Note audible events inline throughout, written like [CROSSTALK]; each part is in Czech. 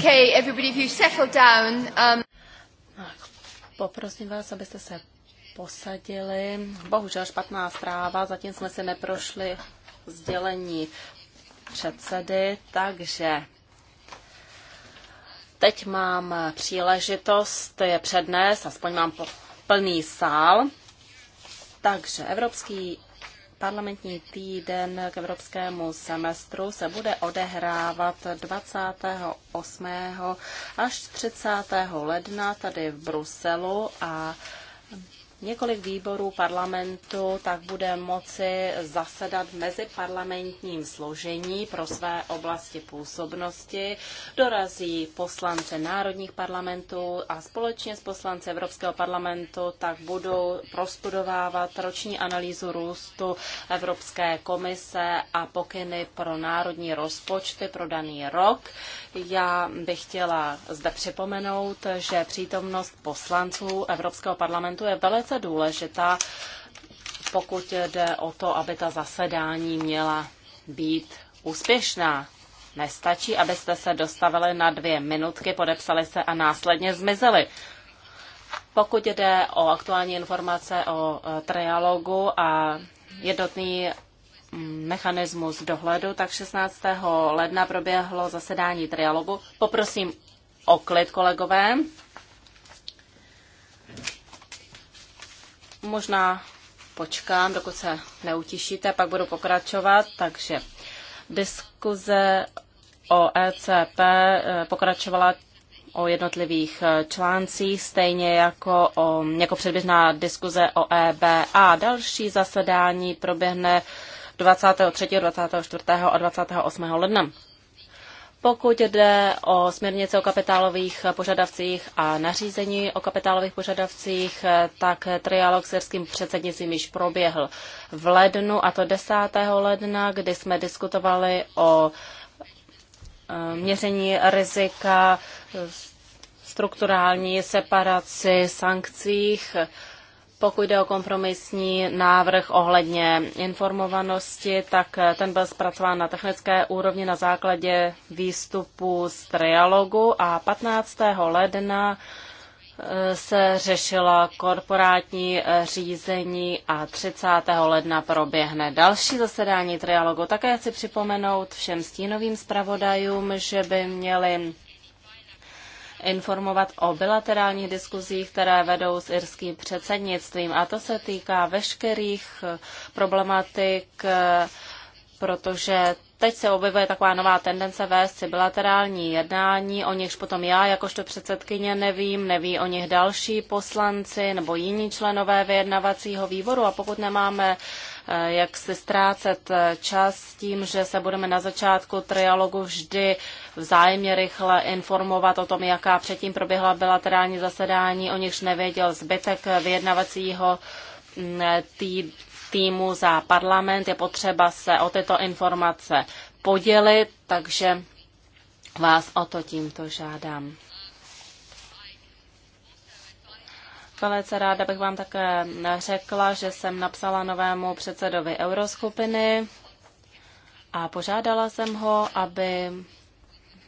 Okay, everybody, if you settle down. Um... Tak, poprosím vás, abyste se posadili. Bohužel špatná zpráva, zatím jsme si neprošli sdělení předsedy, takže teď mám příležitost je přednes, aspoň mám plný sál. Takže Evropský parlamentní týden k evropskému semestru se bude odehrávat 28. až 30. ledna tady v Bruselu a Několik výborů parlamentu tak bude moci zasedat v meziparlamentním složení pro své oblasti působnosti. Dorazí poslance národních parlamentů a společně s poslanci Evropského parlamentu tak budou prostudovávat roční analýzu růstu Evropské komise a pokyny pro národní rozpočty pro daný rok. Já bych chtěla zde připomenout, že přítomnost poslanců Evropského parlamentu je velice velice důležitá, pokud jde o to, aby ta zasedání měla být úspěšná. Nestačí, abyste se dostavili na dvě minutky, podepsali se a následně zmizeli. Pokud jde o aktuální informace o e, trialogu a jednotný mm, mechanismus dohledu, tak 16. ledna proběhlo zasedání trialogu. Poprosím o klid, kolegové. Možná počkám, dokud se neutišíte, pak budu pokračovat. Takže diskuze o ECP eh, pokračovala o jednotlivých eh, článcích, stejně jako, o, jako předběžná diskuze o EBA. Další zasedání proběhne 23., 24. a 28. ledna. Pokud jde o směrnice o kapitálových požadavcích a nařízení o kapitálových požadavcích, tak trialog s irským předsednictvím již proběhl v lednu, a to 10. ledna, kdy jsme diskutovali o eh, měření rizika, eh, strukturální separaci, sankcích pokud jde o kompromisní návrh ohledně informovanosti, tak eh, ten byl zpracován na technické úrovni na základě výstupu z trialogu a 15. ledna eh, se řešila korporátní eh, řízení a 30. ledna proběhne další zasedání trialogu. Také chci připomenout všem stínovým zpravodajům, že by měli informovat o bilaterálních diskuzích, které vedou s irským předsednictvím. A to se týká veškerých eh, problematik, eh, protože teď se objevuje taková nová tendence vést si bilaterální jednání, o nichž potom já jakožto předsedkyně nevím, neví o nich další poslanci nebo jiní členové vyjednavacího výboru a pokud nemáme Eh, jak si ztrácet eh, čas tím, že se budeme na začátku trialogu vždy vzájemně rychle informovat o tom, jaká předtím proběhla bilaterální zasedání, o nichž nevěděl zbytek eh, vyjednavacího mm, tý, týmu za parlament. Je potřeba se o tyto informace podělit, takže vás o to tímto žádám. Velice ráda bych vám také řekla, že jsem napsala novému předsedovi Euroskupiny a požádala jsem ho, aby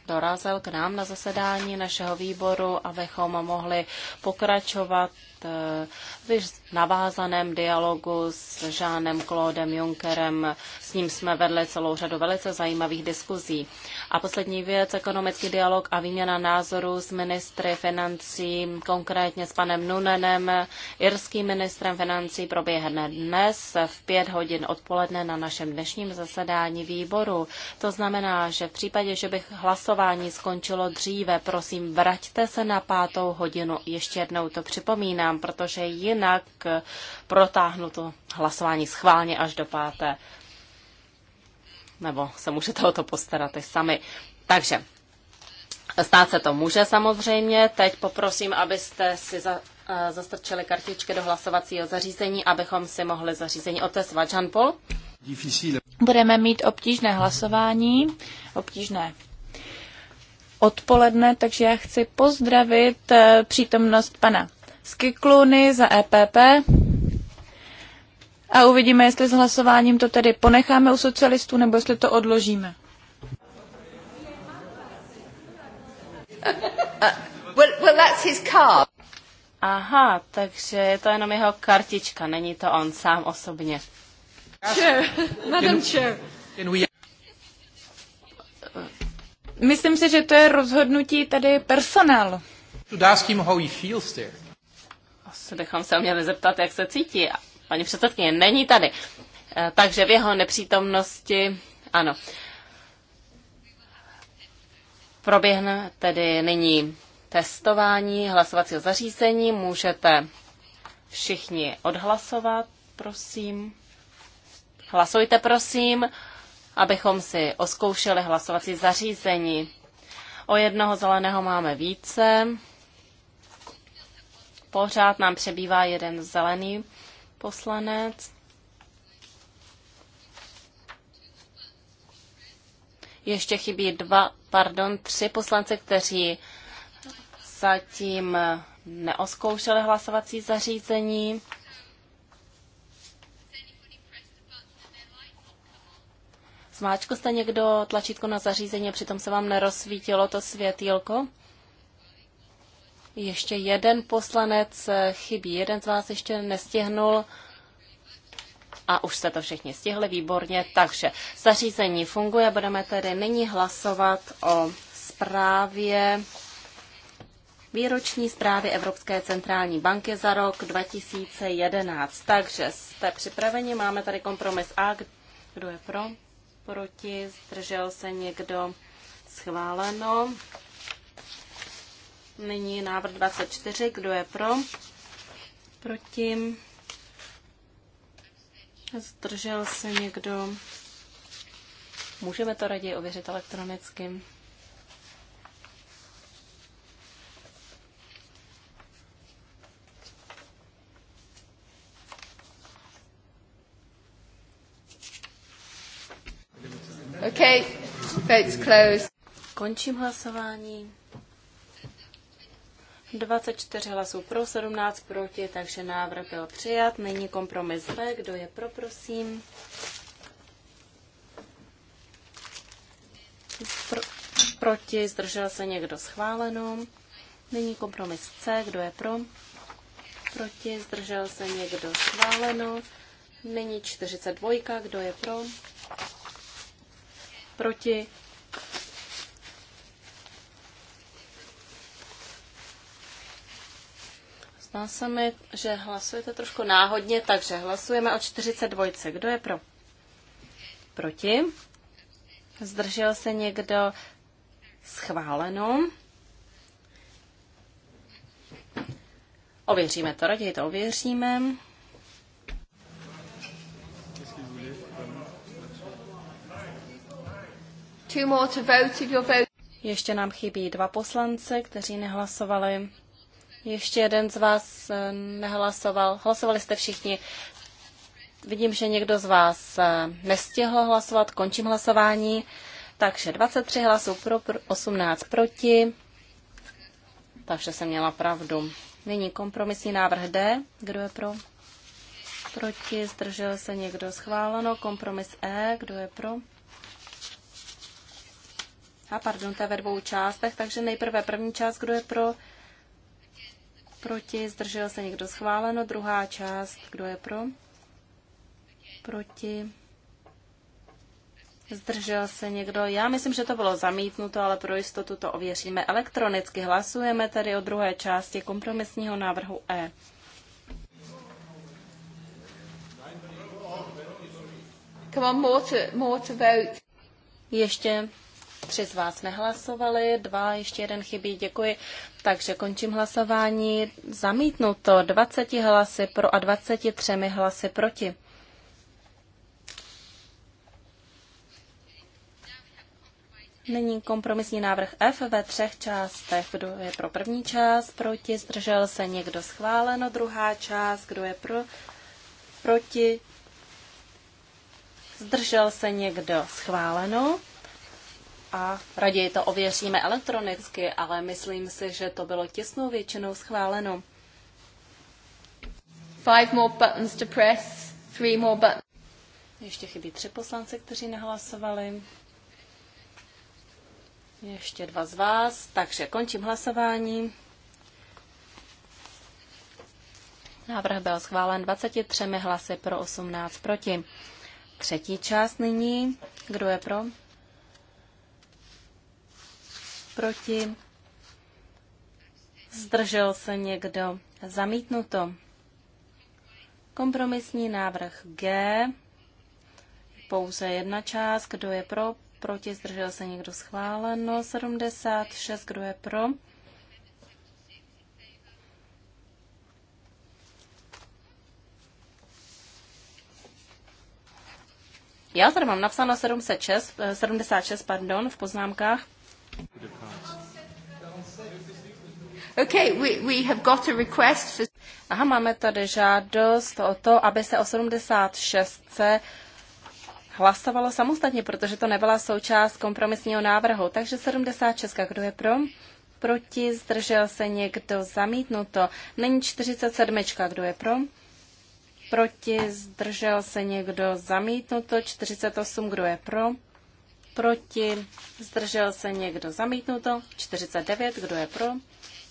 dorazil k nám na zasedání našeho výboru, abychom mohli pokračovat Eh, v navázaném dialogu s Žánem Claudem Junckerem. S ním jsme vedli celou řadu velice zajímavých diskuzí. A poslední věc, ekonomický dialog a výměna názorů s ministry financí, konkrétně s panem Nunenem, irským ministrem financí, proběhne dnes v pět hodin odpoledne na našem dnešním zasedání výboru. To znamená, že v případě, že bych hlasování skončilo dříve, prosím, vraťte se na pátou hodinu. Ještě jednou to připomínám program, protože jinak eh, protáhnu to hlasování schválně až do páté. Nebo se můžete o to postarat i sami. Takže stát se to může samozřejmě. Teď poprosím, abyste si za, eh, zastrčili kartičky do hlasovacího zařízení, abychom si mohli zařízení otestovat. Jean-Paul? Budeme mít obtížné hlasování, obtížné odpoledne, takže já chci pozdravit eh, přítomnost pana Kikluny za EPP. A uvidíme, jestli s hlasováním to tedy ponecháme u socialistů, nebo jestli to odložíme. Uh, well, well, that's his car. Aha, takže je to jenom jeho kartička, není to on sám osobně. Chair, Madam Chair. Myslím si, že to je rozhodnutí tady personálu. Should ask him how he feels there. Asi bychom se měli zeptat, jak se cítí. Paní předsedkyně není tady. Eh, takže v jeho nepřítomnosti, ano. Proběhne tedy nyní testování hlasovacího zařízení. Můžete všichni odhlasovat, prosím. Hlasujte, prosím, abychom si oskoušeli hlasovací zařízení. O jednoho zeleného máme více pořád nám přebývá jeden zelený poslanec. Ještě chybí dva, pardon, tři poslance, kteří zatím neoskoušeli hlasovací zařízení. Zmáčko jste někdo tlačítko na zařízení a přitom se vám nerozsvítilo to světýlko? Ještě jeden poslanec eh, chybí, jeden z vás ještě nestihnul. A už jste to všichni stihli, výborně. Takže zařízení funguje, budeme tedy nyní hlasovat o zprávě výroční zprávy Evropské centrální banky za rok 2011. Takže jste připraveni, máme tady kompromis A. Kdo je pro? Proti? Zdržel se někdo? Schváleno. Nyní návrh 24. Kdo je pro? Proti? Zdržel se někdo? Můžeme to raději ověřit elektronicky. Okay, vote's closed. Končím hlasování. 24 hlasů pro, 17 proti, takže návrh byl přijat. Není kompromis B. Kdo je pro, prosím? Pro, proti, zdržel se někdo schváleno. Není kompromis C. Kdo je pro? Proti, zdržel se někdo schváleno. Není 42. Kdo je pro? Proti, Zdá se mi, že hlasujete trošku náhodně, takže hlasujeme o 42. Kdo je pro? Proti? Zdržel se někdo? Schváleno. Ověříme to, raději to ověříme. Ještě nám chybí dva poslance, kteří nehlasovali. Ještě jeden z vás eh, nehlasoval. Hlasovali jste všichni. Vidím, že někdo z vás eh, nestihl hlasovat. Končím hlasování. Takže 23 hlasů pro, 18 proti. Takže jsem měla pravdu. Nyní kompromisní návrh D. Kdo je pro? Proti. Zdržel se někdo? Schváleno. Kompromis E. Kdo je pro? A pardon, to je ve dvou částech, takže nejprve první část, kdo je pro, Proti? Zdržel se někdo? Schváleno. Druhá část. Kdo je pro? Proti? Zdržel se někdo? Já myslím, že to bylo zamítnuto, ale pro jistotu to ověříme elektronicky. Hlasujeme tedy o druhé části kompromisního návrhu E. Come on, more to, more to vote. Ještě Tři z vás nehlasovali, dva, ještě jeden chybí, děkuji. Takže končím hlasování. Zamítnuto 20 hlasy pro a 23 hlasy proti. Nyní kompromisní návrh F ve třech částech. Kdo je pro první část, proti, zdržel se někdo schváleno, druhá část, kdo je pro, proti, zdržel se někdo schváleno a raději to ověříme elektronicky, ale myslím si, že to bylo těsnou většinou schváleno. Five more buttons to press, three more buttons. Ještě chybí tři poslanci, kteří nehlasovali. Ještě dva z vás, takže končím hlasování. Návrh byl schválen 23 hlasy pro 18 proti. Třetí část nyní. Kdo je pro? proti, zdržel se někdo, zamítnuto. Kompromisní návrh G, pouze jedna část, kdo je pro, proti, zdržel se někdo, schváleno, 76, kdo je pro, Já tady mám napsáno 76. 76 eh, pardon, v poznámkách. Okay, we, we have got a request for... Aha, máme tady žádost o to, aby se o 76 hlasovalo samostatně, protože to nebyla součást kompromisního návrhu. Takže 76, kdo je pro? Proti, zdržel se někdo, zamítnuto. Není 47, kdo je pro? Proti, zdržel se někdo, zamítnuto. 48, kdo je pro? proti, zdržel se někdo zamítnuto, 49, kdo je pro,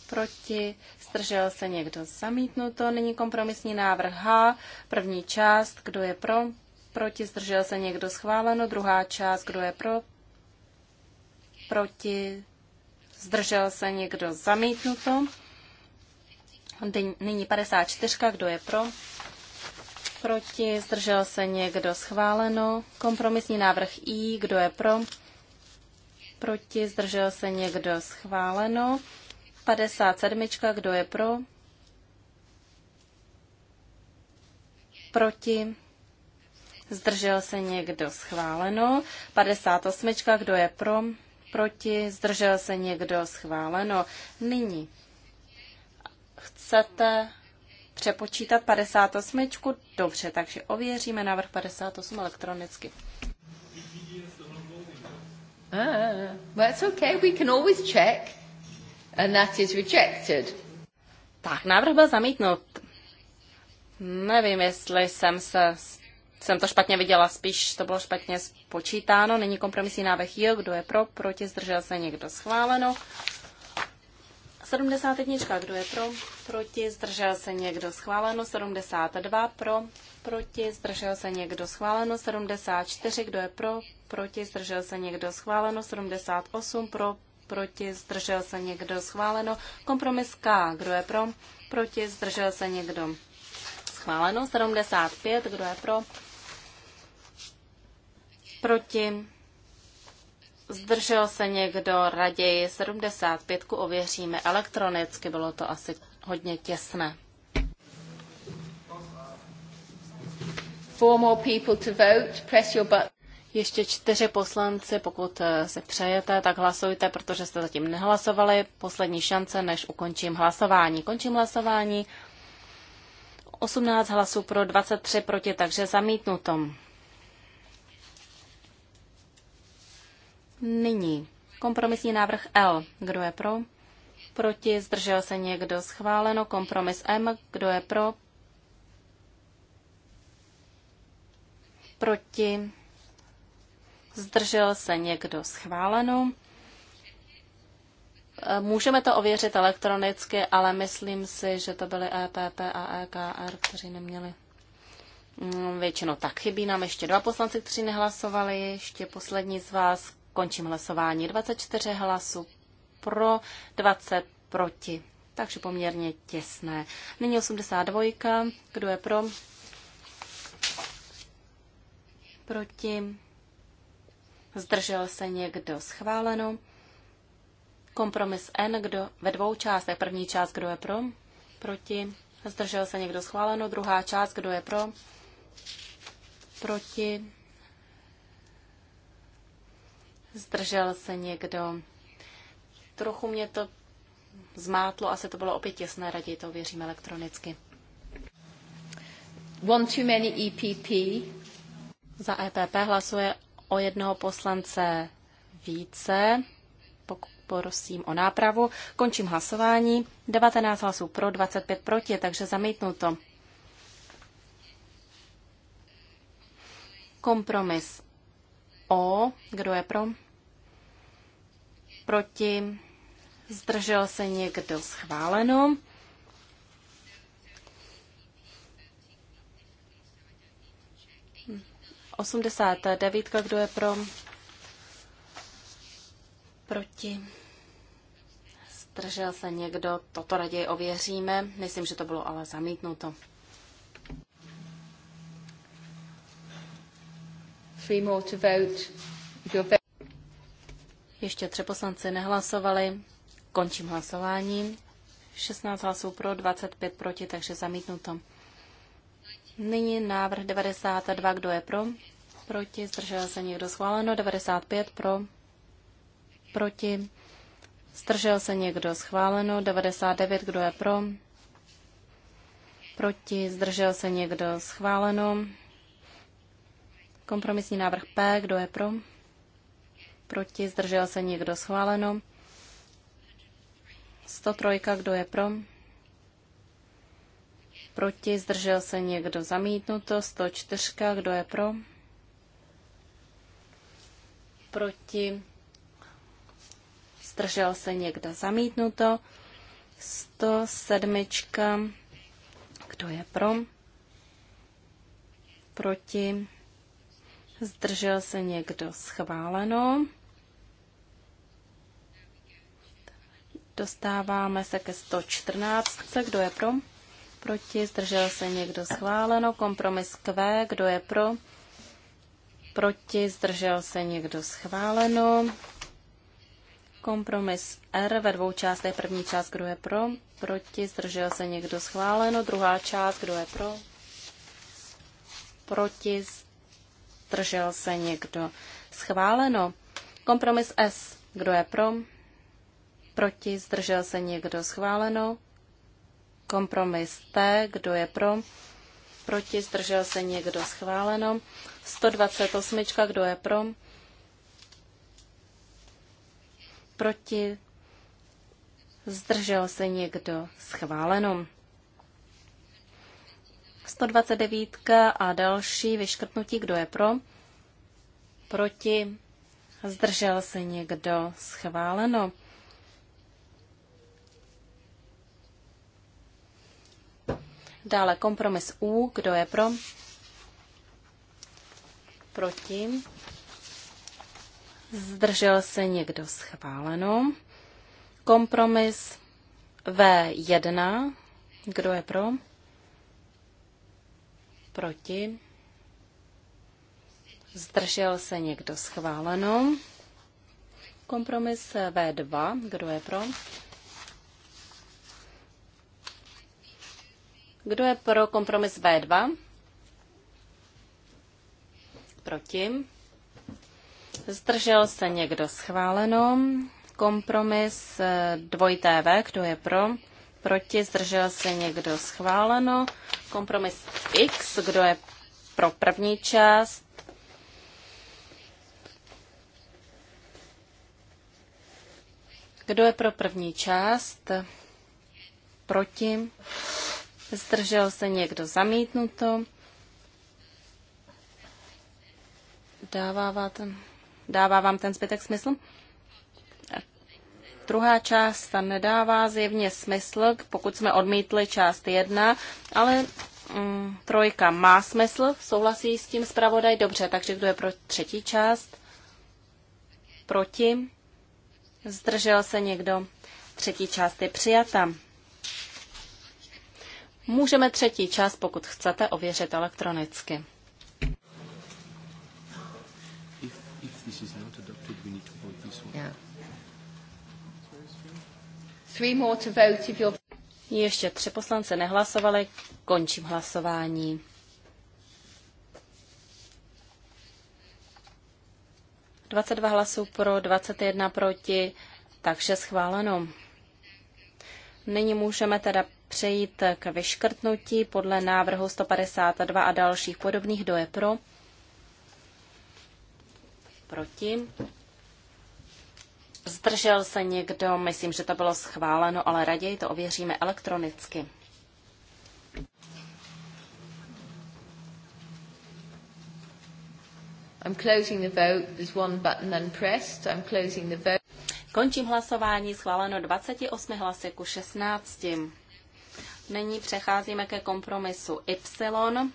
proti, zdržel se někdo zamítnuto, nyní kompromisní návrh H, první část, kdo je pro, proti, zdržel se někdo schváleno, druhá část, kdo je pro, proti, zdržel se někdo zamítnuto, nyní 54, kdo je pro, Proti? Zdržel se někdo? Schváleno. Kompromisní návrh I. Kdo je pro? Proti? Zdržel se někdo? Schváleno. 57. Kdo je pro? Proti? Zdržel se někdo? Schváleno. 58. Kdo je pro? Proti? Zdržel se někdo? Schváleno. Nyní. Chcete přepočítat 58. Dobře, takže ověříme návrh 58 elektronicky. Ah, okay. We can always check. And that is rejected. Tak, návrh byl zamítnut. Nevím, jestli jsem se jsem to špatně viděla, spíš to bylo špatně spočítáno. Není kompromisní návrh J, kdo je pro, proti, zdržel se někdo schváleno. 71. Kdo je pro? Proti. Zdržel se někdo? Schváleno. 72. Pro. Proti. Zdržel se někdo? Schváleno. 74. Kdo je pro? Proti. Zdržel se někdo? Schváleno. 78. Pro. Proti. Zdržel se někdo? Schváleno. Kompromis K. Kdo je pro? Proti. Zdržel se někdo? Schváleno. 75. Kdo je pro? Proti. Zdržel se někdo, raději 75 ověříme elektronicky, bylo to asi hodně těsné. Four more people to vote, press your button. Ještě čtyři poslanci, pokud eh, se přejete, tak hlasujte, protože jste zatím nehlasovali. Poslední šance, než ukončím hlasování. Končím hlasování. 18 hlasů pro, 23 proti, takže zamítnutom. Nyní kompromisní návrh L. Kdo je pro? Proti? Zdržel se někdo? Schváleno. Kompromis M. Kdo je pro? Proti? Zdržel se někdo? Schváleno. E, můžeme to ověřit elektronicky, ale myslím si, že to byly EPP a EKR, kteří neměli mm, většinou tak. Chybí nám ještě dva poslanci, kteří nehlasovali. Ještě poslední z vás, Končím hlasování. 24 hlasů pro, 20 proti. Takže poměrně těsné. Nyní 82. Kdo je pro? Proti. Zdržel se někdo schváleno. Kompromis N, kdo ve dvou částech. První část, kdo je pro? Proti. Zdržel se někdo schváleno. Druhá část, kdo je pro? Proti. Zdržel se někdo? Trochu mě to zmátlo, asi to bylo opět těsné, raději to věřím elektronicky. One too many EPP. Za EPP hlasuje o jednoho poslance více. Prosím o nápravu. Končím hlasování. 19 hlasů pro, 25 proti, takže zamítnuto. Kompromis O. Kdo je pro? Proti? Zdržel se někdo schváleno? Osmdesát devítka, kdo je pro? Proti? Zdržel se někdo? Toto raději ověříme. Myslím, že to bylo ale zamítnuto. three more to vote. Ještě tři poslanci nehlasovali. Končím hlasování. 16 hlasů pro, 25 proti, takže zamítnuto. Nyní návrh 92, kdo je pro? Proti, zdržel se někdo schváleno, 95 pro, proti, zdržel se někdo schváleno, 99, kdo je pro? Proti, zdržel se někdo schváleno, Kompromisní návrh P, kdo je pro? Proti, zdržel se někdo schváleno. 103, kdo je pro? Proti, zdržel se někdo zamítnuto. 104, kdo je pro? Proti, zdržel se někdo zamítnuto. 107, kdo je pro? Proti, Zdržel se někdo? Schváleno. Dostáváme se ke 114. Kdo je pro? Proti. Zdržel se někdo? Schváleno. Kompromis Q. Kdo je pro? Proti. Zdržel se někdo? Schváleno. Kompromis R ve dvou částech. První část, kdo je pro? Proti. Zdržel se někdo? Schváleno. Druhá část, kdo je pro? Proti Zdržel se někdo? Schváleno. Kompromis S. Kdo je pro? Proti? Zdržel se někdo? Schváleno. Kompromis T. Kdo je pro? Proti? Zdržel se někdo? Schváleno. 128. Kdo je pro? Proti? Zdržel se někdo? Schváleno. 129 a další vyškrtnutí, kdo je pro, proti, zdržel se někdo, schváleno. Dále kompromis U, kdo je pro, proti, zdržel se někdo, schváleno. Kompromis V1, kdo je pro? Proti? Zdržel se někdo schváleno? Kompromis V2. Kdo je pro? Kdo je pro kompromis V2? Proti? Zdržel se někdo schváleno? Kompromis dvojité V. Kdo je pro? Proti? Zdržel se někdo schváleno? Kompromis X, kdo je pro první část? Kdo je pro první část? Proti? Zdržel se někdo zamítnuto? Dává vám ten, dává vám ten zbytek smysl? Druhá část ta nedává zjevně smysl, pokud jsme odmítli část jedna, ale mm, trojka má smysl, souhlasí s tím zpravodaj, dobře, takže kdo je pro třetí část? Proti? Zdržel se někdo? Třetí část je přijata. Můžeme třetí část, pokud chcete, ověřit elektronicky. Three more to vote if you're... Ještě tři poslance nehlasovali, končím hlasování. Dvacet dva hlasů pro, 21 proti, takže schváleno. Nyní můžeme teda přejít k vyškrtnutí podle návrhu 152 a dalších podobných. Kdo je pro? Proti? Zdržel se někdo? Myslím, že to bylo schváleno, ale raději to ověříme elektronicky. I'm closing the vote. There's one button unpressed. I'm closing the vote. Končím hlasování. Schváleno 28 hlasy ku 16. Nyní přecházíme ke kompromisu Y.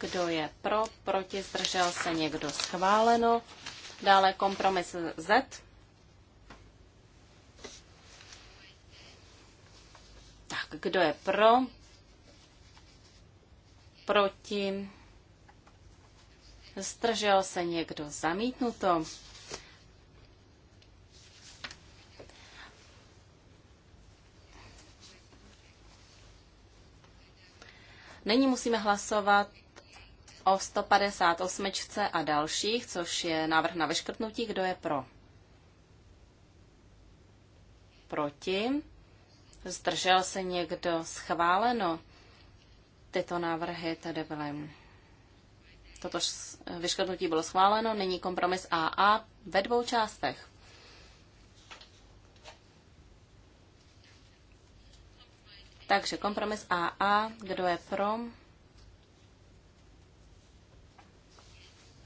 Kdo je pro? Proti? Zdržel se někdo? Schváleno. Dále kompromis Z. Kdo je pro? Proti? Zdržel se někdo zamítnuto? Nyní musíme hlasovat o 158 a dalších, což je návrh na vyškrtnutí. Kdo je pro? Proti? Zdržel se někdo? Schváleno. Tyto návrhy tedy byly. Toto vyškrtnutí bylo schváleno. Nyní kompromis AA ve dvou částech. Takže kompromis AA, kdo je pro?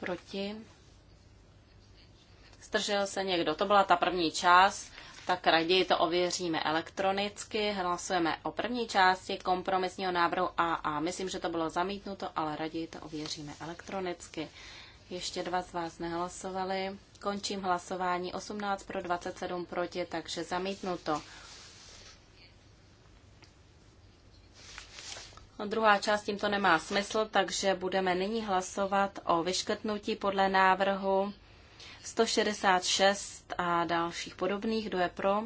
Proti? Zdržel se někdo? To byla ta první část tak raději to ověříme elektronicky. Hlasujeme o první části kompromisního návrhu A a myslím, že to bylo zamítnuto, ale raději to ověříme elektronicky. Ještě dva z vás nehlasovali. Končím hlasování 18 pro 27 proti, takže zamítnuto. Druhá část tímto nemá smysl, takže budeme nyní hlasovat o vyškrtnutí podle návrhu 166 a dalších podobných. Kdo je pro?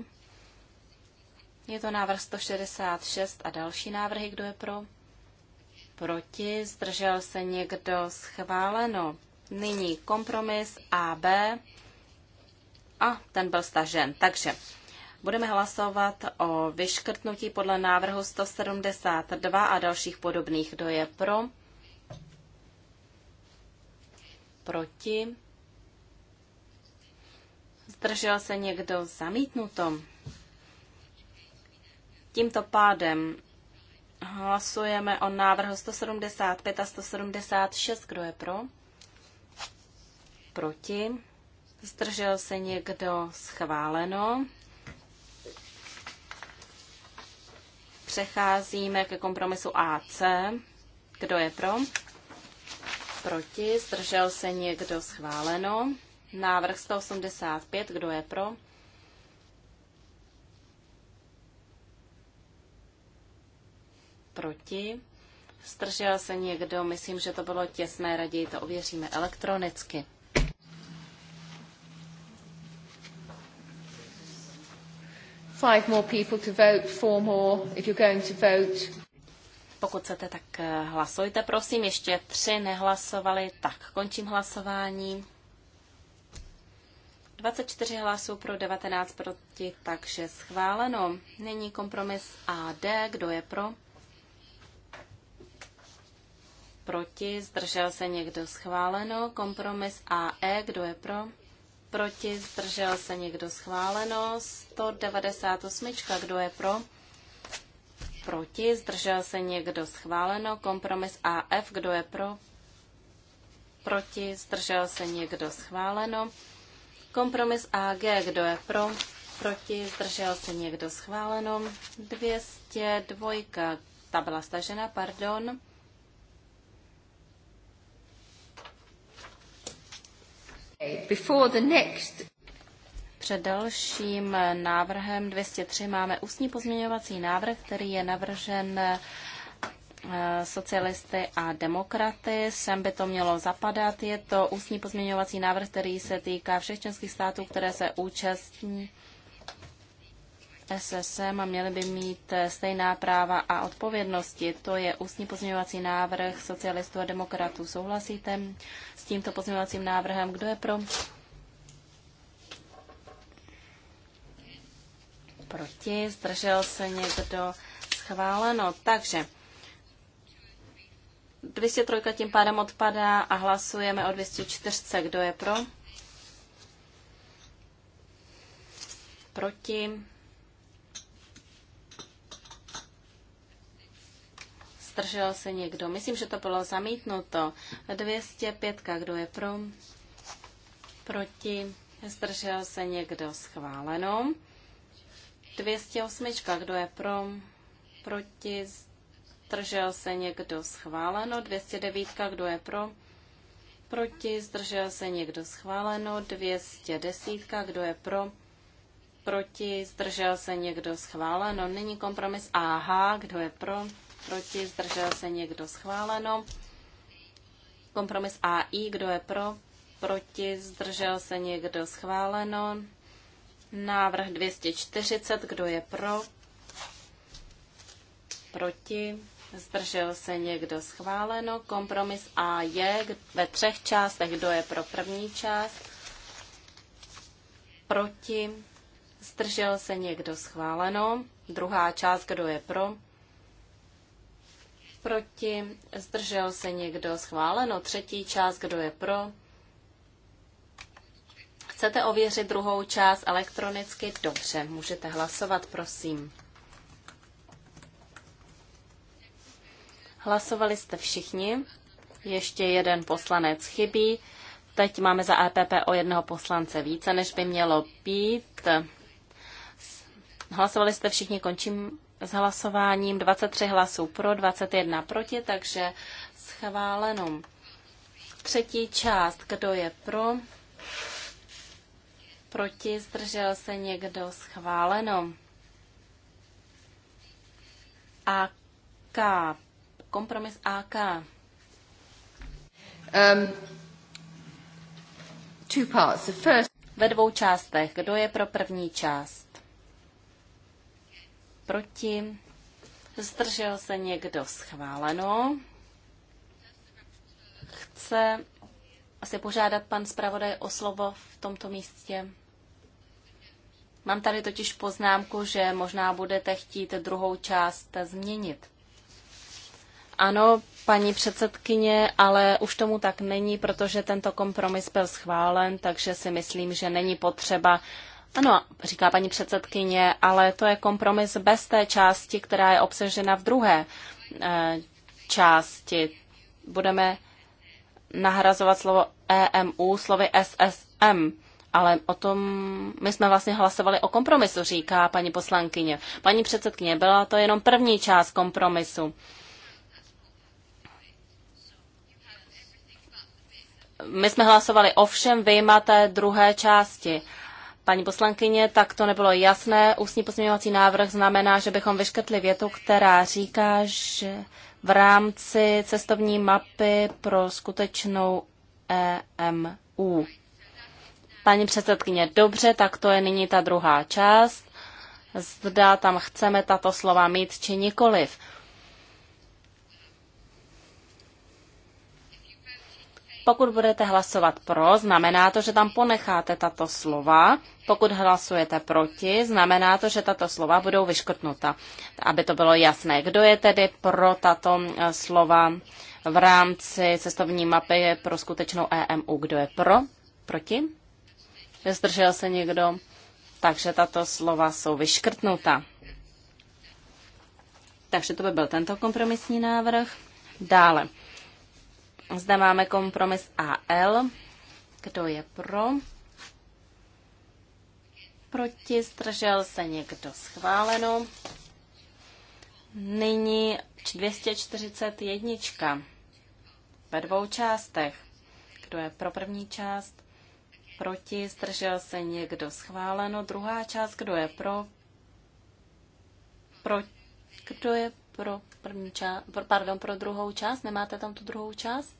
Je to návrh 166 a další návrhy. Kdo je pro? Proti? Zdržel se někdo? Schváleno. Nyní kompromis AB. A ten byl stažen. Takže budeme hlasovat o vyškrtnutí podle návrhu 172 a dalších podobných. Kdo je pro? Proti? Zdržel se někdo zamítnuto? Tímto pádem hlasujeme o návrhu 175 a 176. Kdo je pro? Proti? Zdržel se někdo schváleno? Přecházíme ke kompromisu AC. Kdo je pro? Proti? Zdržel se někdo schváleno? Návrh 185, kdo je pro? Proti? Stržel se někdo, myslím, že to bylo těsné, raději to ověříme elektronicky. Five more people to vote, four more if you're going to vote. Pokud chcete, tak hlasujte, prosím. Ještě tři nehlasovali, tak končím hlasování. 24 hlasů pro 19 proti, takže schváleno. Nyní kompromis AD. Kdo je pro? Proti. Zdržel se někdo schváleno. Kompromis AE. Kdo je pro? Proti. Zdržel se někdo schváleno. 198. Kdo je pro? Proti. Zdržel se někdo schváleno. Kompromis AF. Kdo je pro? Proti. Zdržel se někdo schváleno. Kompromis AG, kdo je pro, proti, zdržel se někdo schváleno. 202, ta byla stažena, pardon. Before the next... Před dalším návrhem 203 máme ústní pozměňovací návrh, který je navržen Eh, socialisty a demokraty. Sem by to mělo zapadat. Je to ústní pozměňovací návrh, který se týká všech členských států, které se účastní SSM a měly by mít eh, stejná práva a odpovědnosti. To je ústní pozměňovací návrh socialistů a demokratů. Souhlasíte s tímto pozměňovacím návrhem? Kdo je pro? Proti? Zdržel se někdo? Schváleno. Takže 203 tím pádem odpadá a hlasujeme o 204. Kdo je pro? Proti? Zdržel se někdo? Myslím, že to bylo zamítnuto. 205. Kdo je pro? Proti? Zdržel se někdo? Schváleno. 208. Kdo je pro? Proti? Zdržel se někdo schváleno. 209. Kdo je pro? Proti. Zdržel se někdo schváleno. 210. Kdo je pro? Proti. Zdržel se někdo schváleno. není kompromis aha, Kdo je pro? Proti. Zdržel se někdo schváleno. Kompromis AI. Kdo je pro? Proti. Zdržel se někdo schváleno. Návrh 240. Kdo je pro? Proti. Zdržel se někdo schváleno. Kompromis A je ve třech částech. Kdo je pro první část? Proti. Zdržel se někdo schváleno. Druhá část, kdo je pro? Proti. Zdržel se někdo schváleno. Třetí část, kdo je pro? Chcete ověřit druhou část elektronicky? Dobře, můžete hlasovat, prosím. Hlasovali jste všichni. Ještě jeden poslanec chybí. Teď máme za EPP o jednoho poslance více, než by mělo být. Hlasovali jste všichni, končím s hlasováním. 23 hlasů pro, 21 proti, takže schváleno. Třetí část, kdo je pro? Proti, zdržel se někdo, schváleno. A K kompromis AK. Um, two parts. The first... Ve dvou částech. Kdo je pro první část? Proti? Zdržel se někdo schváleno? Chce asi požádat pan zpravodaj o slovo v tomto místě? Mám tady totiž poznámku, že možná budete chtít druhou část změnit. Ano, paní předsedkyně, ale už tomu tak není, protože tento kompromis byl schválen, takže si myslím, že není potřeba. Ano, říká paní předsedkyně, ale to je kompromis bez té části, která je obsažena v druhé e, části. Budeme nahrazovat slovo EMU slovy SSM. Ale o tom my jsme vlastně hlasovali o kompromisu, říká paní poslankyně. Paní předsedkyně, byla to jenom první část kompromisu. my jsme hlasovali o všem vyjma té druhé části. Paní poslankyně, tak to nebylo jasné. Ústní pozměňovací návrh znamená, že bychom vyškrtli větu, která říká, že v rámci cestovní mapy pro skutečnou EMU. Paní předsedkyně, dobře, tak to je nyní ta druhá část. Zda tam chceme tato slova mít či nikoliv. Pokud budete hlasovat pro, znamená to, že tam ponecháte tato slova. Pokud hlasujete proti, znamená to, že tato slova budou vyškrtnuta. Aby to bylo jasné, kdo je tedy pro tato eh, slova v rámci cestovní mapy pro skutečnou EMU. Kdo je pro? Proti? Zdržel se někdo? Takže tato slova jsou vyškrtnuta. Takže to by byl tento kompromisní návrh. Dále. Zde máme kompromis AL. Kdo je pro? Proti zdržel se někdo schváleno. Nyní 241 ve dvou částech. Kdo je pro první část? Proti zdržel se někdo schváleno. Druhá část, kdo je pro? pro kdo je pro první část, pardon, pro druhou část? Nemáte tam tu druhou část?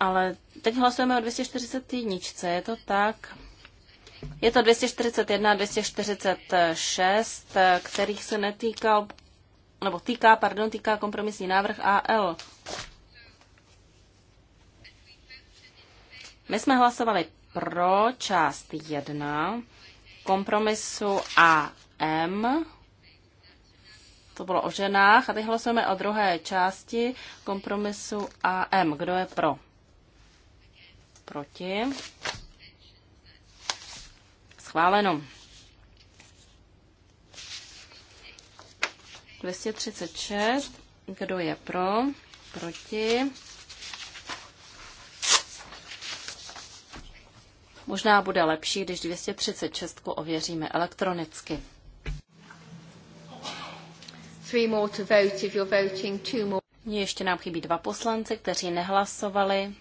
Ale teď hlasujeme o 241, je to tak? Je to 241 a 246, kterých se netýkal, nebo týká, pardon, týká kompromisní návrh AL. My jsme hlasovali pro část 1 kompromisu AM. To bylo o ženách. A teď hlasujeme o druhé části kompromisu AM. Kdo je pro? Proti? Schváleno. 236. Kdo je pro? Proti? Možná bude lepší, když 236 ověříme elektronicky. Three Ještě nám chybí dva poslanci, kteří nehlasovali.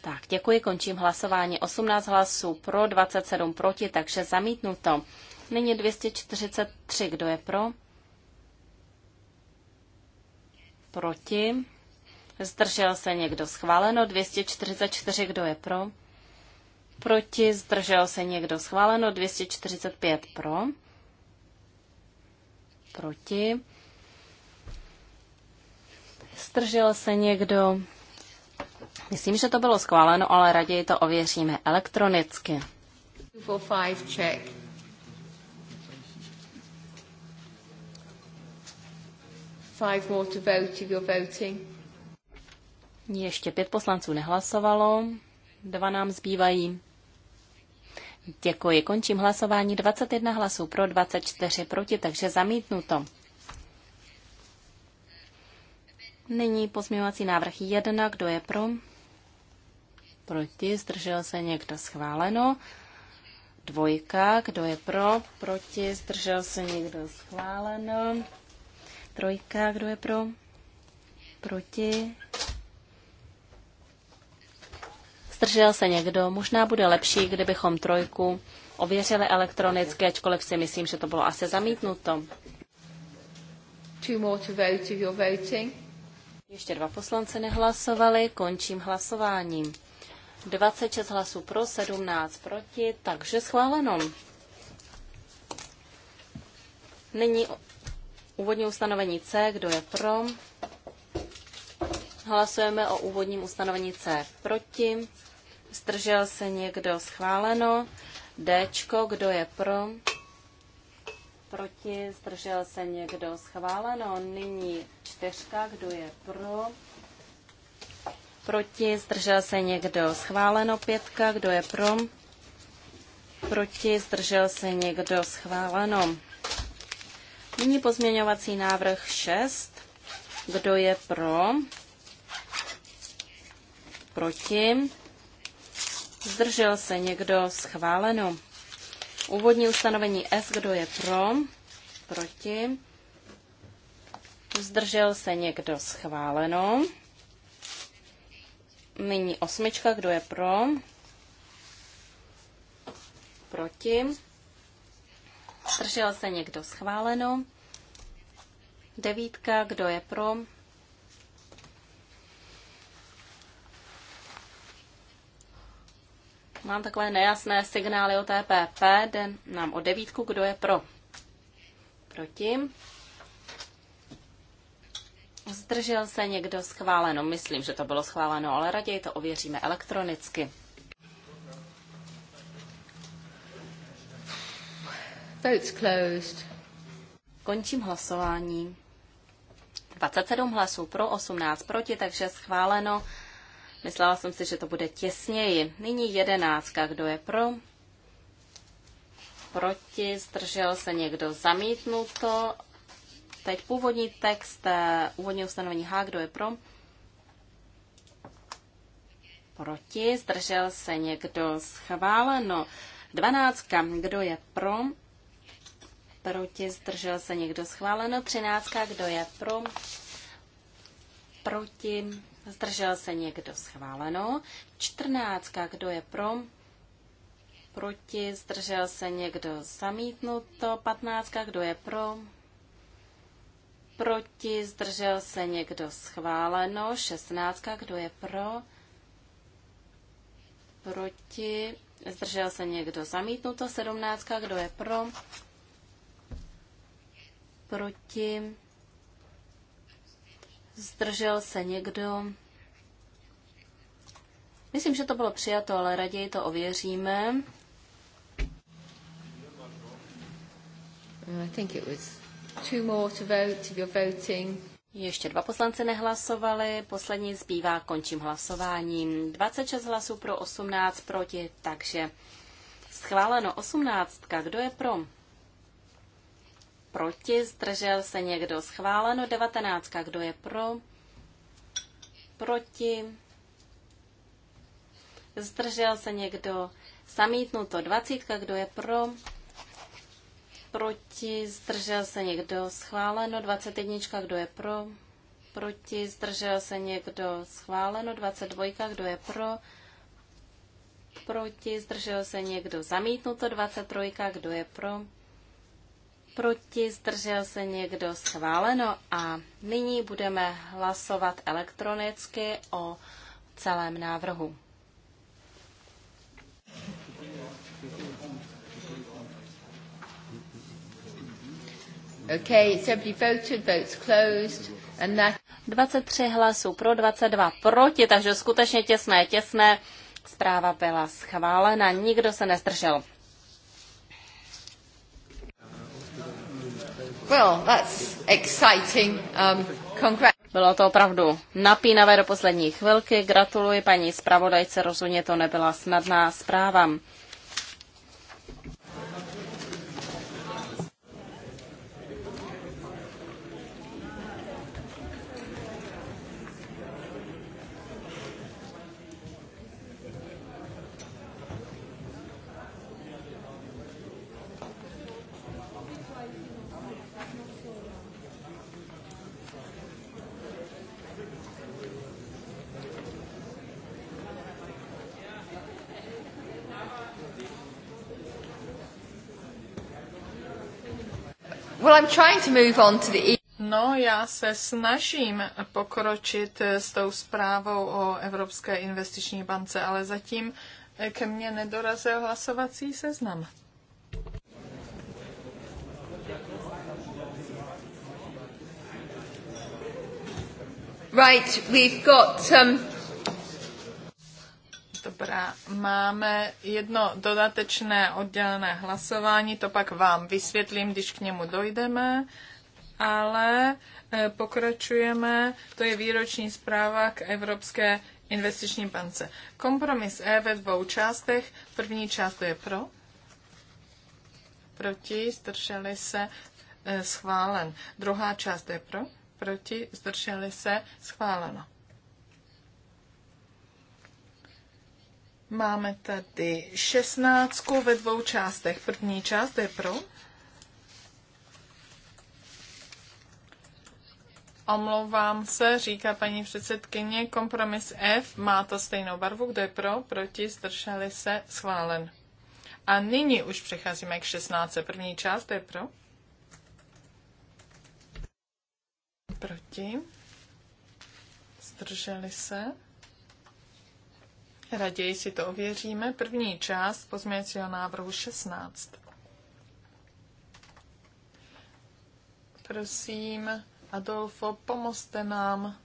Tak, děkuji, končím hlasování. 18 hlasů pro, 27 proti, takže zamítnuto. Nyní 243, kdo je pro? Proti zdržel se někdo schváleno, 244, kdo je pro, proti, zdržel se někdo schváleno, 245 pro, proti, zdržel se někdo, myslím, že to bylo schváleno, ale raději to ověříme elektronicky. 245 check. Five more to vote if you're voting. Ještě pět poslanců nehlasovalo, dva nám zbývají. Děkuji, končím hlasování. 21 hlasů pro, 24 proti, takže zamítnuto. Nyní pozměňovací návrh 1, kdo je pro? Proti, zdržel se někdo schváleno. Dvojka, kdo je pro? Proti, zdržel se někdo schváleno. Trojka, kdo je pro? Proti, Zdržel se někdo? Možná bude lepší, kdybychom trojku ověřili elektronicky, ačkoliv si myslím, že to bylo asi zamítnuto. Ještě dva poslanci nehlasovali, končím hlasováním. 26 hlasů pro, 17 proti, takže schváleno. Nyní úvodní ustanovení C, kdo je pro. Hlasujeme o úvodním ustanovení C proti. Zdržel se někdo? Schváleno. D. Kdo je pro? Proti? Zdržel se někdo? Schváleno. Nyní čtyřka. Kdo je pro? Proti? Zdržel se někdo? Schváleno. Pětka. Kdo je pro? Proti? Zdržel se někdo? Schváleno. Nyní pozměňovací návrh 6. Kdo je pro? Proti? Zdržel se někdo? Schváleno. Úvodní ustanovení F, kdo je pro? Proti. Zdržel se někdo? Schváleno. Nyní osmička, kdo je pro? Proti. Zdržel se někdo? Schváleno. Devítka, kdo je pro? Mám takové nejasné signály o TPP. Den nám o devítku, kdo je pro. Proti. Zdržel se někdo schváleno? Myslím, že to bylo schváleno, ale raději to ověříme elektronicky. Votes closed. Končím hlasování. 27 hlasů pro, 18 proti, takže schváleno. Myslela jsem si, že to bude těsněji. Nyní jedenáctka. Kdo je pro? Proti? Zdržel se někdo? Zamítnuto? Teď původní text eh, úvodní ustanovení H. Kdo je pro? Proti? Zdržel se někdo? Schváleno. Dvanáctka. Kdo je pro? Proti? Zdržel se někdo? Schváleno. Třináctka. Kdo je pro? Proti? Zdržel se někdo schváleno. 14. Kdo je pro? Proti. Zdržel se někdo zamítnuto. 15. Kdo je pro? Proti. Zdržel se někdo schváleno. 16. Kdo je pro? Proti. Zdržel se někdo zamítnuto. 17. Kdo je pro? Proti. Zdržel se někdo? Myslím, že to bylo přijato, ale raději to ověříme. Uh, I think it was two more to vote if you're voting. Ještě dva poslanci nehlasovali, poslední zbývá, končím hlasováním. 26 hlasů pro 18 proti, takže schváleno 18. Kdo je pro? Proti, zdržel se někdo. Schváleno 19. Kdo je pro? Proti zdržel se někdo, zamítnuto dvacítka, kdo je pro, proti, zdržel se někdo, schváleno dvacet jednička, kdo je pro, proti, zdržel se někdo, schváleno dvacet dvojka, kdo je pro, proti, zdržel se někdo, zamítnuto trojka, kdo je pro, proti, zdržel se někdo, schváleno a nyní budeme hlasovat elektronicky o celém návrhu. 23 hlasů pro, 22 proti, takže skutečně těsné, těsné. Zpráva byla schválena, nikdo se nestržel. Well, that's exciting. Um, congrats. Bylo to opravdu napínavé do poslední chvilky. Gratuluji paní zpravodajce, rozhodně to nebyla snadná zpráva. Well, I'm trying to move on to the... E- no, já se snažím pokročit s tou zprávou o Evropské investiční bance, ale zatím ke mně nedorazil hlasovací seznam. Right, we've got um, Dobrá, máme jedno dodatečné oddělené hlasování, to pak vám vysvětlím, když k němu dojdeme, ale eh, pokračujeme, to je výroční zpráva k Evropské investiční bance. Kompromis E ve dvou částech, první část to je pro, proti, zdrželi se, eh, schválen. Druhá část je pro, proti, zdrželi se, schváleno. Máme tady šestnáctku ve dvou částech. První část je pro. Omlouvám se, říká paní předsedkyně, kompromis F má to stejnou barvu, kdo je pro, proti, zdrželi se, schválen. A nyní už přecházíme k 16. První část, je pro. Proti. Zdrželi se. Raději si to ověříme. První část pozměňovacího návrhu 16. Prosím, Adolfo, pomozte nám.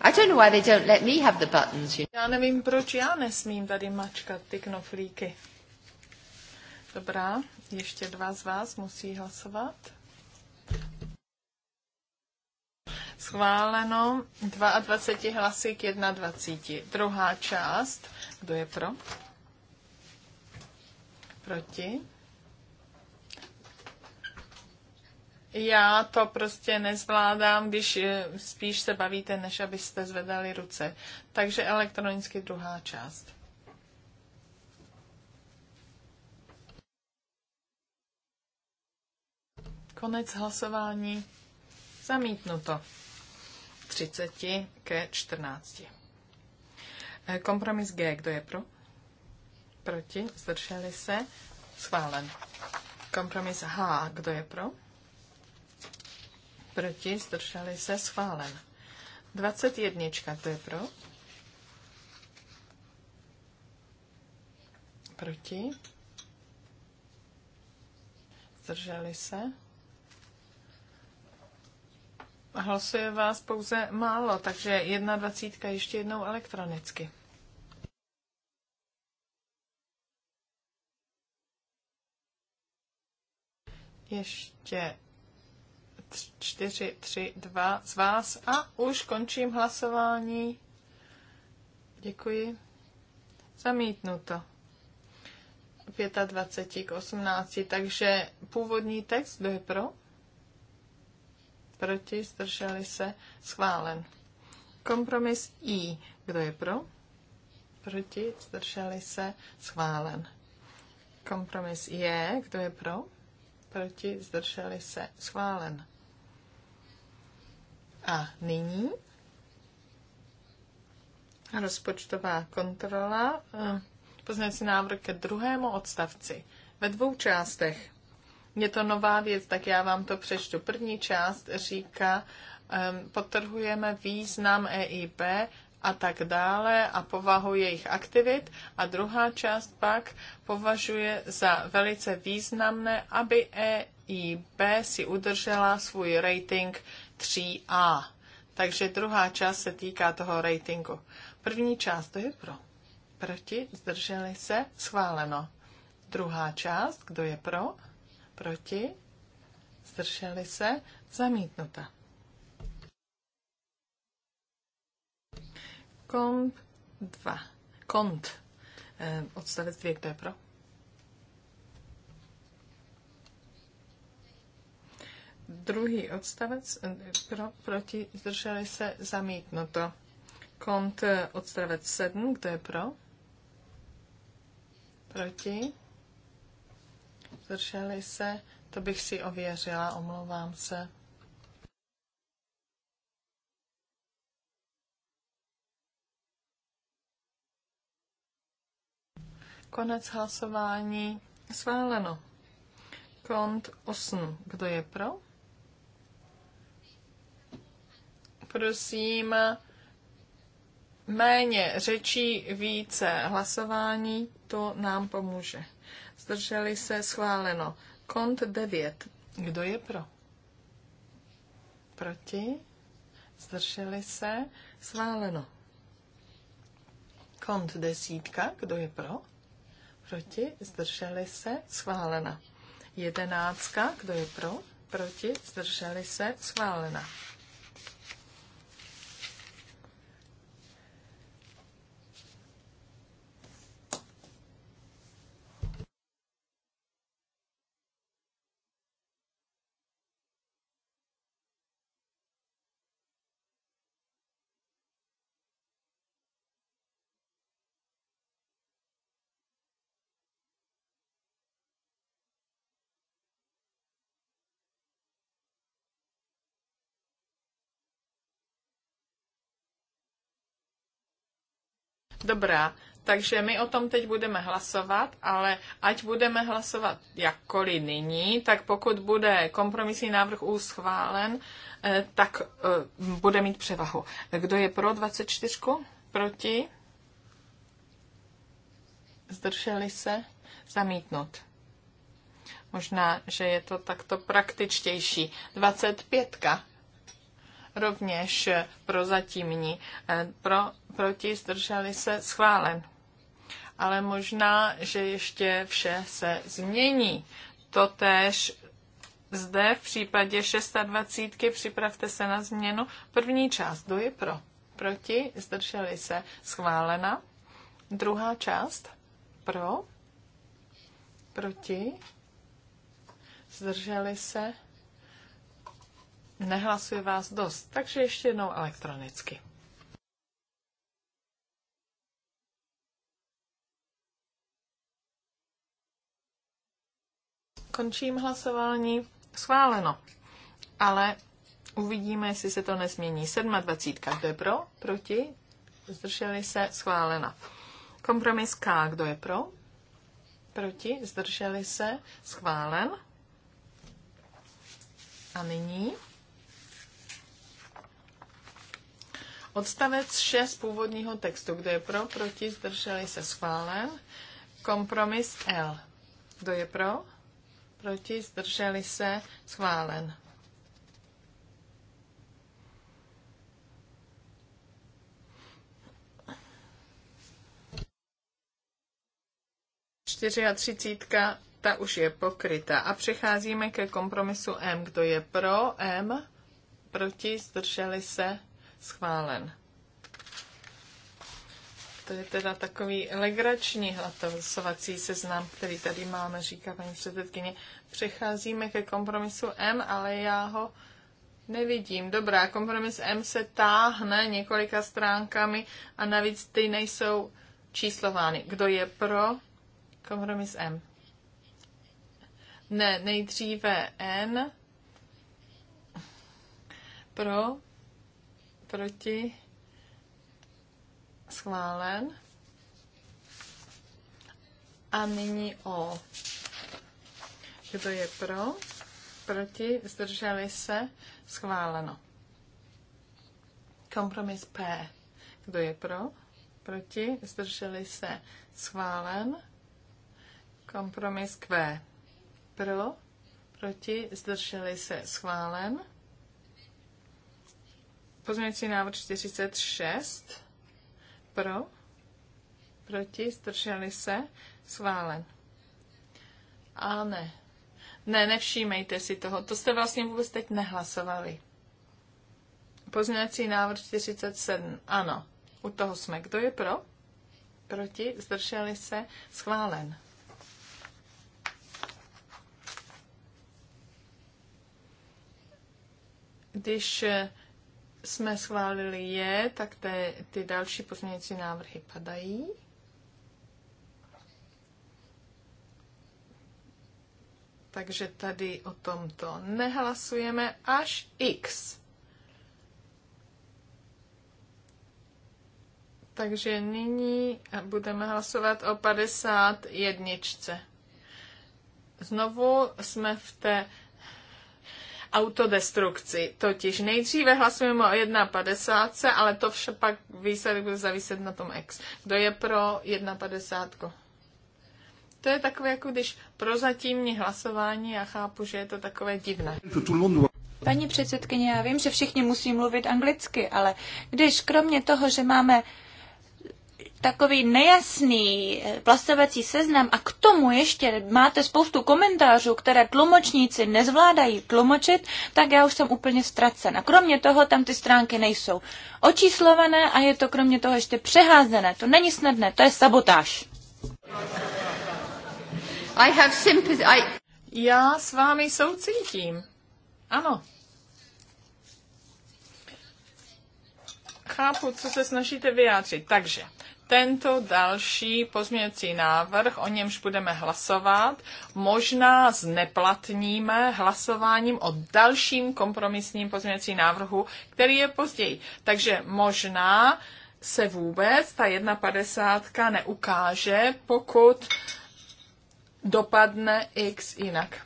I don't know why they don't let me have the buttons. You know? Já nevím, proč já nesmím tady mačkat ty knoflíky. Dobrá, ještě dva z vás musí hlasovat. Schváleno 22 hlasy k 21. Druhá část. Kdo je pro? Proti? Já to prostě nezvládám, když eh, spíš se bavíte, než abyste zvedali ruce. Takže elektronicky druhá část. Konec hlasování. Zamítnuto. 30 ke 14. Eh, kompromis G, kdo je pro? Proti, zdrželi se, schválen. Kompromis H, kdo je pro? Proti, zdrželi se, schválen. 21, kdo je pro? Proti, zdrželi se, Hlasuje vás pouze málo, takže 21 ještě jednou elektronicky. Ještě čtyři, tři, dva z vás a už končím hlasování. Děkuji. Zamítnuto. 25 k 18, takže původní text, kdo je pro? proti, zdrželi se, schválen. Kompromis I, kdo je pro, proti, zdrželi se, schválen. Kompromis je, kdo je pro, proti, zdrželi se, schválen. A nyní rozpočtová kontrola, eh, poznáte návrh ke druhému odstavci ve dvou částech je to nová věc, tak já vám to přečtu. První část říká, potrhujeme význam EIB a tak dále a povahu jejich aktivit. A druhá část pak považuje za velice významné, aby EIB si udržela svůj rating 3A. Takže druhá část se týká toho ratingu. První část to je pro. Proti, zdrželi se, schváleno. Druhá část, kdo je pro? Proti? Zdrželi se? Zamítnuta. Komp 2. Kont. Eh, odstavec 2, kdo je pro? Druhý odstavec eh, pro, proti zdrželi se zamítnuto. Kont eh, odstavec 7, kdo je pro? Proti zdrželi se, to bych si ověřila, omlouvám se. Konec hlasování. Sváleno. Kont 8. Kdo je pro? Prosím, méně řečí, více hlasování, to nám pomůže zdrželi se, schváleno. Kont 9. Kdo je pro? Proti? Zdrželi se, schváleno. Kont desítka, kdo je pro? Proti, zdrželi se, schválena. Jedenáctka, kdo je pro? Proti, zdrželi se, schválena. Dobrá, takže my o tom teď budeme hlasovat, ale ať budeme hlasovat jakkoliv nyní, tak pokud bude kompromisní návrh U schválen, eh, tak eh, bude mít převahu. Kdo je pro 24? Proti? Zdrželi se? Zamítnout. Možná, že je to takto praktičtější. 25 rovněž prozatímní. Eh, pro, proti zdrželi se schválen. Ale možná, že ještě vše se změní. Totéž zde v případě 26. připravte se na změnu. První část, kdo je pro? Proti, zdrželi se, schválena. Druhá část, pro, proti, zdrželi se, Nehlasuje vás dost, takže ještě jednou elektronicky. Končím hlasování. Schváleno. Ale uvidíme, jestli se to nezmění. 27. Kdo je pro? Proti? Zdrželi se? Schválena. Kompromis K. Kdo je pro? Proti? Zdrželi se? Schválen. A nyní Odstavec 6 původního textu, kdo je pro, proti, zdrželi se schválen. Kompromis L. Kdo je pro? Proti, zdrželi se schválen. a třicítka, ta už je pokryta. A přecházíme ke kompromisu M. Kdo je pro M? Proti, zdrželi se schválen. To je teda takový legrační hlasovací seznam, který tady máme, říká paní předsedkyně. Přecházíme ke kompromisu M, ale já ho nevidím. Dobrá, kompromis M se táhne několika stránkami a navíc ty nejsou číslovány. Kdo je pro kompromis M? Ne, nejdříve N. Pro proti, schválen. A nyní O. Kdo je pro, proti, zdrželi se, schváleno. Kompromis P. Kdo je pro, proti, zdrželi se, schválen. Kompromis Q. Pro, proti, zdrželi se, schválen. Pozměňující návrh 46. Pro. Proti. Zdrželi se. Schválen. A ne. Ne, nevšímejte si toho. To jste vlastně vůbec teď nehlasovali. Pozměňující návrh 47. Ano. U toho jsme. Kdo je pro? Proti? Zdrželi se? Schválen. Když eh, jsme schválili je, tak te, ty další pozměňující návrhy padají. Takže tady o tomto nehlasujeme až X. Takže nyní budeme hlasovat o 51. Znovu jsme v té autodestrukci. Totiž nejdříve hlasujeme o 1,50, ale to vše pak výsledek bude záviset na tom X. Kdo je pro 1,50? To je takové, jako když prozatímní hlasování, já chápu, že je to takové divné. Paní předsedkyně, já vím, že všichni musí mluvit anglicky, ale když kromě toho, že máme takový nejasný eh, plastovací seznam a k tomu ještě máte spoustu komentářů, které tlumočníci nezvládají tlumočit, tak já už jsem úplně ztracena. Kromě toho tam ty stránky nejsou očíslované a je to kromě toho ještě přeházené. To není snadné, to je sabotáž. I have sympathy. I... Já s vámi soucítím. Ano. Chápu, co se snažíte vyjádřit. Takže tento další pozměňovací návrh, o němž budeme hlasovat, možná zneplatníme hlasováním o dalším kompromisním pozměňovacím návrhu, který je později. Takže možná se vůbec ta 1,50 neukáže, pokud dopadne x jinak.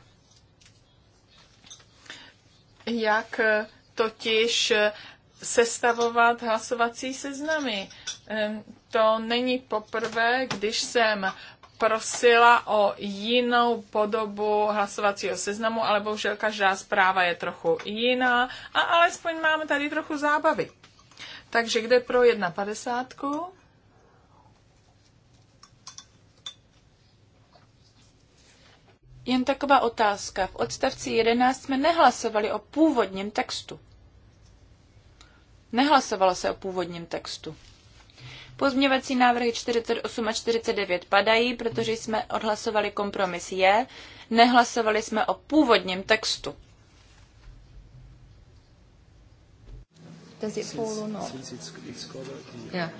Jak totiž sestavovat hlasovací seznamy. To není poprvé, když jsem prosila o jinou podobu hlasovacího seznamu, ale bohužel každá zpráva je trochu jiná a alespoň máme tady trochu zábavy. Takže kde pro 1,50? Jen taková otázka. V odstavci 11 jsme nehlasovali o původním textu. Nehlasovalo se o původním textu. Pozměvací návrhy 48 a 49 padají, protože jsme odhlasovali kompromis je, nehlasovali jsme o původním textu. Does it fall or not? Yeah.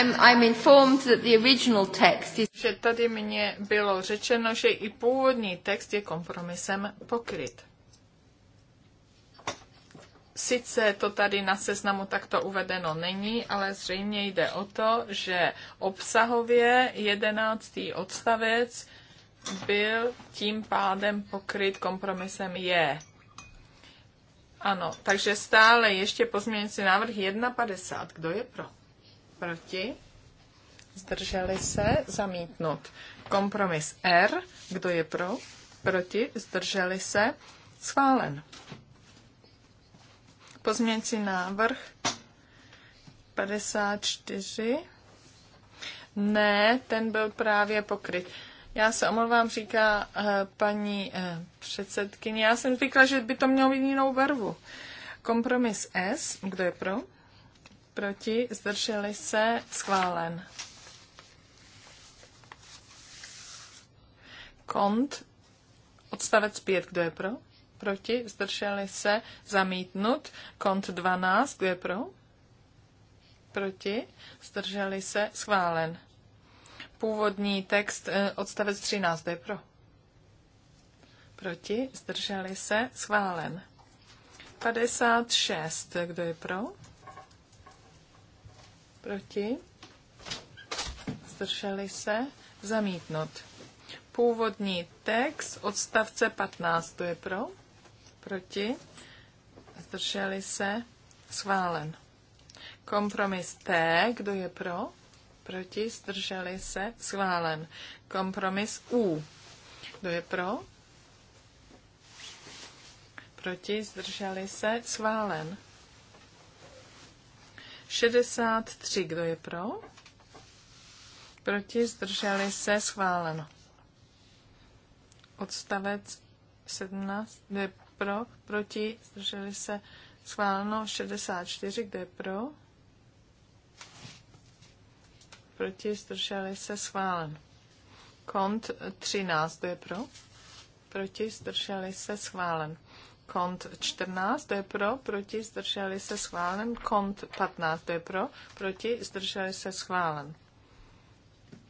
I'm, I'm informed that the original text is... Že tady mně bylo řečeno, že i původní text je kompromisem pokryt. Sice to tady na seznamu takto uvedeno není, ale zřejmě jde o to, že obsahově jedenáctý odstavec byl tím pádem pokryt kompromisem je. Ano, takže stále ještě pozměňující návrh 1.50. Kdo je pro? Proti? Zdrželi se? Zamítnut. Kompromis R. Kdo je pro? Proti? Zdrželi se? Schválen. Pozměňující návrh 54. Ne, ten byl právě pokryt. Já se omlouvám, říká eh, paní eh, předsedkyně. Já jsem říkala, že by to mělo být jinou barvu. Kompromis S, kdo je pro? Proti, zdrželi se, schválen. Kont, odstavec 5, kdo je pro? proti, zdrželi se, zamítnut. Kont 12, kdo je pro, proti, zdrželi se, schválen. Původní text eh, odstavec 13, kdo je pro, proti, zdrželi se, schválen. 56, kdo je pro, proti, zdrželi se, zamítnut. Původní text odstavce 15, to je pro, Proti? Zdrželi se? Schválen. Kompromis T. Kdo je pro? Proti? Zdrželi se? Schválen. Kompromis U. Kdo je pro? Proti? Zdrželi se? Schválen. 63. Kdo je pro? Proti? Zdrželi se? Schváleno. Odstavec 17. Kdo je pro, proti, zdrželi se schváleno 64, kde je pro, proti, zdrželi se schválen. Kont 13, kde je pro, proti, zdrželi se schválen. Kont 14, to je pro, proti, zdrželi se schválen. Kont 15, to je pro, proti, zdrželi se schválen.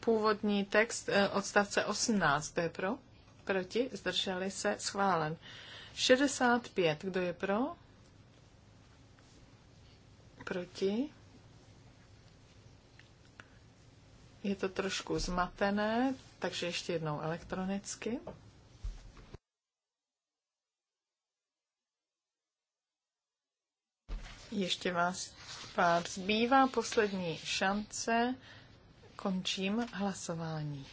Původní text eh, odstavce 18, to je pro, proti, zdrželi se schválen. 65. Kdo je pro? Proti? Je to trošku zmatené, takže ještě jednou elektronicky. Ještě vás pár zbývá, poslední šance. Končím hlasování.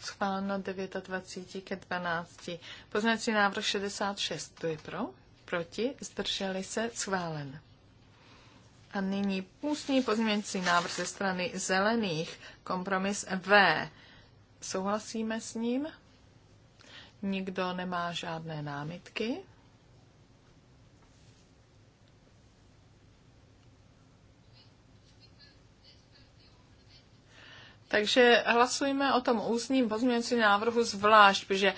Schváleno 29 ke 12. Poznací návrh 66. Kdo je pro? Proti? Zdrželi se? Schválen. A nyní půstní pozměňující návrh ze strany zelených. Kompromis V. Souhlasíme s ním? Nikdo nemá žádné námitky? Takže hlasujeme o tom ústním pozměňovacím návrhu zvlášť, protože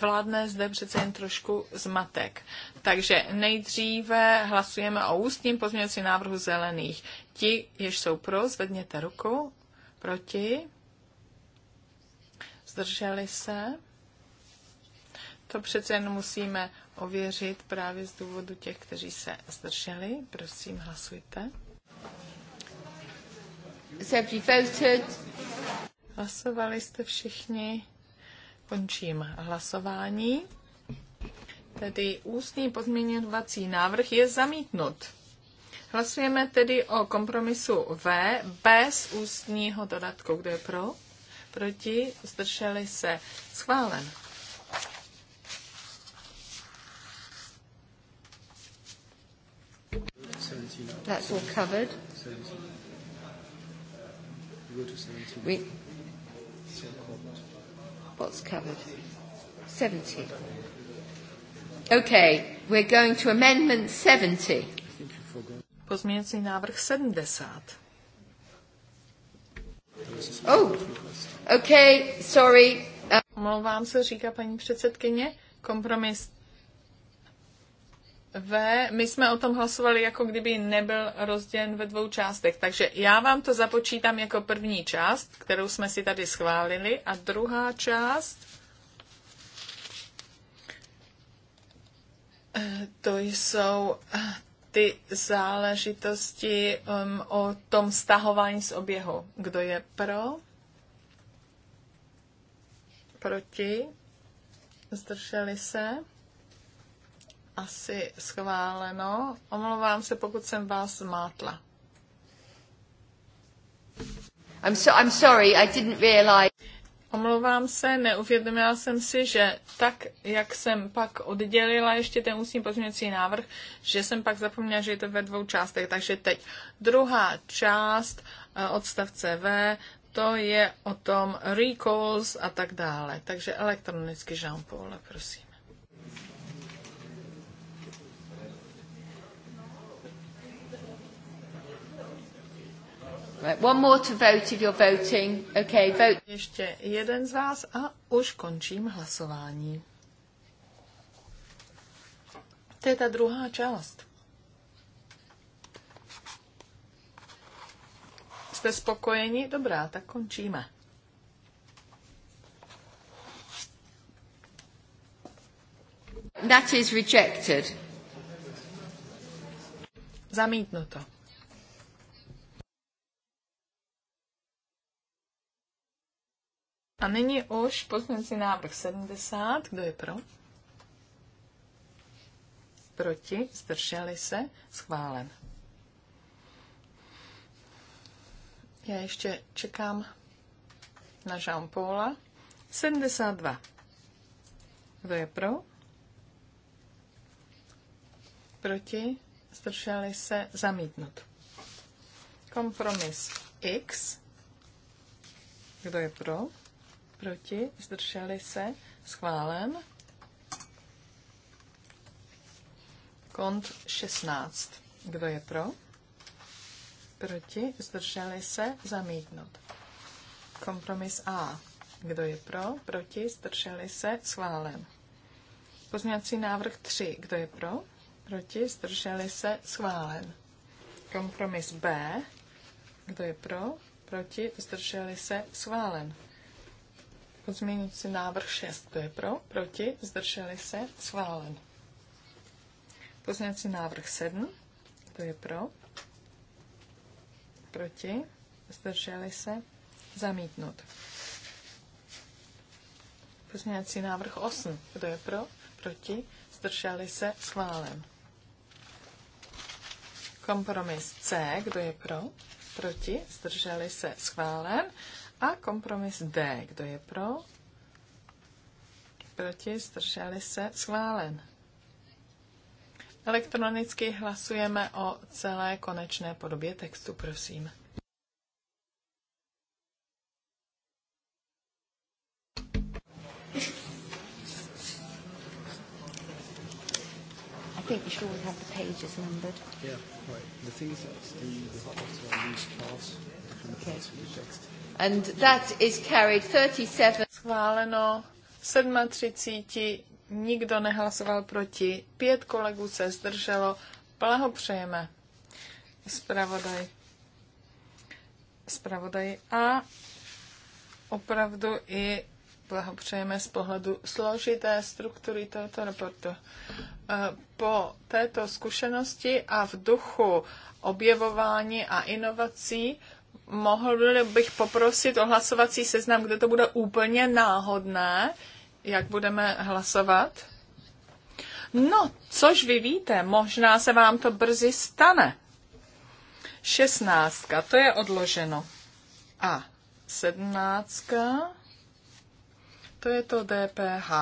vládne zde přece jen trošku zmatek. Takže nejdříve hlasujeme o ústním pozměňovacím návrhu zelených. Ti, jež jsou pro, zvedněte ruku. Proti? Zdrželi se? To přece jen musíme ověřit právě z důvodu těch, kteří se zdrželi. Prosím, hlasujte. Hlasovali jste všichni. Končím hlasování. Tedy ústní pozměňovací návrh je zamítnut. Hlasujeme tedy o kompromisu V bez ústního dodatku. Kdo je pro? Proti? Zdrželi se? Schválen. That's all covered. 17. We, what's covered? 70. Okay, we're going to amendment 70. Pozměňovací návrh 70. Oh, okay, sorry. Omlouvám se, říká paní předsedkyně. Kompromis v, my jsme o tom hlasovali, jako kdyby nebyl rozdělen ve dvou částech. Takže já vám to započítám jako první část, kterou jsme si tady schválili, a druhá část, eh, to jsou eh, ty záležitosti um, o tom stahování z oběhu. Kdo je pro? Proti? Zdrželi se? asi schváleno. Omlouvám se, pokud jsem vás zmátla. I'm, so, I'm sorry, I didn't realize. Omlouvám se, neuvědomila jsem si, že tak, jak jsem pak oddělila ještě ten ústní pozměňovací návrh, že jsem pak zapomněla, že je to ve dvou částech. Takže teď druhá část eh, odstavce V, to je o tom recalls a tak dále. Takže elektronicky Jean-Paul, prosím. Right, one more to vote if you're voting. Okay, vote. Ještě jeden z vás a už končím hlasování. To je ta druhá část. Jste spokojeni? Dobrá, tak končíme. That is rejected. Zamítnuto. A nyní už pozměňující návrh 70. Kdo je pro? Proti? Zdrželi se? Schválen. Já ještě čekám na Jean-Paula. 72. Kdo je pro? Proti? Zdrželi se? Zamítnut. Kompromis X. Kdo je pro? proti, zdrželi se, schválen. Kont 16. Kdo je pro? Proti, zdrželi se, zamítnut. Kompromis A. Kdo je pro? Proti, zdrželi se, schválen. Pozměňovací návrh 3. Kdo je pro? Proti, zdrželi se, schválen. Kompromis B. Kdo je pro? Proti, zdrželi se, schválen. Pozměňující návrh 6, kdo je pro, proti, zdrželi se, schválen. Pozměňující návrh 7, kdo je pro, proti, zdrželi se, zamítnut. Pozměňující návrh 8, kdo je pro, proti, zdrželi se, schválen. Kompromis C, kdo je pro, proti, zdrželi se, schválen. A kompromis D. Kdo je pro? Proti? Zdrželi se? Schválen. Elektronicky hlasujeme o celé konečné podobě textu, prosím. I think you should always have the pages numbered. Yeah, right. The thing is that the, the hot docs are on each part, the kind okay. parts of the text. And that is carried 37. Schváleno 37, nikdo nehlasoval proti, pět kolegů se zdrželo, blahopřejeme zpravodaj. Zpravodaj a opravdu i blahopřejeme z pohledu složité struktury tohoto reportu. E, po této zkušenosti a v duchu objevování a inovací mohl bych poprosit o hlasovací seznam, kde to bude úplně náhodné, jak budeme hlasovat? No, což vy víte, možná se vám to brzy stane. Šestnáctka, to je odloženo. A sedmnáctka, to je to DPH.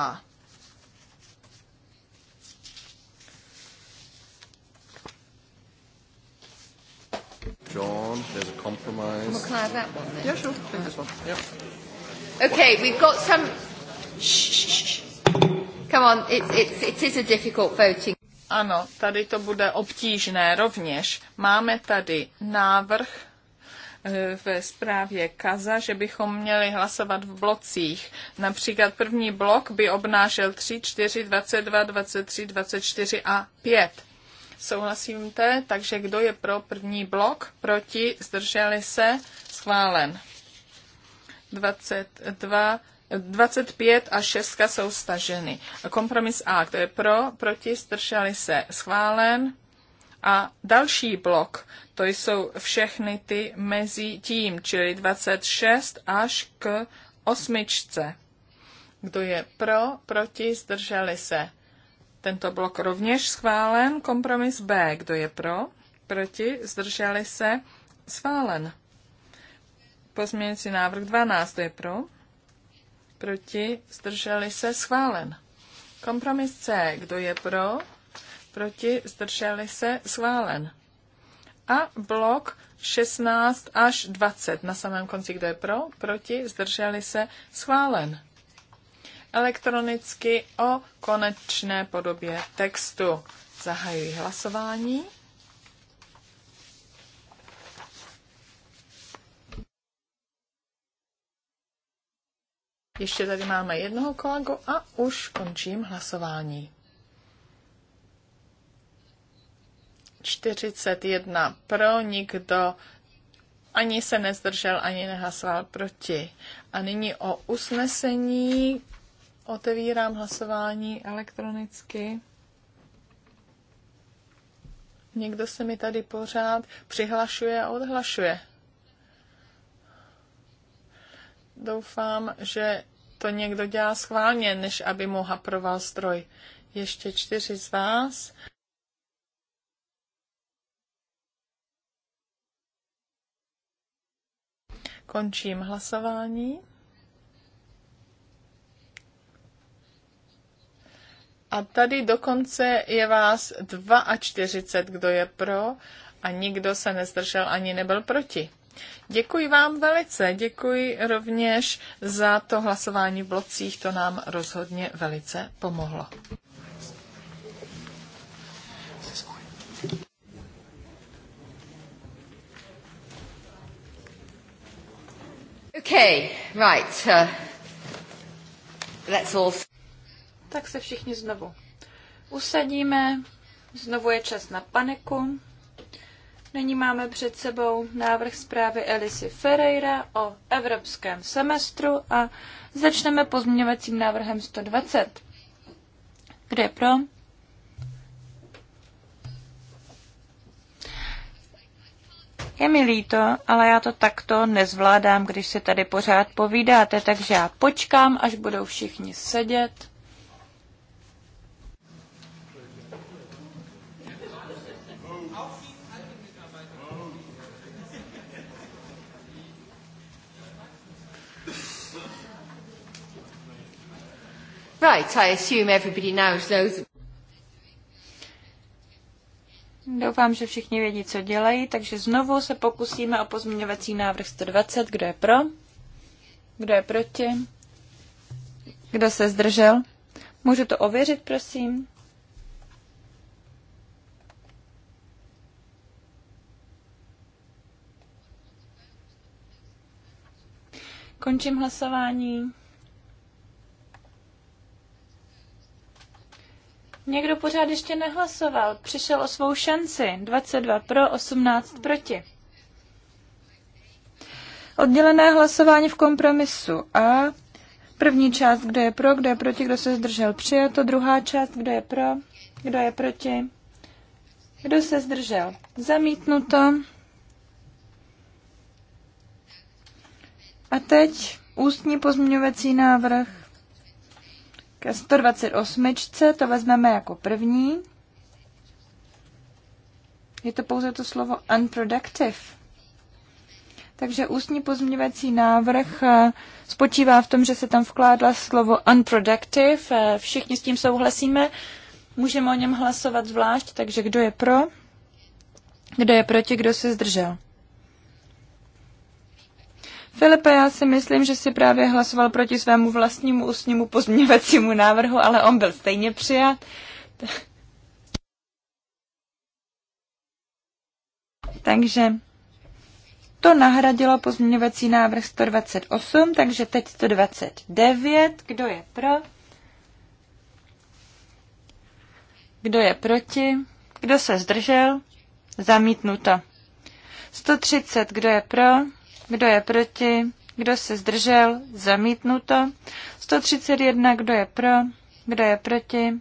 John, There's a compromise. Well, can I have that one then? Yeah, sure. Take this one. Yep. Okay, we've got some. Shh, shh, shh. Come on, it, it, it is a difficult voting. Ano, tady to bude obtížné rovněž. Máme tady návrh eh, ve zprávě Kaza, že bychom měli hlasovat v blocích. Například první blok by obnášel 3, 4, 22, 23, 24 a 5 te, Takže kdo je pro první blok? Proti? Zdrželi se? Schválen. 22, 25 a 6 jsou staženy. Kompromis A, kdo je pro? Proti? Zdrželi se? Schválen. A další blok, to jsou všechny ty mezi tím, čili 26 až k osmičce. Kdo je pro, proti, zdrželi se? tento blok rovněž schválen. Kompromis B, kdo je pro, proti, zdrželi se, schválen. Pozměňující návrh 12, kdo je pro, proti, zdrželi se, schválen. Kompromis C, kdo je pro, proti, zdrželi se, schválen. A blok 16 až 20 na samém konci, kdo je pro, proti, zdrželi se, schválen elektronicky o konečné podobě textu. Zahajuji hlasování. Ještě tady máme jednoho kolegu a už končím hlasování. 41 pro, nikdo ani se nezdržel, ani nehlasoval proti. A nyní o usnesení Otevírám hlasování elektronicky. Někdo se mi tady pořád přihlašuje a odhlašuje. Doufám, že to někdo dělá schválně, než aby mu haproval stroj. Ještě čtyři z vás. Končím hlasování. A tady dokonce je vás 42, kdo je pro a nikdo se nezdržel ani nebyl proti. Děkuji vám velice, děkuji rovněž za to hlasování v blocích, to nám rozhodně velice pomohlo. Okay, right. Uh, let's all tak se všichni znovu usadíme. Znovu je čas na paniku. Nyní máme před sebou návrh zprávy Elisy Ferreira o evropském semestru a začneme pozměňovacím návrhem 120. Kdo je pro? Je mi líto, ale já to takto nezvládám, když si tady pořád povídáte, takže já počkám, až budou všichni sedět. Right, I assume everybody now knows. Doufám, že všichni vědí, co dělají, takže znovu se pokusíme o pozměňovací návrh 120. Kdo je pro? Kdo je proti? Kdo se zdržel? Můžu to ověřit, prosím? Končím hlasování. Někdo pořád ještě nehlasoval. Přišel o svou šanci. 22 pro, 18 proti. Oddělené hlasování v kompromisu A. První část, kdo je pro, kdo je proti, kdo se zdržel, přijato. Druhá část, kdo je pro, kdo je proti, kdo se zdržel, zamítnuto. A teď ústní pozměňovací návrh ke 128. to vezmeme jako první. Je to pouze to slovo unproductive. Takže ústní pozměňovací návrh eh, spočívá v tom, že se tam vkládla slovo unproductive. Eh, všichni s tím souhlasíme. Můžeme o něm hlasovat zvlášť, takže kdo je pro? Kdo je proti? Kdo se zdržel? Filipe, já si myslím, že si právě hlasoval proti svému vlastnímu ústnímu pozměňovacímu návrhu, ale on byl stejně přijat. Takže to nahradilo pozměňovací návrh 128, takže teď 129. Kdo je pro? Kdo je proti? Kdo se zdržel? Zamítnuto. 130. Kdo je pro? kdo je proti, kdo se zdržel, zamítnuto. 131, kdo je pro, kdo je proti,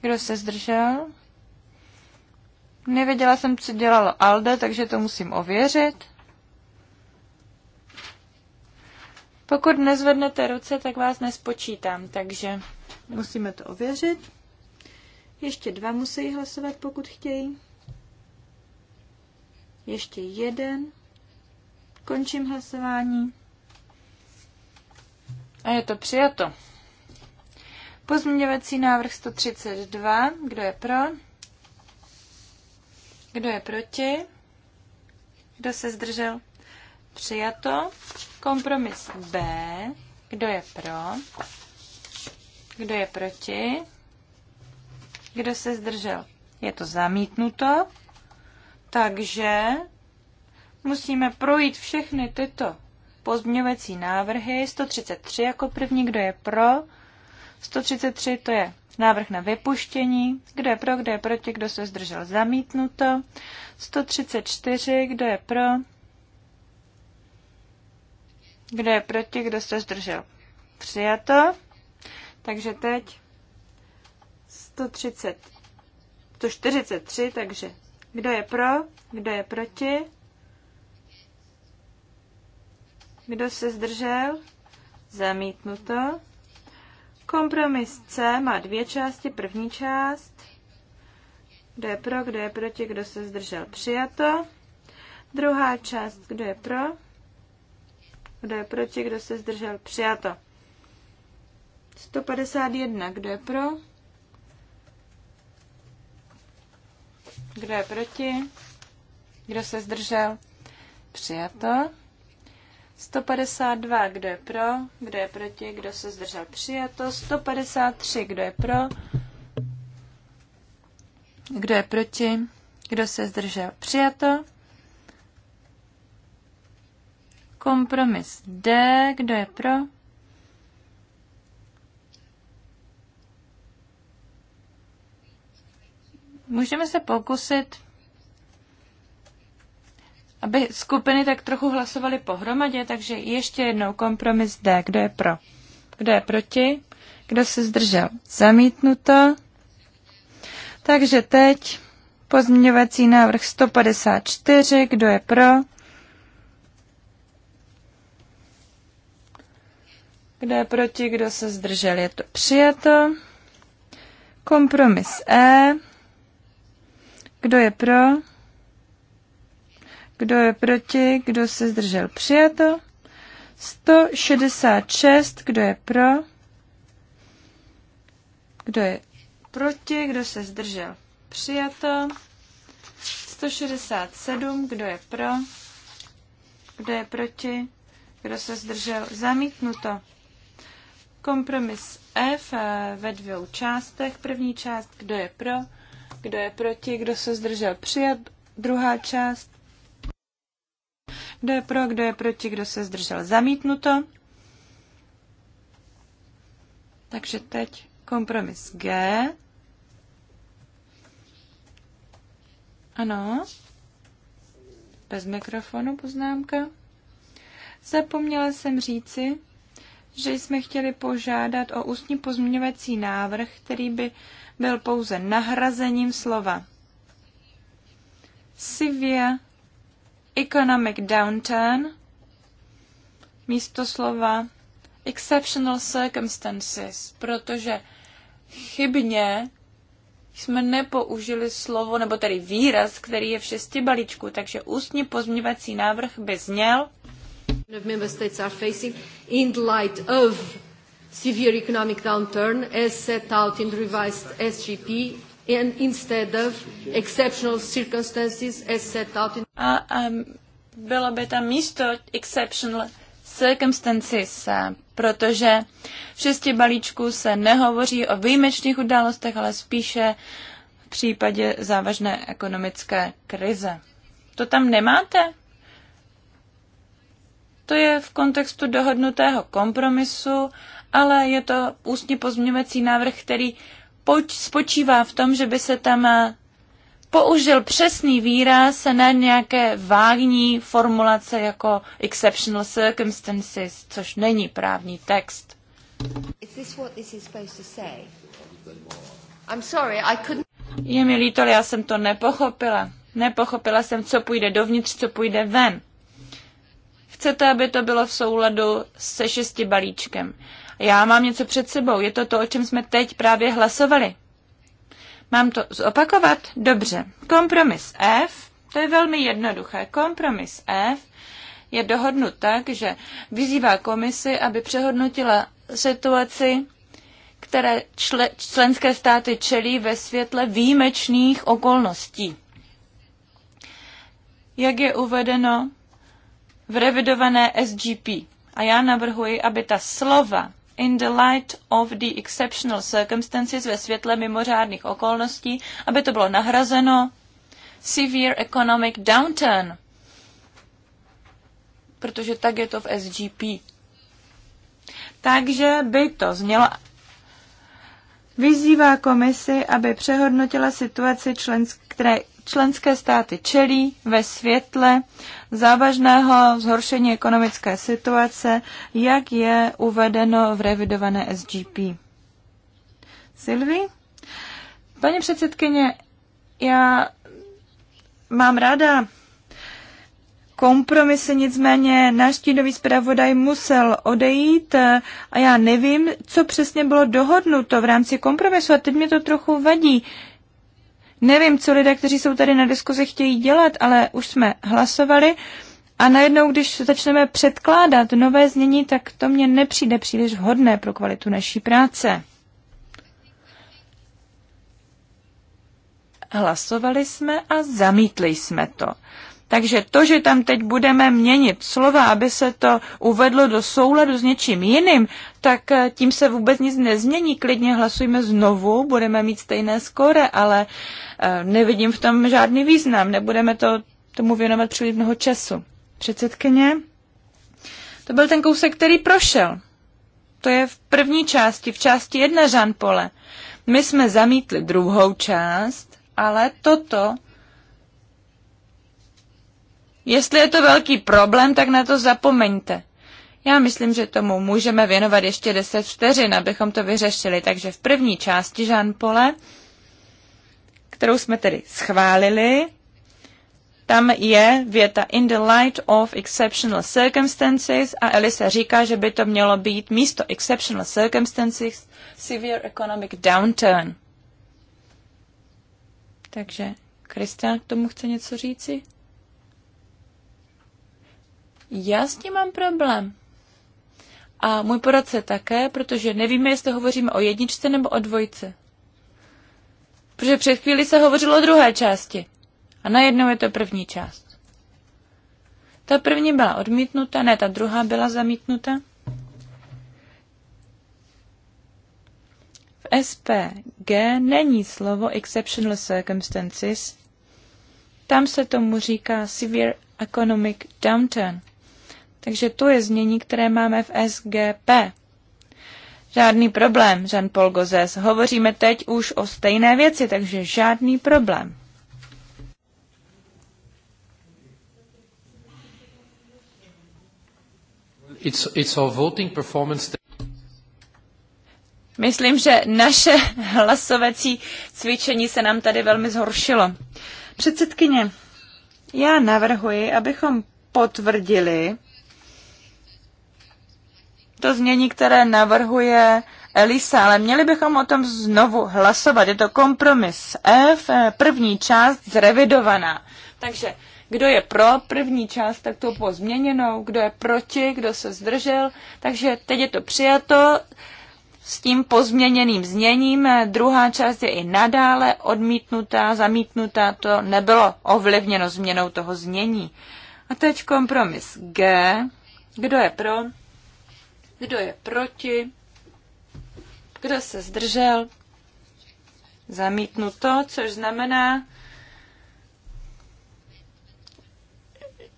kdo se zdržel. Nevěděla jsem, co dělalo Alde, takže to musím ověřit. Pokud nezvednete ruce, tak vás nespočítám, takže musíme to ověřit. Ještě dva musí hlasovat, pokud chtějí. Ještě jeden. Končím hlasování. A je to přijato. Pozměňovací návrh 132. Kdo je pro? Kdo je proti? Kdo se zdržel? Přijato. Kompromis B. Kdo je pro? Kdo je proti? Kdo se zdržel? Je to zamítnuto. Takže musíme projít všechny tyto pozměňovací návrhy. 133 jako první, kdo je pro. 133 to je návrh na vypuštění. Kdo je pro, kdo je proti, kdo se zdržel zamítnuto. 134, kdo je pro. Kdo je proti, kdo se zdržel přijato. Takže teď 130, to 43, takže kdo je pro? Kdo je proti? Kdo se zdržel? Zamítnuto. Kompromis C má dvě části. První část. Kdo je pro, kdo je proti, kdo se zdržel? Přijato. Druhá část. Kdo je pro? Kdo je proti, kdo se zdržel? Přijato. 151. Kdo je pro? Kdo je proti? Kdo se zdržel? Přijato. 152, kdo je pro, kdo je proti, kdo se zdržel přijato. 153, kdo je pro, kdo je proti, kdo se zdržel přijato. Kompromis D, kdo je pro, Můžeme se pokusit, aby skupiny tak trochu hlasovaly pohromadě, takže ještě jednou kompromis D. Kdo je pro? Kdo je proti? Kdo se zdržel? Zamítnuto. Takže teď pozměňovací návrh 154. Kdo je pro? Kdo je proti? Kdo se zdržel? Je to přijato. Kompromis E. Kdo je pro? Kdo je proti? Kdo se zdržel? Přijato. 166. Kdo je pro? Kdo je proti? Kdo se zdržel? Přijato. 167. Kdo je pro? Kdo je proti? Kdo se zdržel? Zamítnuto. Kompromis F eh, ve dvou částech. První část, kdo je pro? kdo je proti, kdo se zdržel přijat, druhá část, kdo je pro, kdo je proti, kdo se zdržel zamítnuto. Takže teď kompromis G. Ano. Bez mikrofonu poznámka. Zapomněla jsem říci, že jsme chtěli požádat o ústní pozměňovací návrh, který by byl pouze nahrazením slova severe economic downturn místo slova exceptional circumstances, protože chybně jsme nepoužili slovo, nebo tedy výraz, který je v šesti balíčku, takže ústní pozměvací návrh by zněl in light of severe economic downturn as set out in the revised SGP and instead of exceptional circumstances as set out in... A um, bylo by tam místo exceptional circumstances, protože v šesti balíčku se nehovoří o výjimečných událostech, ale spíše v případě závažné ekonomické krize. To tam nemáte? To je v kontextu dohodnutého kompromisu ale je to ústně pozměňovací návrh, který poč, spočívá v tom, že by se tam eh, použil přesný výraz na nějaké vágní formulace jako exceptional circumstances, což není právní text. Je mi líto, ale já jsem to nepochopila. Nepochopila jsem, co půjde dovnitř, co půjde ven. Chcete, aby to bylo v souladu se šesti balíčkem. Já mám něco před sebou. Je to to, o čem jsme teď právě hlasovali. Mám to zopakovat? Dobře. Kompromis F, to je velmi jednoduché. Kompromis F je dohodnut tak, že vyzývá komisi, aby přehodnotila situaci, které čle, členské státy čelí ve světle výjimečných okolností. Jak je uvedeno v revidované SGP. A já navrhuji, aby ta slova in the light of the exceptional circumstances ve světle mimořádných okolností, aby to bylo nahrazeno severe economic downturn, protože tak je to v SGP. Takže by to znělo Vyzývá komisi, aby přehodnotila situaci, člensk- které, členské státy čelí ve světle závažného zhoršení ekonomické situace, jak je uvedeno v revidované SGP. Silvi? Paní předsedkyně, já mám ráda kompromisy, nicméně náš stínový zpravodaj musel odejít a já nevím, co přesně bylo dohodnuto v rámci kompromisu a teď mě to trochu vadí. Nevím, co lidé, kteří jsou tady na diskuzi, chtějí dělat, ale už jsme hlasovali a najednou, když začneme předkládat nové znění, tak to mně nepřijde příliš vhodné pro kvalitu naší práce. Hlasovali jsme a zamítli jsme to. Takže to, že tam teď budeme měnit slova, aby se to uvedlo do souladu s něčím jiným, tak eh, tím se vůbec nic nezmění. Klidně hlasujme znovu, budeme mít stejné skóre, ale eh, nevidím v tom žádný význam. Nebudeme to tomu věnovat příliš mnoho času. Předsedkyně, to byl ten kousek, který prošel. To je v první části, v části jedna Jean Pole. My jsme zamítli druhou část, ale toto Jestli je to velký problém, tak na to zapomeňte. Já myslím, že tomu můžeme věnovat ještě deset vteřin, abychom to vyřešili. Takže v první části Jean Pole, kterou jsme tedy schválili, tam je věta in the light of exceptional circumstances a Elisa říká, že by to mělo být místo exceptional circumstances severe economic downturn. Takže Krista k tomu chce něco říci? Já s tím mám problém. A můj poradce také, protože nevíme, jestli hovoříme o jedničce nebo o dvojce. Protože před chvíli se hovořilo o druhé části. A najednou je to první část. Ta první byla odmítnuta, ne, ta druhá byla zamítnuta. V SPG není slovo exceptional circumstances. Tam se tomu říká severe economic downturn. Takže to je znění, které máme v SGP. Žádný problém, Jean-Paul Gozes. Hovoříme teď už o stejné věci, takže žádný problém. It's, it's our voting performance Myslím, že naše hlasovací cvičení se nám tady velmi zhoršilo. Předsedkyně, já navrhuji, abychom potvrdili to znění, které navrhuje Elisa, ale měli bychom o tom znovu hlasovat. Je to kompromis F, eh, první část zrevidovaná. Takže kdo je pro první část, tak to pozměněnou, kdo je proti, kdo se zdržel. Takže teď je to přijato s tím pozměněným zněním. Eh, druhá část je i nadále odmítnutá, zamítnutá, to nebylo ovlivněno změnou toho znění. A teď kompromis G. Kdo je pro? Kdo je proti? Kdo se zdržel? Zamítnu to, což znamená,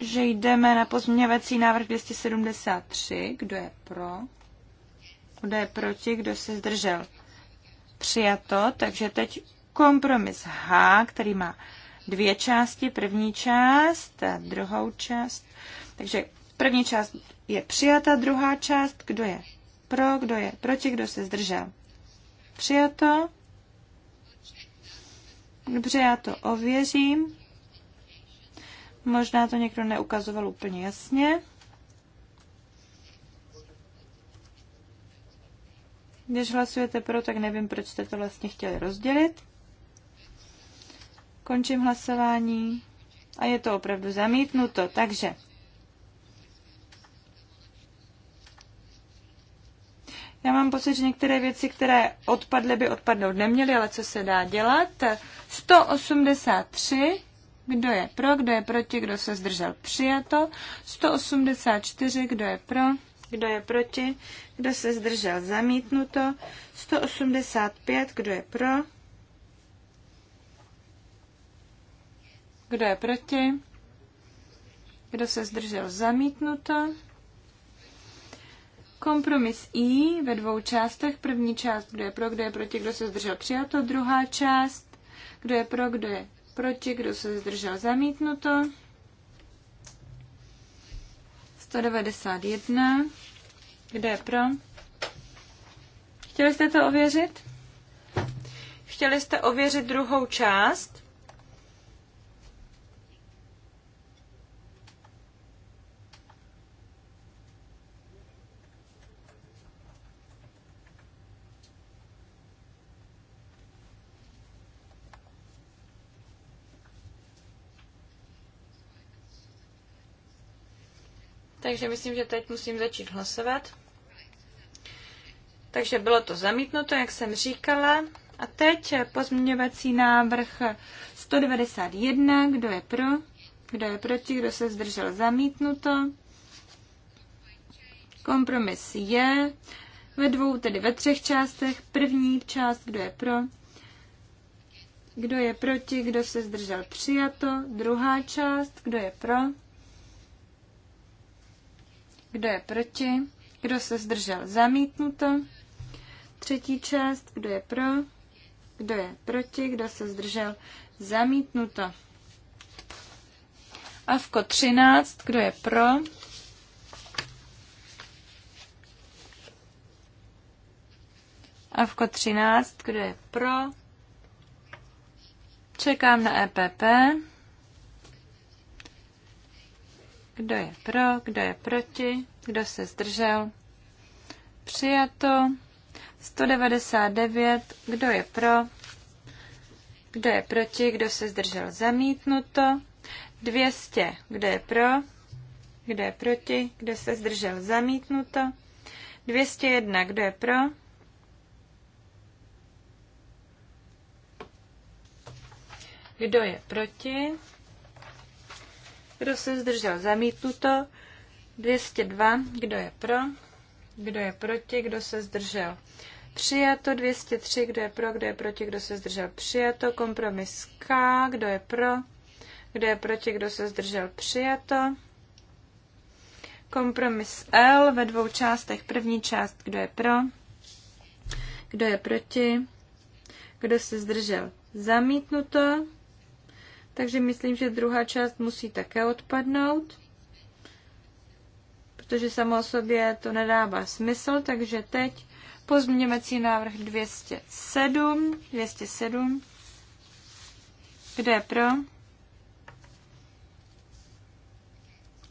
že jdeme na pozměňovací návrh 273. Kdo je pro? Kdo je proti? Kdo se zdržel? Přijato, takže teď kompromis H, který má dvě části. První část a druhou část. Takže první část je přijata druhá část, kdo je pro, kdo je proti, kdo se zdržel. Přijato. Dobře, já to ověřím. Možná to někdo neukazoval úplně jasně. Když hlasujete pro, tak nevím, proč jste to vlastně chtěli rozdělit. Končím hlasování a je to opravdu zamítnuto. Takže Já mám pocit, že některé věci, které odpadly, by odpadnout neměly, ale co se dá dělat? 183, kdo je pro, kdo je proti, kdo se zdržel, přijato. 184, kdo je pro, kdo je proti, kdo se zdržel, zamítnuto. 185, kdo je pro, kdo je proti, kdo se zdržel, zamítnuto. Kompromis I ve dvou částech. První část, kdo je pro, kdo je proti, kdo se zdržel přijato. Druhá část, kdo je pro, kdo je proti, kdo se zdržel zamítnuto. 191. Kdo je pro? Chtěli jste to ověřit? Chtěli jste ověřit druhou část? takže myslím, že teď musím začít hlasovat. Takže bylo to zamítnuto, jak jsem říkala. A teď pozměňovací návrh 191. Kdo je pro? Kdo je proti? Kdo se zdržel? Zamítnuto. Kompromis je ve dvou, tedy ve třech částech. První část, kdo je pro? Kdo je proti? Kdo se zdržel? Přijato. Druhá část, kdo je pro? Kdo je proti? Kdo se zdržel? Zamítnuto. Třetí část. Kdo je pro? Kdo je proti? Kdo se zdržel? Zamítnuto. Avko 13. Kdo je pro? Avko 13. Kdo je pro? Čekám na EPP. Kdo je pro, kdo je proti, kdo se zdržel? Přijato. 199. Kdo je pro? Kdo je proti? Kdo se zdržel? Zamítnuto. 200. Kdo je pro? Kdo je proti? Kdo se zdržel? Zamítnuto. 201. Kdo je pro? Kdo je proti? Kdo se zdržel? Zamítnuto. 202. Kdo je pro? Kdo je proti? Kdo se zdržel? Přijato 203, kdo je pro, kdo je proti, kdo se zdržel. Přijato kompromis K, kdo je pro, kdo je proti, kdo se zdržel. Přijato kompromis L ve dvou částech. První část, kdo je pro, kdo je proti, kdo se zdržel. Zamítnuto takže myslím, že druhá část musí také odpadnout, protože samo o sobě to nedává smysl, takže teď pozměňovací návrh 207, 207, kde je pro,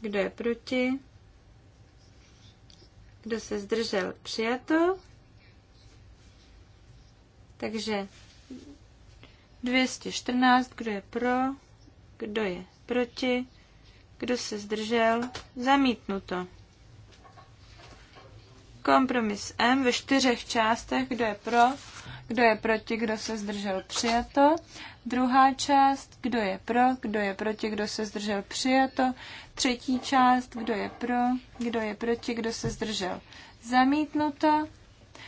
kdo je proti, kdo se zdržel, přijato. Takže 214, kdo je pro, kdo je proti, kdo se zdržel, zamítnuto. Kompromis M ve čtyřech částech, kdo je pro, kdo je proti, kdo se zdržel, přijato. Druhá část, kdo je pro, kdo je proti, kdo se zdržel, přijato. Třetí část, kdo je pro, kdo je proti, kdo se zdržel, zamítnuto.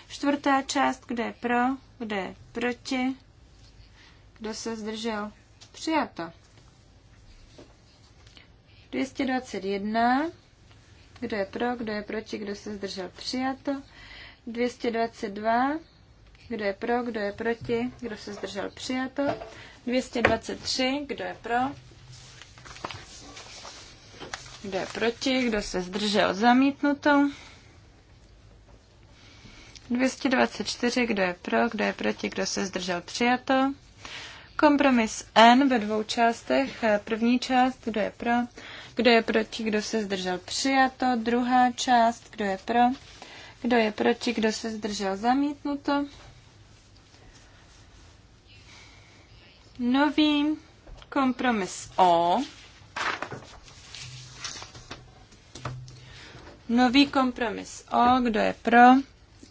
Čtvrtá část, kdo je pro, kdo je proti, kdo se zdržel? Přijato. 221. Kdo je pro, kdo je proti, kdo se zdržel? Přijato. 222. Kdo je pro, kdo je proti, kdo se zdržel? Přijato. 223. Kdo je pro? Kdo je proti, kdo se zdržel? Zamítnuto. 224, kdo je pro, kdo je proti, kdo se zdržel přijato. Kompromis N ve dvou částech. První část, kdo je pro, kdo je proti, kdo se zdržel přijato. Druhá část, kdo je pro, kdo je proti, kdo se zdržel zamítnuto. Nový kompromis O. Nový kompromis O, kdo je pro,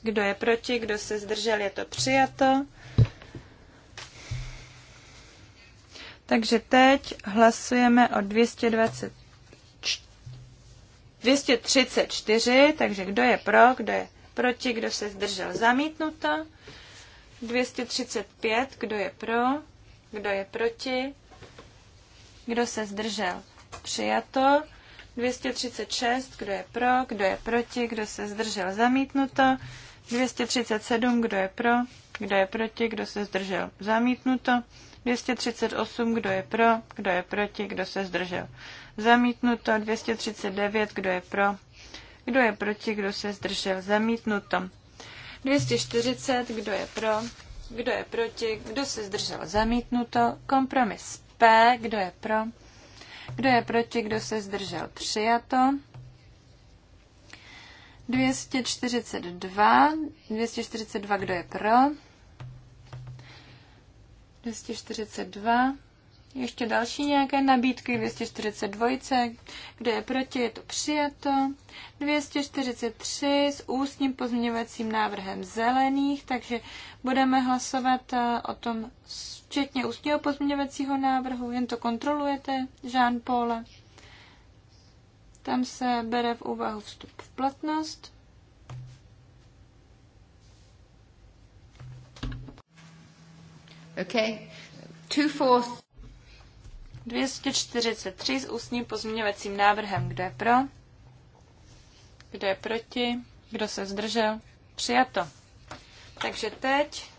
kdo je proti, kdo se zdržel, je to přijato. Takže teď hlasujeme o 220, 234, takže kdo je pro, kdo je proti, kdo se zdržel zamítnuto. 235, kdo je pro, kdo je proti, kdo se zdržel přijato. 236, kdo je pro, kdo je proti, kdo se zdržel zamítnuto. 237, kdo je pro, kdo je proti, kdo se zdržel zamítnuto. 238, kdo je pro, kdo je proti, kdo se zdržel. Zamítnuto 239, kdo je pro, kdo je proti, kdo se zdržel. Zamítnuto 240, kdo je pro, kdo je proti, kdo se zdržel. Zamítnuto kompromis P, kdo je pro, kdo je proti, kdo se zdržel. Přijato. 242, 242, kdo je pro, 242. Ještě další nějaké nabídky 242, kde je proti, je to přijato. 243 s ústním pozměňovacím návrhem zelených, takže budeme hlasovat eh, o tom včetně ústního pozměňovacího návrhu, jen to kontrolujete, Jean Paul. Tam se bere v úvahu vstup v platnost. Okay. Two 243 s ústním pozměňovacím návrhem. Kdo je pro? Kdo je proti? Kdo se zdržel? Přijato. Takže teď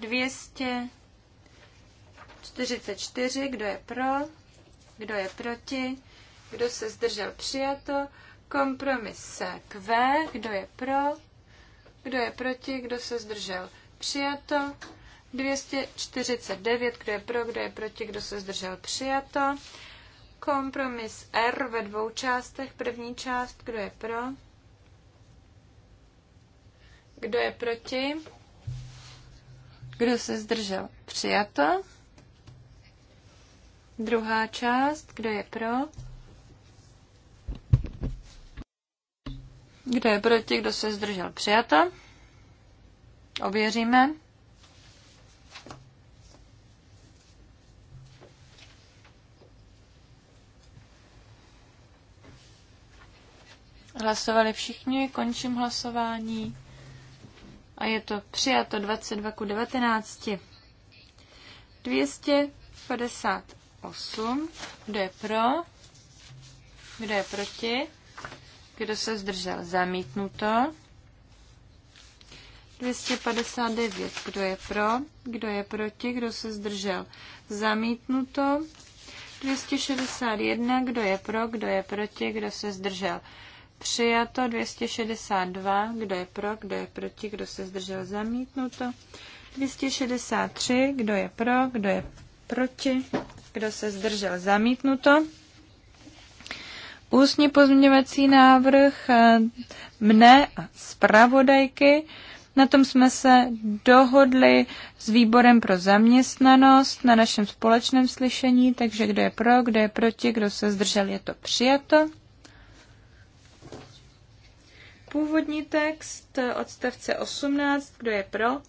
244. Kdo je pro? Kdo je proti? Kdo se zdržel? Přijato. Kompromis Q. Kdo je pro? Kdo je proti? Kdo se zdržel? Přijato. 249, kdo je pro, kdo je proti, kdo se zdržel přijato. Kompromis R ve dvou částech. První část, kdo je pro, kdo je proti, kdo se zdržel přijato. Druhá část, kdo je pro, kdo je proti, kdo se zdržel přijato. Ověříme. Hlasovali všichni, končím hlasování. A je to přijato 22 ku 19. 258. Kdo je pro? Kdo je proti? Kdo se zdržel? Zamítnuto. 259. Kdo je pro? Kdo je proti? Kdo se zdržel? Zamítnuto. 261. Kdo je pro? Kdo je proti? Kdo se zdržel? Přijato 262, kdo je pro, kdo je proti, kdo se zdržel zamítnuto. 263, kdo je pro, kdo je proti, kdo se zdržel zamítnuto. Ústní pozměňovací návrh eh, mne a zpravodajky. Na tom jsme se dohodli s výborem pro zaměstnanost na našem společném slyšení, takže kdo je pro, kdo je proti, kdo se zdržel, je to přijato. Původní text eh, odstavce 18, kdo je pro,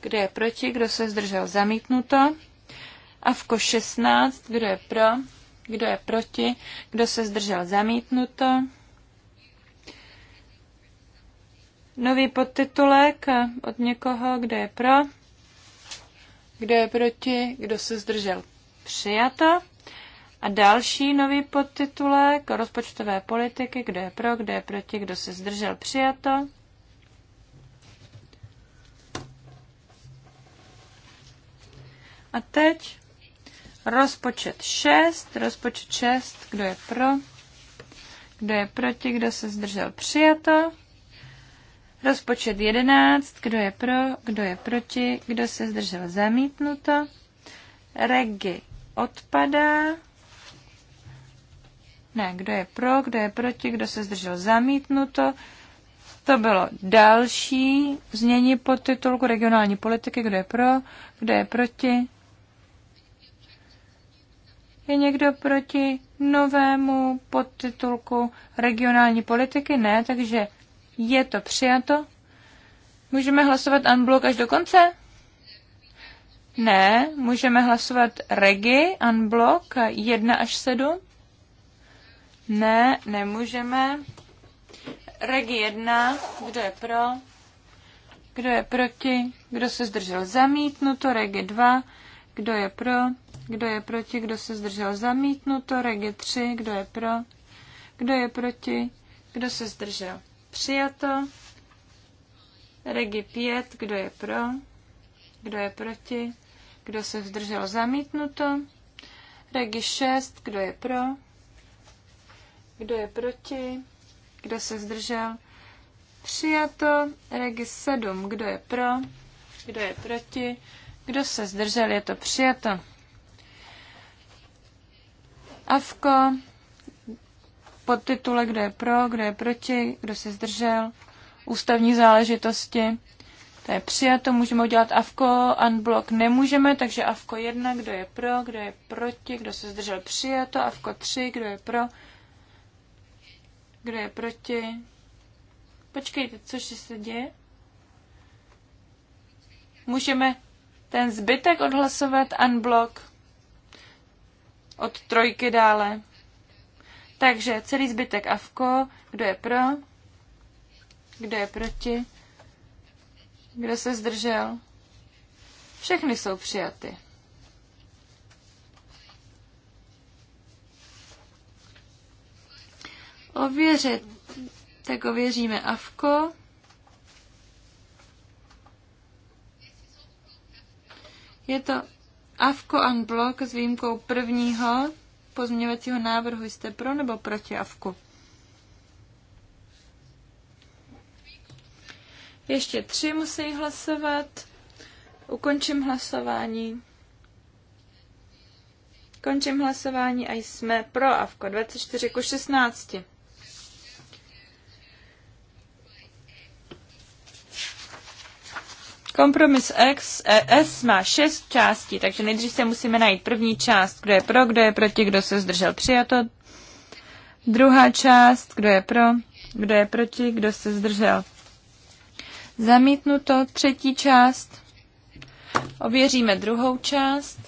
kdo je proti, kdo se zdržel zamítnuto. Avko 16, kdo je pro, kdo je proti, kdo se zdržel zamítnuto. Nový podtitulek eh, od někoho, kdo je pro, kdo je proti, kdo se zdržel přijato. A další nový podtitulek rozpočtové politiky, kdo je pro, kdo je proti, kdo se zdržel, přijato. A teď rozpočet 6, rozpočet 6, kdo je pro, kdo je proti, kdo se zdržel, přijato. Rozpočet 11, kdo je pro, kdo je proti, kdo se zdržel, zamítnuto. Regi odpadá. Ne, kdo je pro, kdo je proti, kdo se zdržel zamítnuto. To bylo další znění pod titulku regionální politiky, kdo je pro, kdo je proti. Je někdo proti novému podtitulku regionální politiky? Ne, takže je to přijato. Můžeme hlasovat unblock až do konce? Ne, můžeme hlasovat regi, unblock 1 až 7. Ne, nemůžeme. Reg 1, kdo je pro? Kdo je proti? Kdo se zdržel? Zamítnuto. Reg 2, kdo je pro? Kdo je proti? Kdo se zdržel? Zamítnuto. Reg 3, kdo je pro? Kdo je proti? Kdo se zdržel? Přijato. Regi 5, kdo je pro? Kdo je proti? Kdo se zdržel? Zamítnuto. Regi 6, kdo je pro? Kdo je proti? Kdo se zdržel? Přijato. Regis 7. Kdo je pro? Kdo je proti? Kdo se zdržel? Je to přijato. Avko. Podtitule Kdo je pro? Kdo je proti? Kdo se zdržel? Ústavní záležitosti. To je přijato, můžeme udělat AVKO, unblock nemůžeme, takže AVKO 1, kdo je pro, kdo je proti, kdo se zdržel přijato, AVKO 3, kdo je pro, kdo je proti? Počkejte, co se děje? Můžeme ten zbytek odhlasovat unblock od trojky dále. Takže celý zbytek avko, kdo je pro, kdo je proti, kdo se zdržel. Všechny jsou přijaty. ověřit. Tak ověříme Avko, Je to Avko Unblock s výjimkou prvního pozměňovacího návrhu. Jste pro nebo proti avku? Ještě tři musí hlasovat. Ukončím hlasování. Končím hlasování a jsme pro Avko. 24 ku 16. Kompromis X, e, S má šest částí, takže nejdřív se musíme najít první část, kdo je pro, kdo je proti, kdo se zdržel přijato. Druhá část, kdo je pro, kdo je proti, kdo se zdržel. Zamítnuto třetí část. Ověříme druhou část.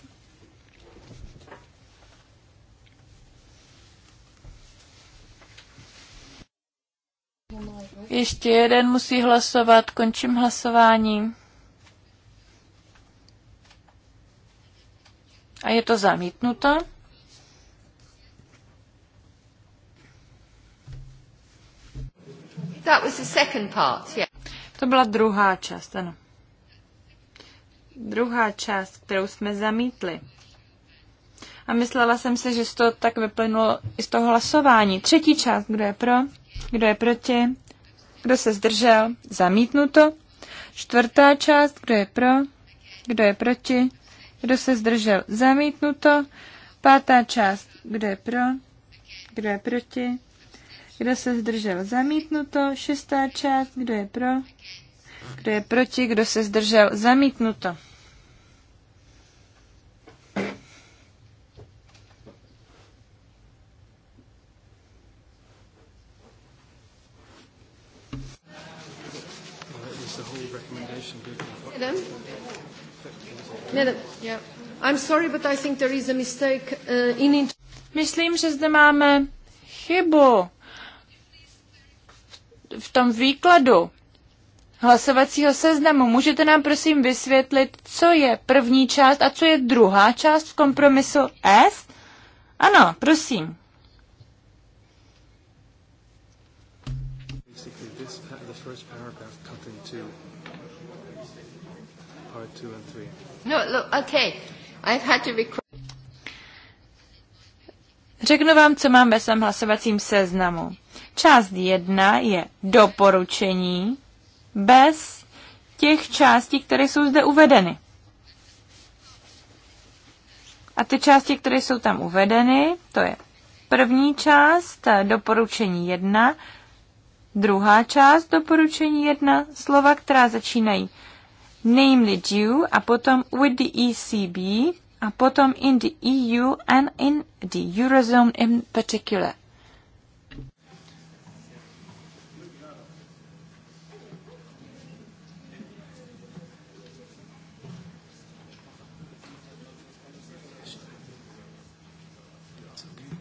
Ještě jeden musí hlasovat. Končím hlasování. A je to zamítnuto. That was the second part, yeah. To byla druhá část, ano. Druhá část, kterou jsme zamítli. A myslela jsem si, že z to tak vyplynulo i z toho hlasování. Třetí část, kdo je pro, kdo je proti, kdo se zdržel, zamítnuto. Čtvrtá část, kdo je pro, kdo je proti, kdo se zdržel? Zamítnuto. Pátá část. Kdo je pro? Kdo je proti? Kdo se zdržel? Zamítnuto. Šestá část. Kdo je pro? Kdo je proti? Kdo se zdržel? Zamítnuto. Adam? Myslím, že zde máme chybu v tom výkladu hlasovacího seznamu. Můžete nám prosím vysvětlit, co je první část a co je druhá část v kompromisu S? Ano, prosím. Part two and three. No, look, okay. I've had to Řeknu vám, co mám ve svém hlasovacím seznamu. Část jedna je doporučení bez těch částí, které jsou zde uvedeny. A ty části, které jsou tam uvedeny, to je první část doporučení jedna, druhá část doporučení jedna, slova, která začínají namely due a potom with the ECB a potom in the EU and in the Eurozone in particular.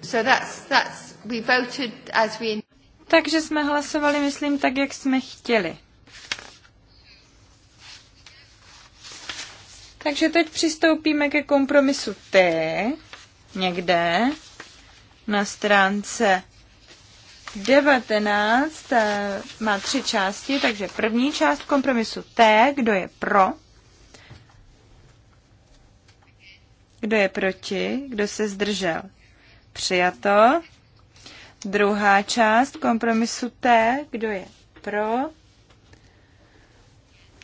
So that's, that's, we voted as we... Takže jsme hlasovali, myslím, tak, jak jsme chtěli. Takže teď přistoupíme ke kompromisu T někde na stránce 19 eh, má tři části, takže první část kompromisu T, kdo je pro, kdo je proti, kdo se zdržel. Přijato. Druhá část kompromisu T, kdo je pro,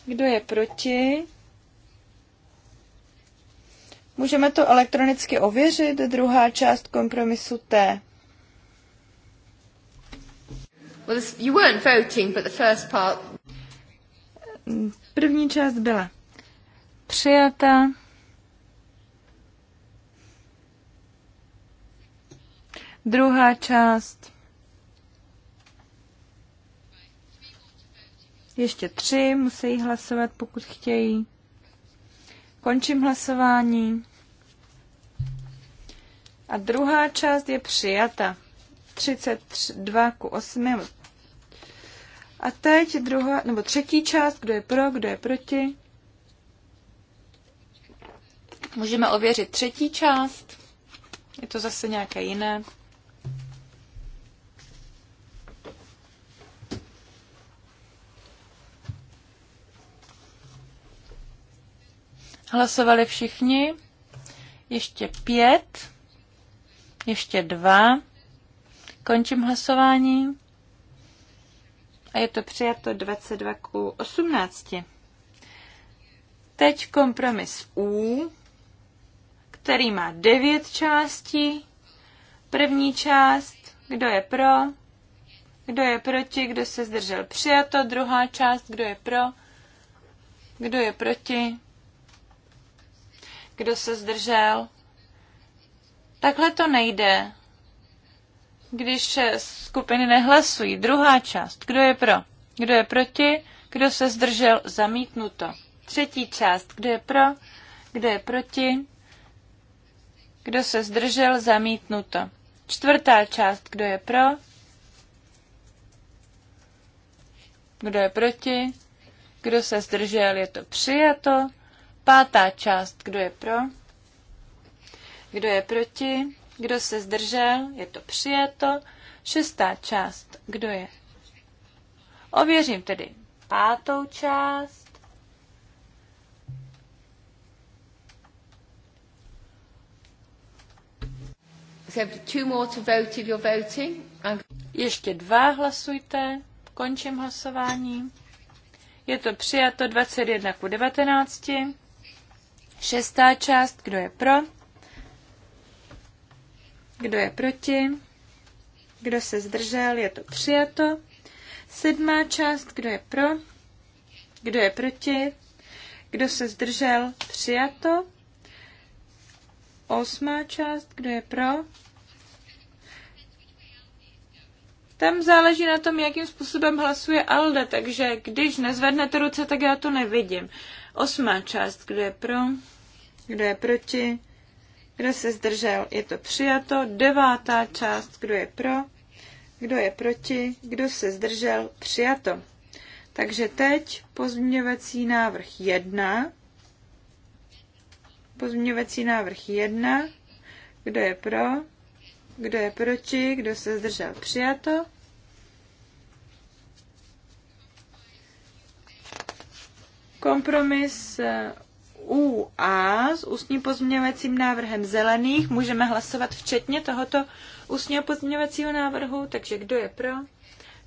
kdo je proti, Můžeme to elektronicky ověřit, druhá část kompromisu T. První část byla přijata. Druhá část. Ještě tři musí hlasovat, pokud chtějí. Končím hlasování. A druhá část je přijata. 32 ku 8. A teď druhá, nebo třetí část, kdo je pro, kdo je proti. Můžeme ověřit třetí část. Je to zase nějaké jiné. Hlasovali všichni. Ještě pět. Ještě dva. Končím hlasování. A je to přijato 22 k 18. Teď kompromis U, který má devět částí. První část, kdo je pro, kdo je proti, kdo se zdržel přijato. Druhá část, kdo je pro, kdo je proti, kdo se zdržel. Takhle to nejde, když skupiny nehlasují. Druhá část, kdo je pro, kdo je proti, kdo se zdržel, zamítnuto. Třetí část, kdo je pro, kdo je proti, kdo se zdržel, zamítnuto. Čtvrtá část, kdo je pro, kdo je proti, kdo se zdržel, je to přijato. Pátá část, kdo je pro? Kdo je proti? Kdo se zdržel? Je to přijato. Šestá část, kdo je? Ověřím tedy pátou část. Ještě dva hlasujte. Končím hlasování. Je to přijato 21 ku 19. Šestá část, kdo je pro? Kdo je proti? Kdo se zdržel? Je to přijato. Sedmá část, kdo je pro? Kdo je proti? Kdo se zdržel? Přijato. Osmá část, kdo je pro? Tam záleží na tom, jakým způsobem hlasuje Alde, takže když nezvednete ruce, tak já to nevidím. Osmá část, kdo je pro, kdo je proti, kdo se zdržel, je to přijato. Devátá část, kdo je pro, kdo je proti, kdo se zdržel, přijato. Takže teď pozměňovací návrh 1. Pozměňovací návrh 1. Kdo je pro? Kdo je proti? Kdo se zdržel? Přijato. Kompromis eh, UA s ústním pozměňovacím návrhem zelených. Můžeme hlasovat včetně tohoto ústního pozměňovacího návrhu, takže kdo je pro,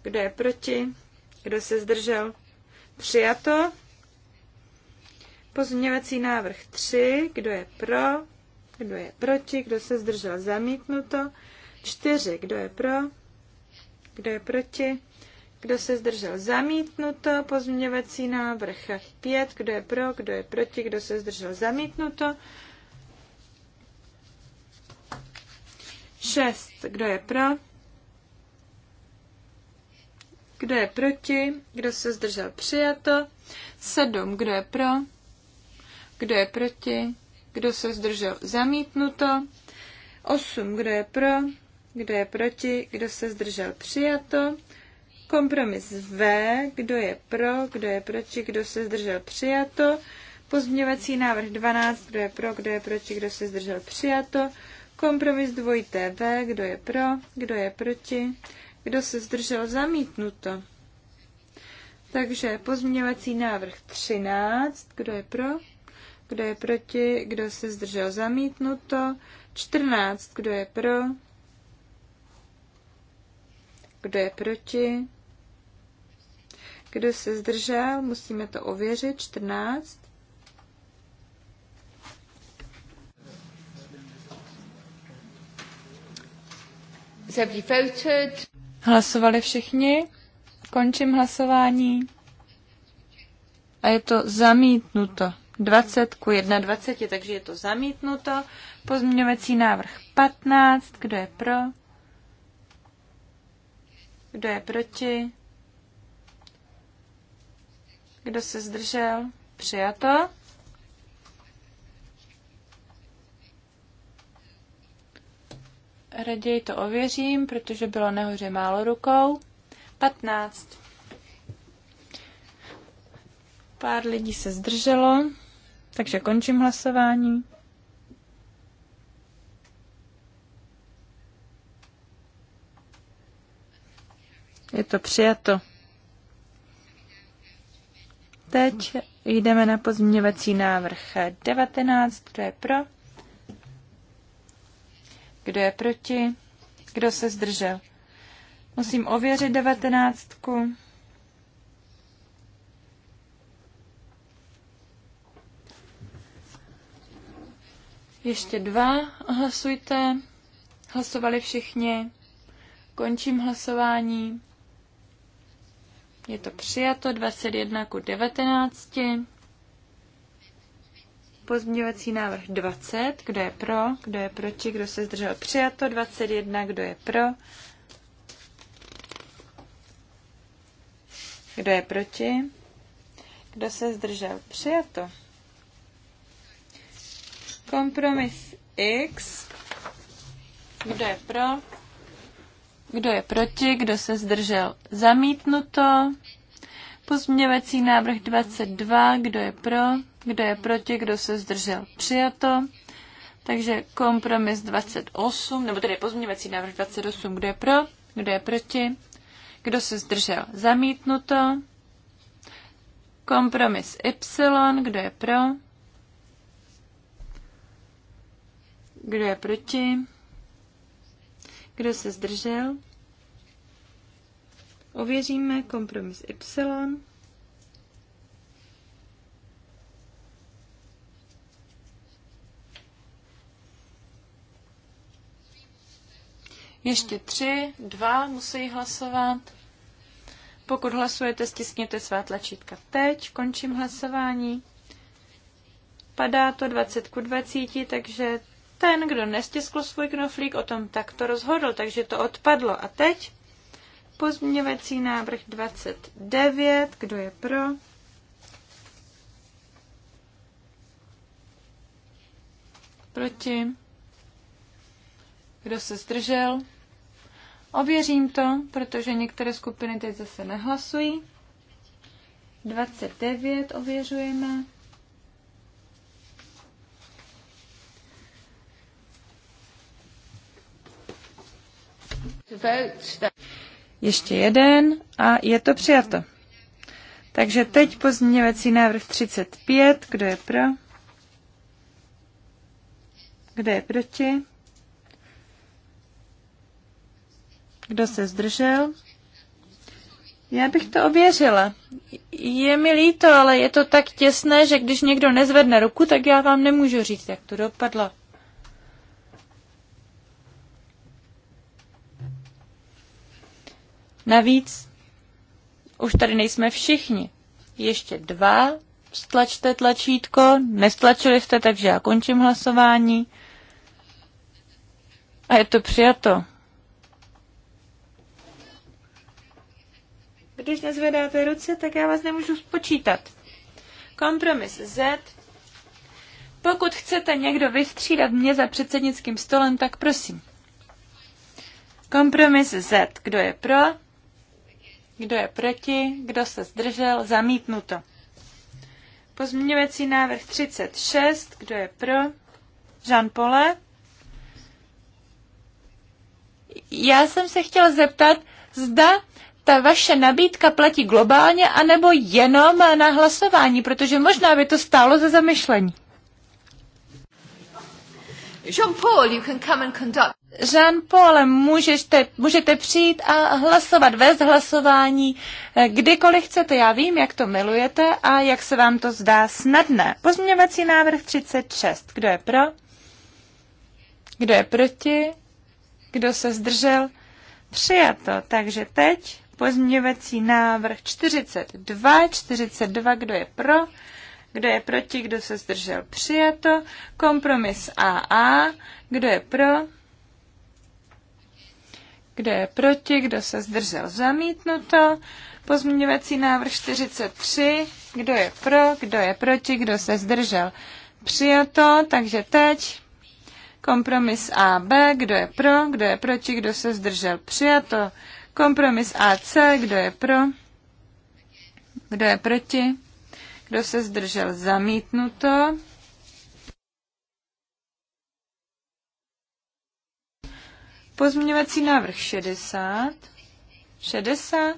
kdo je proti, kdo se zdržel. Přijato. Pozměňovací návrh 3, kdo je pro, kdo je proti, kdo se zdržel, zamítnuto. 4, kdo je pro, kdo je proti, kdo se zdržel? Zamítnuto. Pozměňovací návrh 5. Kdo je pro? Kdo je proti? Kdo se zdržel? Zamítnuto. 6. Kdo je pro? Kdo je proti? Kdo se zdržel? Přijato. 7. Kdo je pro? Kdo je proti? Kdo se zdržel? Zamítnuto. 8. Kdo je pro? Kdo je proti? Kdo se zdržel? Přijato. Kompromis V, kdo je pro, kdo je proti, kdo se zdržel přijato. Pozměňovací návrh 12, kdo je pro, kdo je proti, kdo se zdržel přijato. Kompromis dvojité V, kdo je pro, kdo je proti, kdo se zdržel zamítnuto. Takže pozměňovací návrh 13, kdo je pro, kdo je proti, kdo se zdržel zamítnuto. 14, kdo je pro, kdo je proti, kdo se zdržel? Musíme to ověřit. 14. Hlasovali všichni. Končím hlasování. A je to zamítnuto. 20 ku 21, takže je to zamítnuto. Pozměňovací návrh 15. Kdo je pro? Kdo je proti? Kdo se zdržel? Přijato. Raději to ověřím, protože bylo nahoře málo rukou. 15. Pár lidí se zdrželo, takže končím hlasování. Je to přijato. Teď jdeme na pozměňovací návrh 19. Kdo je pro? Kdo je proti? Kdo se zdržel? Musím ověřit 19. Ještě dva hlasujte. Hlasovali všichni. Končím hlasování. Je to přijato 21 ku 19. Pozměňovací návrh 20. Kdo je pro? Kdo je proti? Kdo se zdržel? Přijato 21. Kdo je pro? Kdo je proti? Kdo se zdržel? Přijato. Kompromis X. Kdo je pro? Kdo je proti? Kdo se zdržel? Zamítnuto. Pozměňovací návrh 22. Kdo je pro? Kdo je proti? Kdo se zdržel? Přijato. Takže kompromis 28, nebo tedy pozměňovací návrh 28. Kdo je pro? Kdo je proti? Kdo se zdržel? Zamítnuto. Kompromis Y. Kdo je pro? Kdo je proti? Kdo se zdržel? Ověříme kompromis Y. Ještě tři, dva musí hlasovat. Pokud hlasujete, stiskněte svá tlačítka teď. Končím hlasování. Padá to 20 ku 20, takže ten, kdo nestiskl svůj knoflík, o tom takto rozhodl, takže to odpadlo. A teď pozměňovací návrh 29, kdo je pro? Proti? Kdo se zdržel? Ověřím to, protože některé skupiny teď zase nehlasují. 29 ověřujeme. Ještě jeden a je to přijato. Takže teď pozměňovací návrh 35. Kdo je pro? Kdo je proti? Kdo se zdržel? Já bych to ověřila. Je mi líto, ale je to tak těsné, že když někdo nezvedne ruku, tak já vám nemůžu říct, jak to dopadlo. Navíc už tady nejsme všichni. Ještě dva, stlačte tlačítko, nestlačili jste, takže já končím hlasování. A je to přijato. Když nezvedáte ruce, tak já vás nemůžu spočítat. Kompromis Z. Pokud chcete někdo vystřídat mě za předsednickým stolem, tak prosím. Kompromis Z. Kdo je pro? Kdo je proti? Kdo se zdržel? Zamítnuto. Pozměňovací návrh 36. Kdo je pro? Jean Pole. Já jsem se chtěla zeptat, zda ta vaše nabídka platí globálně, anebo jenom na hlasování, protože možná by to stálo za zamyšlení. Jean-Paul, you can come and conduct Jean-Paul, můžete, můžete přijít a hlasovat, vést hlasování eh, kdykoliv chcete. Já vím, jak to milujete a jak se vám to zdá snadné. Pozměňovací návrh 36. Kdo je pro? Kdo je proti? Kdo se zdržel? Přijato. Takže teď pozměňovací návrh 42. 42. Kdo je pro? Kdo je proti? Kdo se zdržel? Přijato. Kompromis AA. Kdo je pro? Kdo je proti? Kdo se zdržel? Zamítnuto. Pozměňovací návrh 43. Kdo je pro? Kdo je proti? Kdo se zdržel? Přijato. Takže teď kompromis AB. Kdo je pro? Kdo je proti? Kdo se zdržel? Přijato. Kompromis AC. Kdo je pro? Kdo je proti? Kdo se zdržel? Zamítnuto. Pozměňovací návrh 60. 60.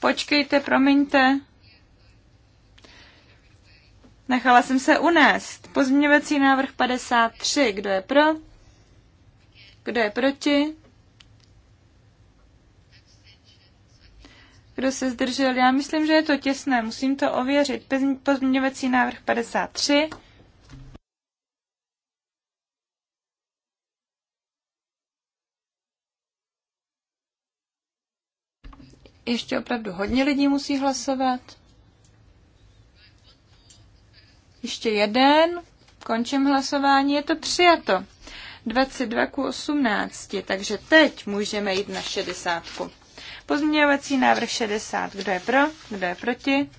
Počkejte, promiňte. Nechala jsem se unést. Pozměňovací návrh 53. Kdo je pro? Kdo je proti? Kdo se zdržel? Já myslím, že je to těsné. Musím to ověřit. Pozměňovací návrh 53. ještě opravdu hodně lidí musí hlasovat. Ještě jeden. Končím hlasování. Je to přijato. 22 k 18. Takže teď můžeme jít na 60. Pozměňovací návrh 60. Kdo je pro? Kdo je proti?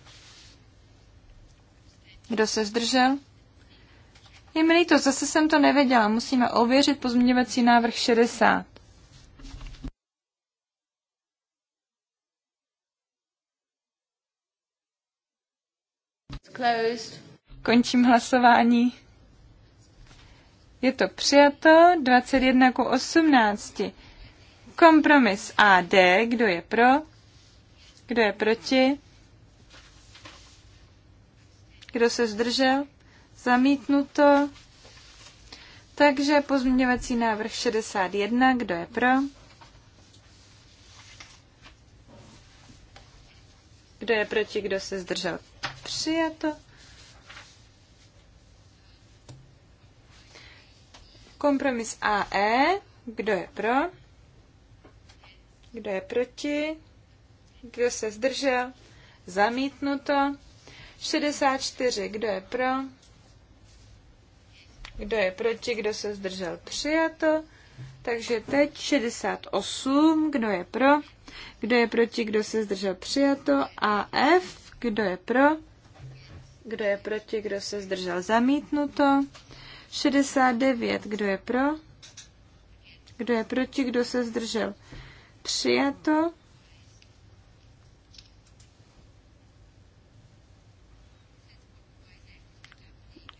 Kdo se zdržel? Je mi líto, zase jsem to nevěděla. Musíme ověřit pozměňovací návrh 60. Closed. Končím hlasování. Je to přijato 21 ku 18. Kompromis AD, kdo je pro, kdo je proti, kdo se zdržel, zamítnuto. Takže pozměňovací návrh 61, kdo je pro, Kdo je proti, kdo se zdržel? Přijato. Kompromis AE. Kdo je pro? Kdo je proti? Kdo se zdržel? Zamítnuto. 64. Kdo je pro? Kdo je proti? Kdo se zdržel? Přijato. Takže teď 68. Kdo je pro? Kdo je proti, kdo se zdržel přijato? A F, kdo je pro? Kdo je proti, kdo se zdržel zamítnuto? 69, kdo je pro? Kdo je proti, kdo se zdržel přijato?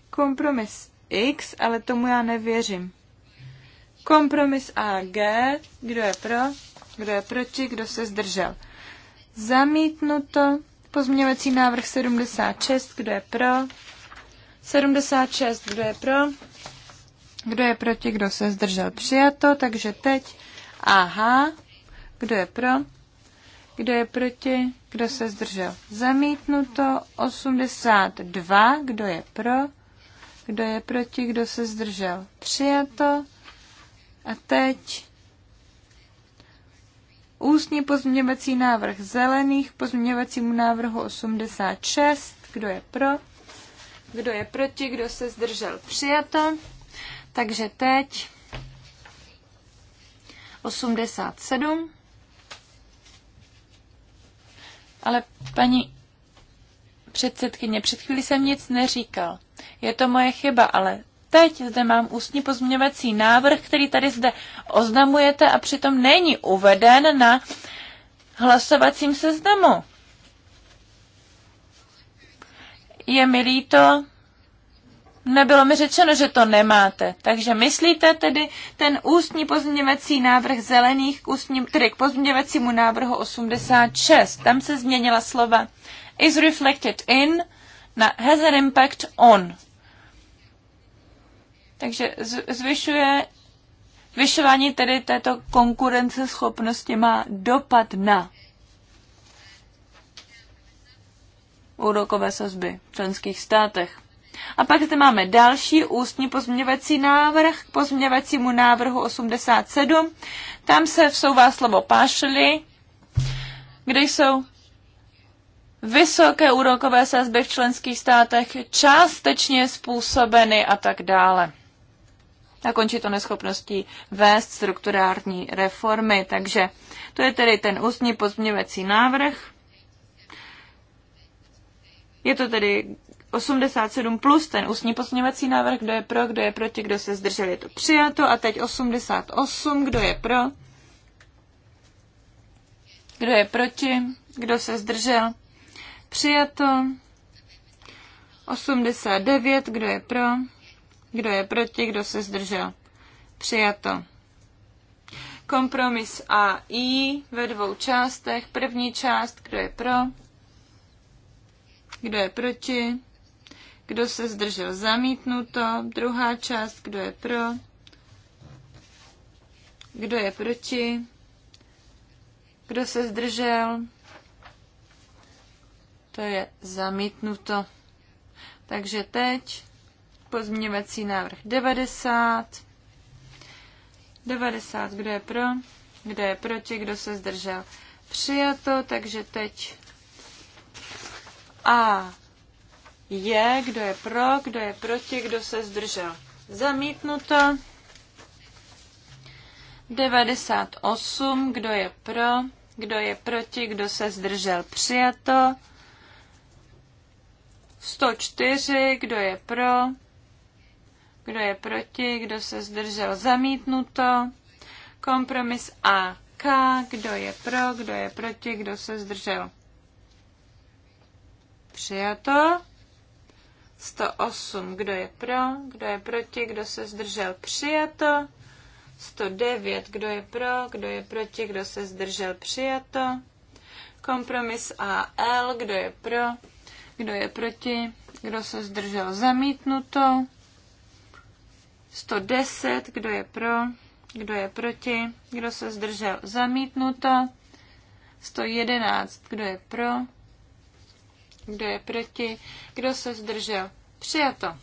Kompromis X, ale tomu já nevěřím. Kompromis AG, kdo je pro? kdo je proti, kdo se zdržel. Zamítnuto. Pozměňovací návrh 76, kdo je pro? 76, kdo je pro? Kdo je proti, kdo se zdržel? Přijato, takže teď aha, kdo je pro? Kdo je proti, kdo se zdržel? Zamítnuto 82, kdo je pro? Kdo je proti, kdo se zdržel? Přijato. A teď Ústní pozměňovací návrh zelených pozměňovacímu návrhu 86. Kdo je pro? Kdo je proti? Kdo se zdržel? Přijato. Takže teď 87. Ale paní předsedkyně, před chvílí jsem nic neříkal. Je to moje chyba, ale Teď zde mám ústní pozměňovací návrh, který tady zde oznamujete a přitom není uveden na hlasovacím seznamu. Je mi líto, nebylo mi řečeno, že to nemáte. Takže myslíte tedy ten ústní pozměňovací návrh zelených k, ústním, tedy k pozměňovacímu návrhu 86. Tam se změnila slova is reflected in na has an impact on. Takže zvyšuje, zvyšování tedy této konkurenceschopnosti má dopad na úrokové sazby v členských státech. A pak zde máme další ústní pozměňovací návrh k pozměňovacímu návrhu 87. Tam se vsouvá slovo pášli, kde jsou vysoké úrokové sazby v členských státech částečně způsobeny a tak dále a končí to neschopností vést strukturální reformy. Takže to je tedy ten ústní pozměňovací návrh. Je to tedy 87 plus ten ústní pozměňovací návrh, kdo je pro, kdo je proti, kdo se zdržel, je to přijato. A teď 88, kdo je pro, kdo je proti, kdo se zdržel, přijato. 89, kdo je pro, kdo je proti, kdo se zdržel? Přijato. Kompromis I ve dvou částech. První část, kdo je pro, kdo je proti, kdo se zdržel zamítnuto. Druhá část, kdo je pro, kdo je proti, kdo se zdržel, to je zamítnuto. Takže teď Pozměňovací návrh 90. 90, kdo je pro, kdo je proti, kdo se zdržel. Přijato, takže teď A je, kdo je pro, kdo je proti, kdo se zdržel. Zamítnuto. 98, kdo je pro, kdo je proti, kdo se zdržel. Přijato. 104, kdo je pro, kdo je proti? Kdo se zdržel? Zamítnuto. Kompromis A. K. Kdo je pro? Kdo je proti? Kdo se zdržel? Přijato. 108. Kdo je pro? Kdo je proti? Kdo se zdržel? Přijato. 109. Kdo je pro? Kdo je proti? Kdo se zdržel? Přijato. Kompromis AL. Kdo je pro? Kdo je proti? Kdo se zdržel? Zamítnuto. 110, kdo je pro, kdo je proti, kdo se zdržel, zamítnuto. 111, kdo je pro, kdo je proti, kdo se zdržel, přijato.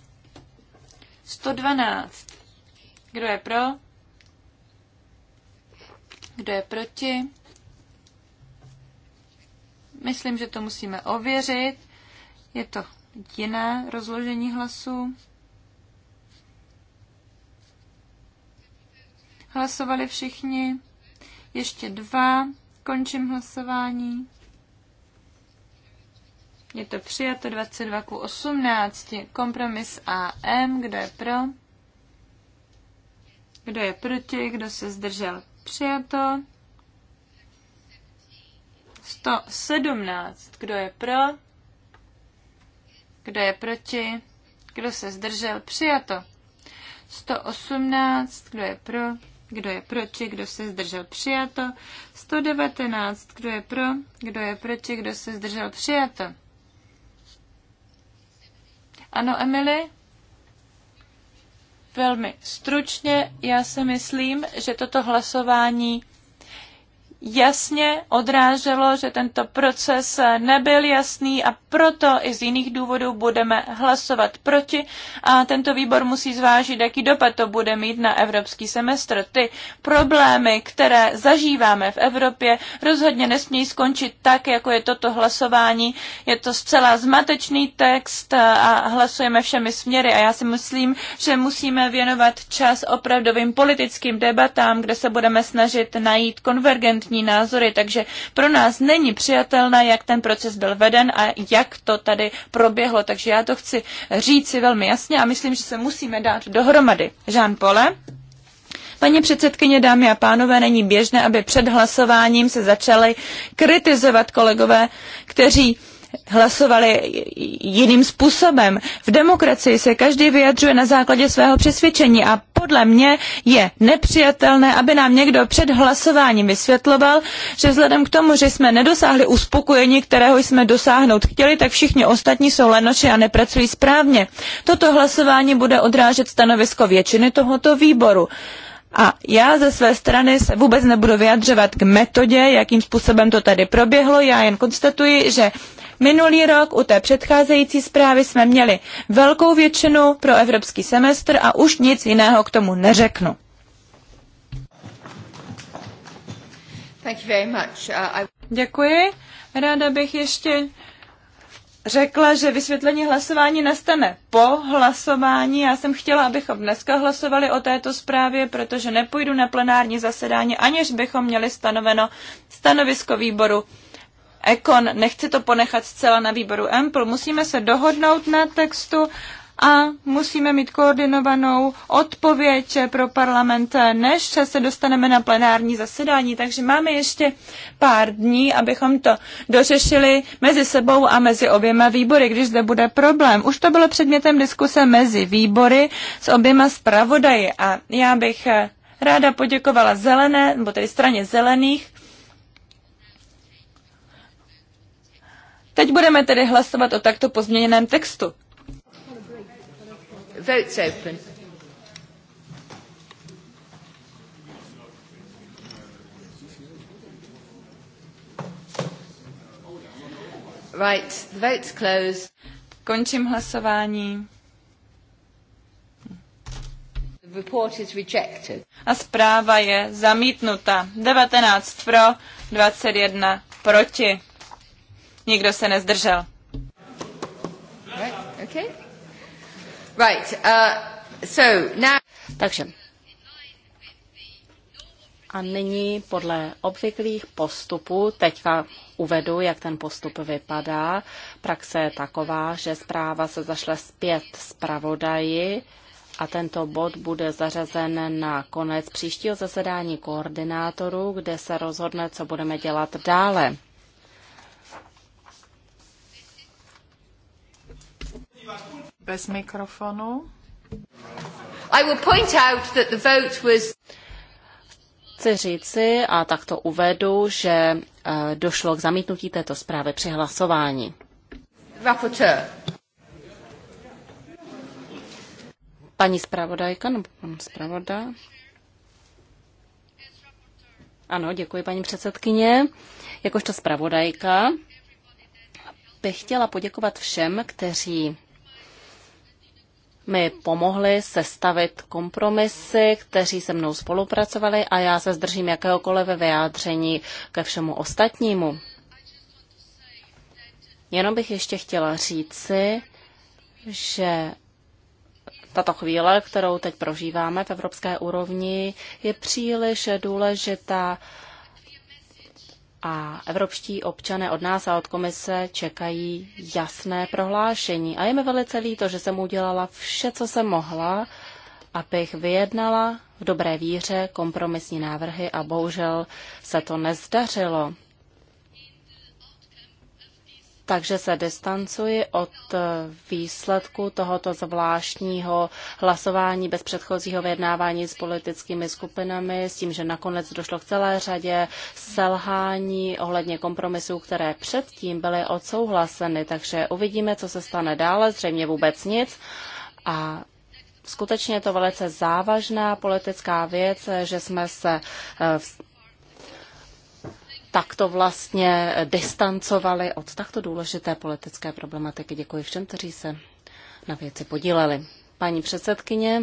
112, kdo je pro, kdo je proti. Myslím, že to musíme ověřit. Je to jiné rozložení hlasů. Hlasovali všichni. Ještě dva. Končím hlasování. Je to přijato 22 k 18. Kompromis AM. Kdo je pro? Kdo je proti? Kdo se zdržel? Přijato. 117. Kdo je pro? Kdo je proti? Kdo se zdržel? Přijato. 118. Kdo je pro? kdo je proti, kdo se zdržel přijato. 119, kdo je pro, kdo je proti, kdo se zdržel přijato. Ano, Emily? Velmi stručně, já si myslím, že toto hlasování jasně odráželo, že tento proces nebyl jasný a proto i z jiných důvodů budeme hlasovat proti a tento výbor musí zvážit, jaký dopad to bude mít na evropský semestr. Ty problémy, které zažíváme v Evropě, rozhodně nesmějí skončit tak, jako je toto hlasování. Je to zcela zmatečný text a hlasujeme všemi směry a já si myslím, že musíme věnovat čas opravdovým politickým debatám, kde se budeme snažit najít konvergent vlastní názory, takže pro nás není přijatelné, jak ten proces byl veden a jak to tady proběhlo. Takže já to chci říct si velmi jasně a myslím, že se musíme dát dohromady. Jean Pole? Paní předsedkyně, dámy a pánové, není běžné, aby před hlasováním se začaly kritizovat kolegové, kteří hlasovali jiným způsobem. V demokracii se každý vyjadřuje na základě svého přesvědčení a podle mě je nepřijatelné, aby nám někdo před hlasováním vysvětloval, že vzhledem k tomu, že jsme nedosáhli uspokojení, kterého jsme dosáhnout chtěli, tak všichni ostatní jsou lenoši a nepracují správně. Toto hlasování bude odrážet stanovisko většiny tohoto výboru. A já ze své strany se vůbec nebudu vyjadřovat k metodě, jakým způsobem to tady proběhlo. Já jen konstatuji, že minulý rok u té předcházející zprávy jsme měli velkou většinu pro evropský semestr a už nic jiného k tomu neřeknu. Uh, Děkuji. Ráda bych ještě řekla, že vysvětlení hlasování nastane po hlasování. Já jsem chtěla, abychom dneska hlasovali o této zprávě, protože nepůjdu na plenární zasedání, aniž bychom měli stanoveno stanovisko výboru Ekon. Nechci to ponechat zcela na výboru Empl. Musíme se dohodnout na textu a musíme mít koordinovanou odpověď pro parlament, než se dostaneme na plenární zasedání. Takže máme ještě pár dní, abychom to dořešili mezi sebou a mezi oběma výbory, když zde bude problém. Už to bylo předmětem diskuse mezi výbory s oběma zpravodaji a já bych ráda poděkovala zelené, nebo tedy straně zelených, Teď budeme tedy hlasovat o takto pozměněném textu. Votes open. Right, the vote's closed. Končím hlasování. The report is rejected. A zpráva je zamítnuta. 19 pro, 21 proti. Nikdo se nezdržel. Right, okay. Uh, Takže. A nyní podle obvyklých postupů, teďka uvedu, jak ten postup vypadá. Praxe je taková, že zpráva se zašle zpět zpravodaji a tento bod bude zařazen na konec příštího zasedání koordinátorů, kde se rozhodne, co budeme dělat dále bez mikrofonu. I will point out that the vote was... Chci říci a tak to uvedu, že eh, došlo k zamítnutí této zprávy při hlasování. Rapporteur. Paní zpravodajka nebo pan zpravoda? Ano, děkuji paní předsedkyně. Jakožto zpravodajka bych chtěla poděkovat všem, kteří mi pomohli sestavit kompromisy, kteří se mnou spolupracovali a já se zdržím jakéhokoliv vyjádření ke všemu ostatnímu. Jenom bych ještě chtěla říci, že tato chvíle, kterou teď prožíváme v evropské úrovni, je příliš důležitá a evropští občané od nás a od komise čekají jasné prohlášení. A je mi velice líto, že jsem udělala vše, co jsem mohla, abych vyjednala v dobré víře kompromisní návrhy a bohužel se to nezdařilo takže se distancuji od výsledku tohoto zvláštního hlasování bez předchozího vyjednávání s politickými skupinami, s tím, že nakonec došlo k celé řadě selhání ohledně kompromisů, které předtím byly odsouhlaseny. Takže uvidíme, co se stane dále, zřejmě vůbec nic. A skutečně je to velice závažná politická věc, že jsme se eh, takto vlastně distancovali od takto důležité politické problematiky. Děkuji všem, kteří se na věci podíleli. Paní předsedkyně,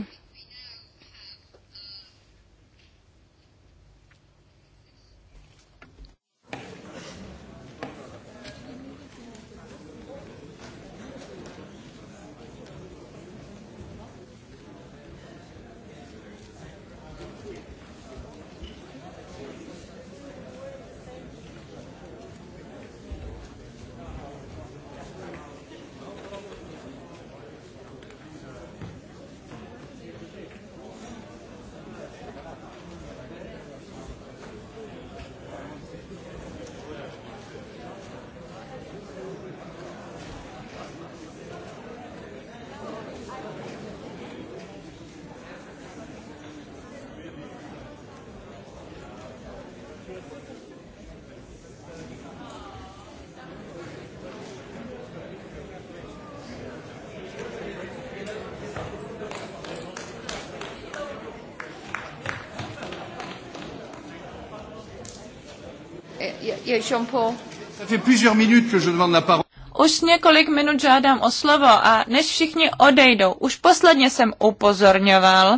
Už několik minut žádám o slovo a než všichni odejdou, už posledně jsem upozorňoval,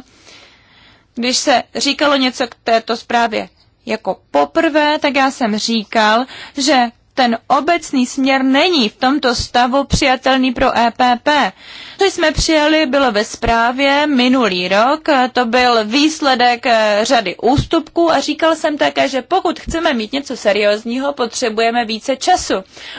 když se říkalo něco k této zprávě jako poprvé, tak já jsem říkal, že ten obecný směr není v tomto stavu přijatelný pro EPP. To jsme přijali, bylo ve zprávě minulý rok, to byl výsledek eh, řady ústupků a říkal jsem také, že pokud chceme mít něco seriózního, potřebujeme více času.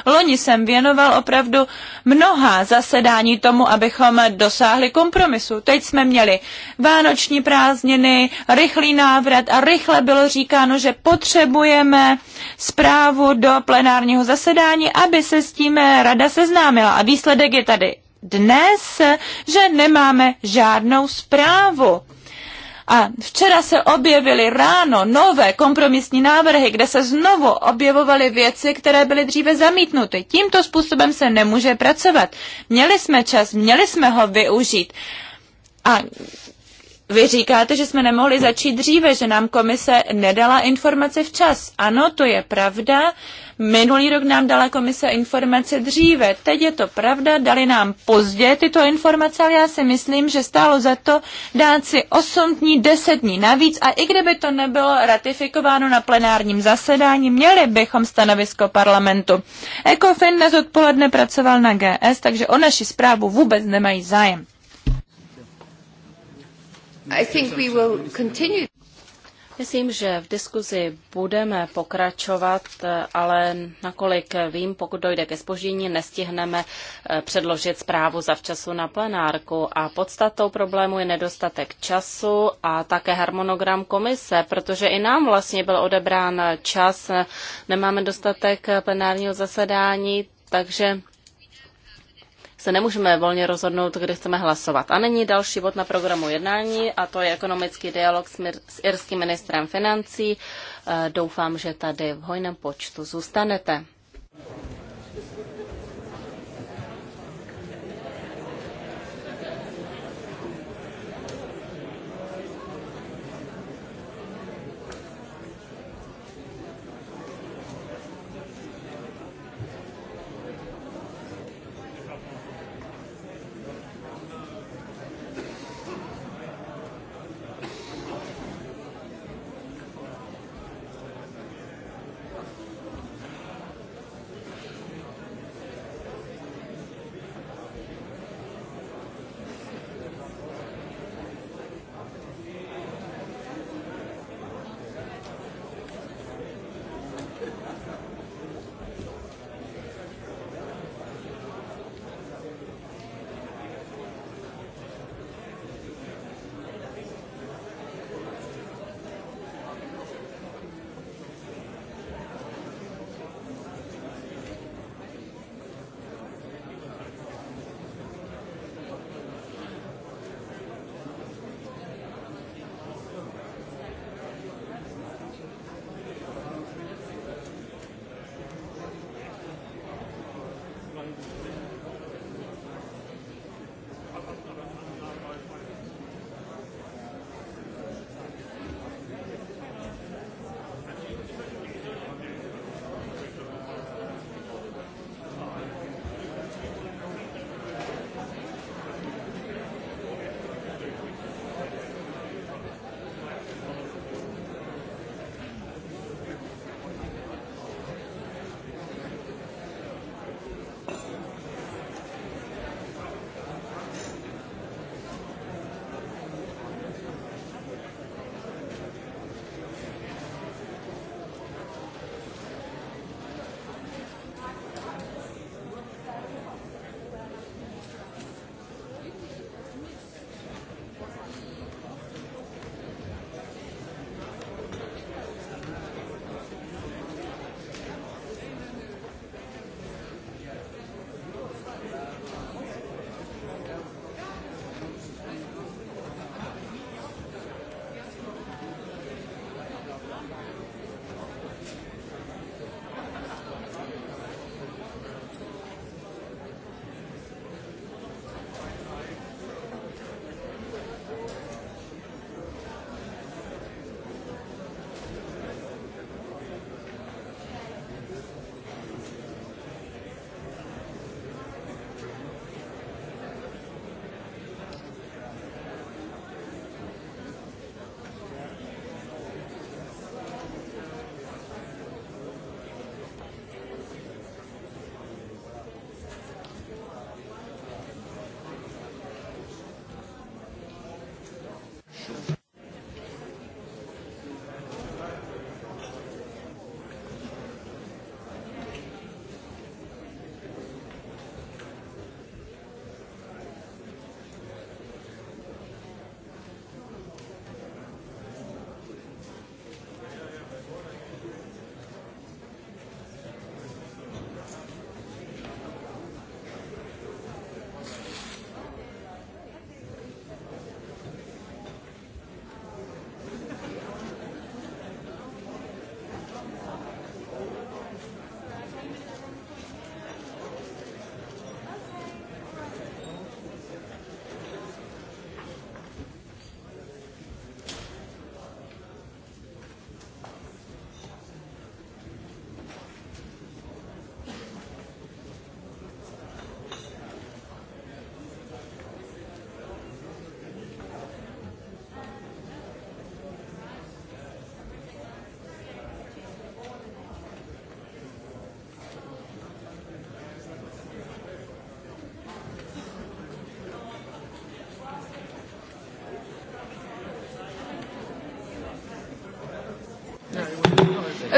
Loni jsem věnoval opravdu mnoha zasedání tomu, abychom dosáhli kompromisu. Teď jsme měli vánoční prázdniny, rychlý návrat a rychle bylo říkáno, že potřebujeme zprávu do plenární plenárního zasedání, aby se s tím rada seznámila. A výsledek je tady dnes, že nemáme žádnou zprávu. A včera se objevily ráno nové kompromisní návrhy, kde se znovu objevovaly věci, které byly dříve zamítnuty. Tímto způsobem se nemůže pracovat. Měli jsme čas, měli jsme ho využít. A vy říkáte, že jsme nemohli začít dříve, že nám komise nedala informace včas. Ano, to je pravda. Minulý rok nám dala komise informace dříve, teď je to pravda, dali nám pozdě tyto informace, ale já si myslím, že stálo za to dát si 8 dní, 10 dní navíc a i kdyby to nebylo ratifikováno na plenárním zasedání, měli bychom stanovisko parlamentu. Ecofin dnes odpoledne pracoval na GS, takže o naši zprávu vůbec nemají zájem. I think we will continue. Myslím, že v diskuzi budeme pokračovat, eh, ale nakolik vím, pokud dojde ke spoždění, nestihneme eh, předložit zprávu za včasu na plenárku. A podstatou problému je nedostatek času a také harmonogram komise, protože i nám vlastně byl odebrán čas, nemáme dostatek plenárního zasedání, takže se nemůžeme volně rozhodnout, kde chceme hlasovat. A není další bod na programu jednání a to je ekonomický dialog s, mir- s irským ministrem financí. Eh, doufám, že tady v hojném počtu zůstanete.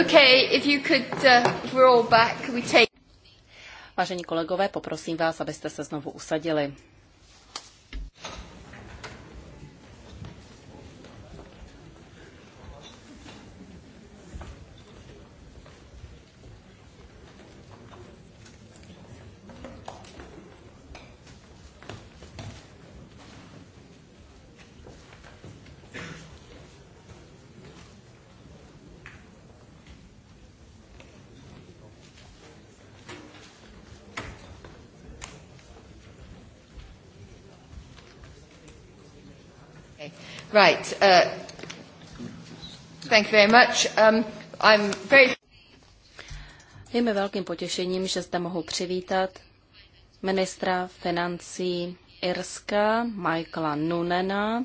Okay, if you could, uh, we're all back. We take... Vážení kolegové, poprosím vás, abyste se znovu usadili. Right. Uh, thank you very much. Um, I'm very... Je mi velkým potěšením, že zde mohu přivítat ministra financí Irska Michaela Nunena.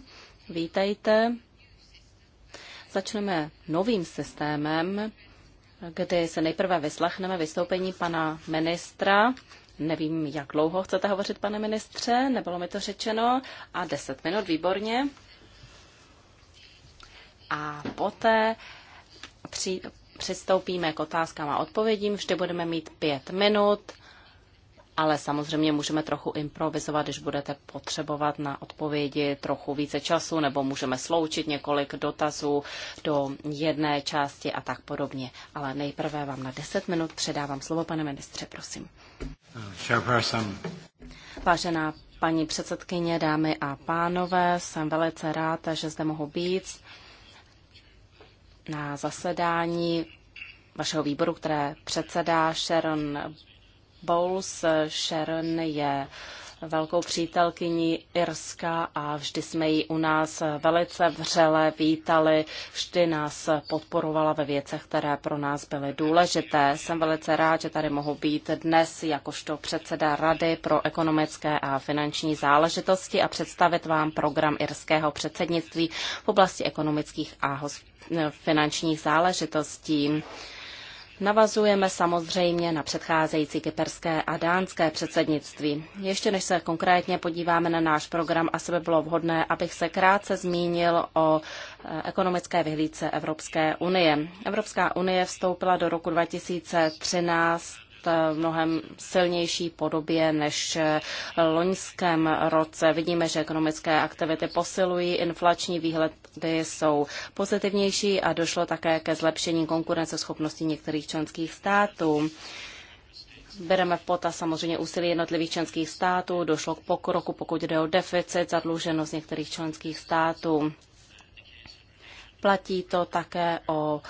Vítejte. Začneme novým systémem, kdy se nejprve vyslechneme vystoupení pana ministra. Nevím, jak dlouho chcete hovořit, pane ministře, nebylo mi to řečeno. A 10 minut, výborně poté při, přistoupíme k otázkám a odpovědím. Vždy budeme mít pět minut, ale samozřejmě můžeme trochu improvizovat, když budete potřebovat na odpovědi trochu více času, nebo můžeme sloučit několik dotazů do jedné části a tak podobně. Ale nejprve vám na deset minut předávám slovo, pane ministře, prosím. Vážená paní předsedkyně, dámy a pánové, jsem velice rád, že zde mohu být na zasedání vašeho výboru, které předsedá Sharon Bowles. Sharon je uh, velkou přítelkyní Irska a vždy jsme ji u nás velice vřele vítali, vždy nás podporovala ve věcech, které pro nás byly důležité. Jsem velice rád, že tady mohu být dnes jakožto předseda Rady pro ekonomické a finanční záležitosti a představit vám program irského předsednictví v oblasti ekonomických a finančních záležitostí. Navazujeme samozřejmě na předcházející kyperské a dánské předsednictví. Ještě než se konkrétně podíváme na náš program, asi by bylo vhodné, abych se krátce zmínil o eh, ekonomické vyhlídce Evropské unie. Evropská unie vstoupila do roku 2013 v mnohem silnější podobě než loňském roce. Vidíme, že ekonomické aktivity posilují, inflační výhledy jsou pozitivnější a došlo také ke zlepšení konkurenceschopnosti některých členských států. Bereme v potaz samozřejmě úsilí jednotlivých členských států, došlo k pokroku, pokud jde o deficit, zadluženost některých členských států. Platí to také o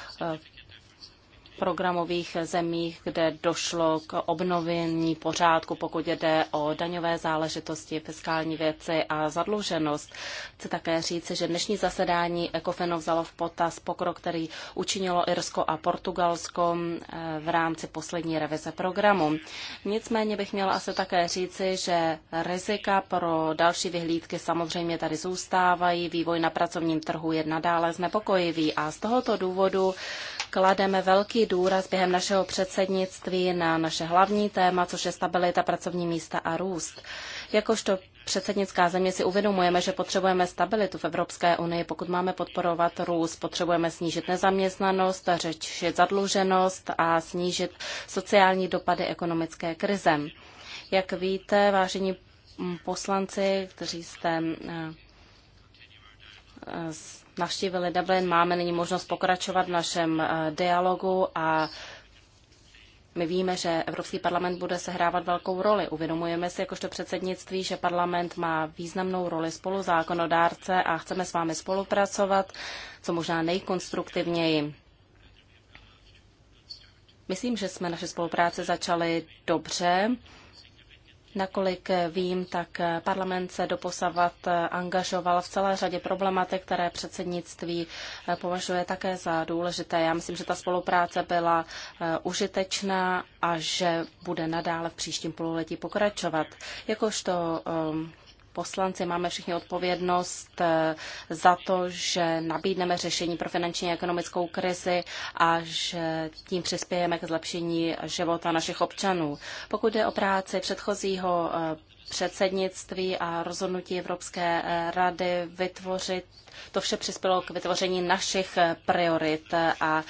programových zemích, kde došlo k obnovení pořádku, pokud jde o daňové záležitosti, fiskální věci a zadluženost. Chci také říci, že dnešní zasedání ECOFINu vzalo v potaz pokrok, který učinilo Irsko a Portugalsko eh, v rámci poslední revize programu. Nicméně bych měla asi také říci, že rizika pro další vyhlídky samozřejmě tady zůstávají. Vývoj na pracovním trhu je nadále znepokojivý a z tohoto důvodu klademe velký důraz během našeho předsednictví na naše hlavní téma, což je stabilita pracovní místa a růst. Jakožto předsednická země si uvědomujeme, že potřebujeme stabilitu v Evropské unii, pokud máme podporovat růst, potřebujeme snížit nezaměstnanost, řešit zadluženost a snížit sociální dopady ekonomické krize. Jak víte, vážení poslanci, kteří jste eh, navštívili Dublin, máme nyní možnost pokračovat v našem eh, dialogu a my víme, že Evropský parlament bude sehrávat velkou roli. Uvědomujeme si jakožto předsednictví, že parlament má významnou roli zákonodárce a chceme s vámi spolupracovat co možná nejkonstruktivněji. Myslím, že jsme naše spolupráce začali dobře. Nakolik vím, tak parlament se doposavat angažoval v celé řadě problematik, které předsednictví považuje také za důležité. Já myslím, že ta spolupráce byla eh, užitečná a že bude nadále v příštím pololetí pokračovat. Jakožto eh, poslanci máme všichni odpovědnost eh, za to, že nabídneme řešení pro finanční a ekonomickou krizi a že tím přispějeme k zlepšení života našich občanů. Pokud jde o práci předchozího eh, předsednictví a rozhodnutí Evropské eh, rady vytvořit. To vše přispělo k vytvoření našich priorit a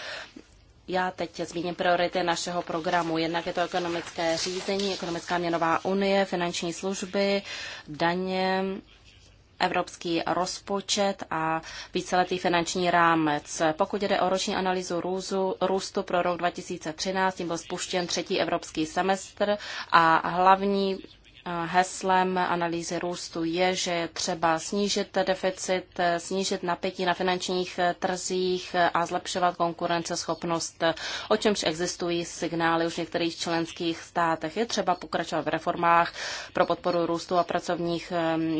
já teď zmíním priority našeho programu. Jednak je to ekonomické řízení, ekonomická měnová unie, finanční služby, daně, evropský rozpočet a víceletý finanční rámec. Pokud jde o roční analýzu růzu, růstu pro rok 2013, tím byl spuštěn třetí evropský semestr a hlavní heslem analýzy růstu je, že je třeba snížit deficit, snížit napětí na finančních trzích a zlepšovat konkurenceschopnost, o čemž existují signály už v některých členských státech. Je třeba pokračovat v reformách pro podporu růstu a pracovních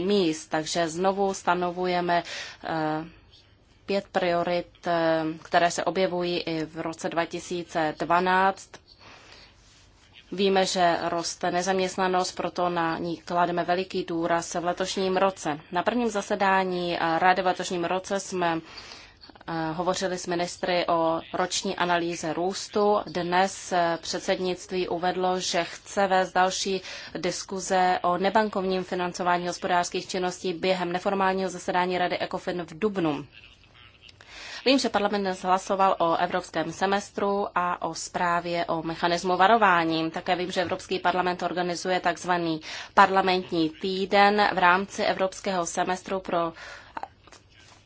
míst, takže znovu stanovujeme eh, pět priorit, eh, které se objevují i v roce 2012 Víme, že roste nezaměstnanost, proto na ní klademe veliký důraz v letošním roce. Na prvním zasedání Rady v letošním roce jsme eh, hovořili s ministry o roční analýze růstu. Dnes eh, předsednictví uvedlo, že chce vést další diskuze o nebankovním financování hospodářských činností během neformálního zasedání Rady ECOFIN v Dubnu. Vím, že parlament dnes hlasoval o evropském semestru a o zprávě o mechanismu varování. Také vím, že Evropský parlament organizuje takzvaný parlamentní týden v rámci evropského semestru pro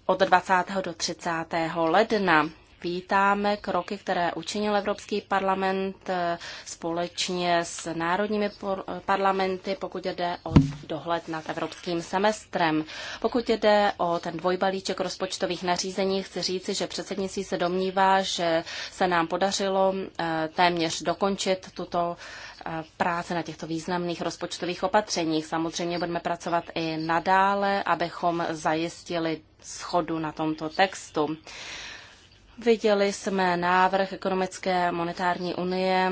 od 20. do 30. ledna vítáme kroky, které učinil Evropský parlament eh, společně s národními eh, parlamenty, pokud jde o dohled nad evropským semestrem. Pokud jde o ten dvojbalíček rozpočtových nařízení, chci říci, že předsednictví se domnívá, že se nám podařilo eh, téměř dokončit tuto práce na těchto významných rozpočtových opatřeních. Samozřejmě budeme pracovat i nadále, abychom zajistili schodu na tomto textu. Viděli jsme návrh ekonomické monetární unie,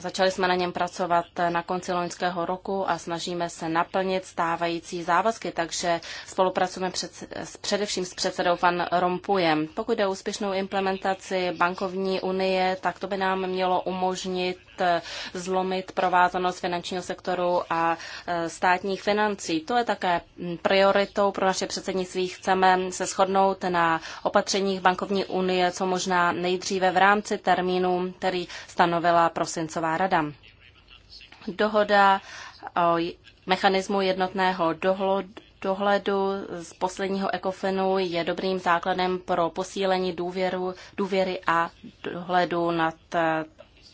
začali jsme na něm pracovat na konci loňského roku a snažíme se naplnit stávající závazky, takže spolupracujeme před, především s předsedou pan Rompujem. Pokud jde o úspěšnou implementaci bankovní unie, tak to by nám mělo umožnit Eh, zlomit provázanost finančního sektoru a eh, státních financí. To je také mm, prioritou pro naše předsednictví. Chceme se shodnout na opatřeních bankovní unie, co možná nejdříve v rámci termínu, který stanovila prosincová rada. Dohoda o mechanismu jednotného dohledu dohledu z posledního ECOFINu je dobrým základem pro posílení důvěru, důvěry a dohledu nad eh,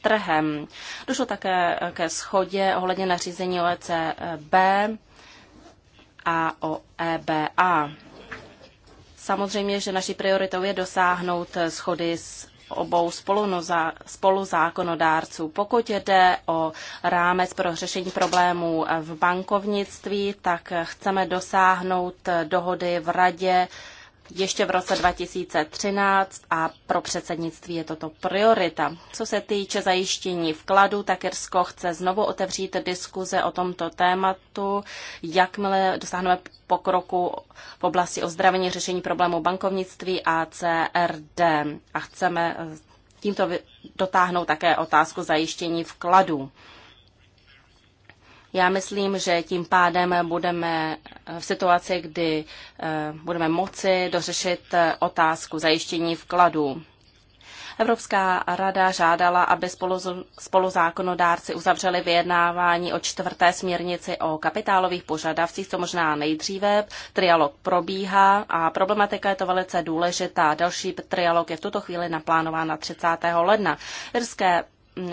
trhem. Došlo také eh, ke schodě ohledně nařízení OECB a o EBA. Samozřejmě, že naší prioritou je dosáhnout eh, schody s obou spoluzákonodárců. Pokud jde o rámec pro řešení problémů eh, v bankovnictví, tak chceme dosáhnout dohody v radě ještě v roce 2013 a pro předsednictví je toto priorita. Co se týče zajištění vkladu, tak Irsko chce znovu otevřít diskuze o tomto tématu, jakmile dosáhneme pokroku v oblasti ozdravení řešení problémů bankovnictví a CRD. A chceme eh, tímto dotáhnout také otázku zajištění vkladů. Já myslím, že tím pádem budeme v situaci, kdy eh, budeme moci dořešit eh, otázku zajištění vkladů. Evropská rada žádala, aby spoluzákonodárci uzavřeli vyjednávání o čtvrté směrnici o kapitálových požadavcích, co možná nejdříve. Trialog probíhá a problematika je to velice důležitá. Další trialog je v tuto chvíli naplánován na 30. ledna. Irské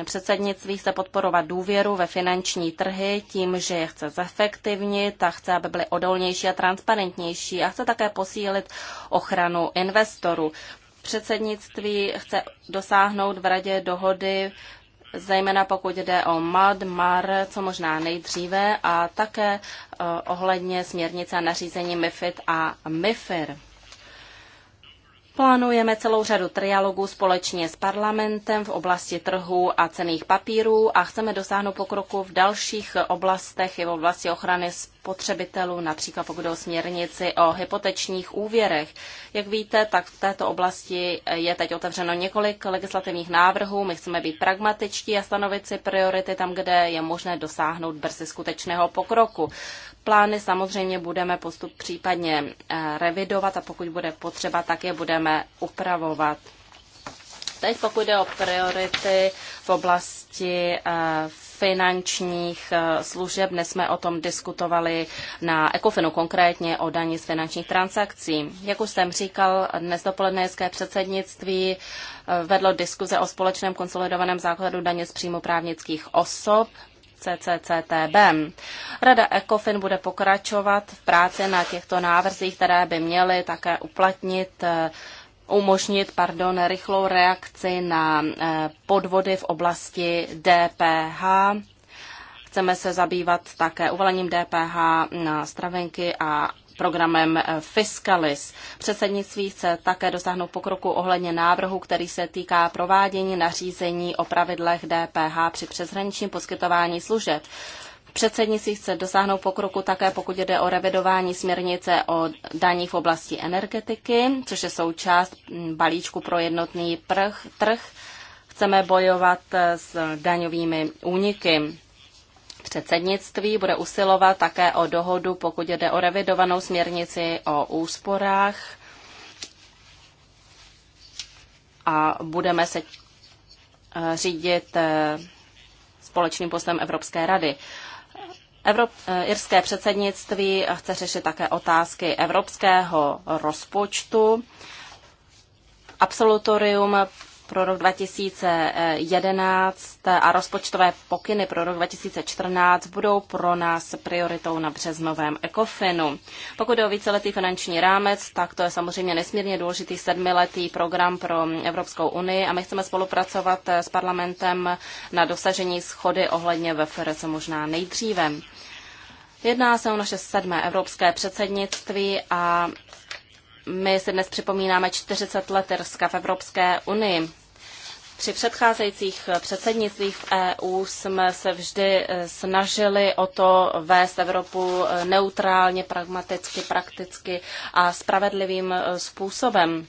předsednictví chce podporovat důvěru ve finanční trhy tím, že je chce zefektivnit a chce, aby byly odolnější a transparentnější a chce také posílit ochranu investorů. Předsednictví chce dosáhnout v radě dohody zejména pokud jde o MAD, MAR, co možná nejdříve a také eh, ohledně směrnice a nařízení MIFID a MIFIR. Plánujeme celou řadu trialogů společně s parlamentem v oblasti trhu a cených papírů a chceme dosáhnout pokroku v dalších oblastech i v oblasti ochrany spotřebitelů, například pokud o směrnici o hypotečních úvěrech. Jak víte, tak v této oblasti je teď otevřeno několik legislativních návrhů. My chceme být pragmatičtí a stanovit si priority tam, kde je možné dosáhnout brzy skutečného pokroku. Plány samozřejmě budeme postup případně eh, revidovat a pokud bude potřeba, tak je budeme upravovat. Teď pokud jde o priority v oblasti eh, finančních eh, služeb, dnes jsme o tom diskutovali na Ekofinu, konkrétně o daní z finančních transakcí. Jak už jsem říkal, dnes dopoledne předsednictví vedlo diskuze o společném konsolidovaném základu daně z příjmu právnických osob. CCCTB. Rada ECOFIN bude pokračovat v práci na těchto návrzích, které by měly také uplatnit eh, umožnit pardon, rychlou reakci na eh, podvody v oblasti DPH. Chceme se zabývat také uvalením DPH na stravenky a programem eh, Fiscalis. Předsednictví chce také dosáhnout pokroku ohledně návrhu, který se týká provádění nařízení o pravidlech DPH při přeshraničním poskytování služeb. Předsednictví chce dosáhnout pokroku také, pokud jde o revidování směrnice o daních v oblasti energetiky, což je součást mm, balíčku pro jednotný prch, trh. Chceme bojovat eh, s daňovými úniky. Předsednictví bude usilovat také o dohodu, pokud jde o revidovanou směrnici o úsporách a budeme se eh, řídit eh, společným postem Evropské rady. Evrop, eh, irské předsednictví chce řešit také otázky evropského rozpočtu. Absolutorium pro rok 2011 a rozpočtové pokyny pro rok 2014 budou pro nás prioritou na březnovém ECOFINu. Pokud je o víceletý finanční rámec, tak to je samozřejmě nesmírně důležitý sedmiletý program pro Evropskou unii a my chceme spolupracovat s parlamentem na dosažení schody ohledně VFR co možná nejdříve. Jedná se o naše sedmé evropské předsednictví a my si dnes připomínáme 40 let Irska v Evropské unii. Při předcházejících předsednictvích v EU jsme se vždy eh, snažili o to vést Evropu eh, neutrálně, pragmaticky, prakticky a spravedlivým eh, způsobem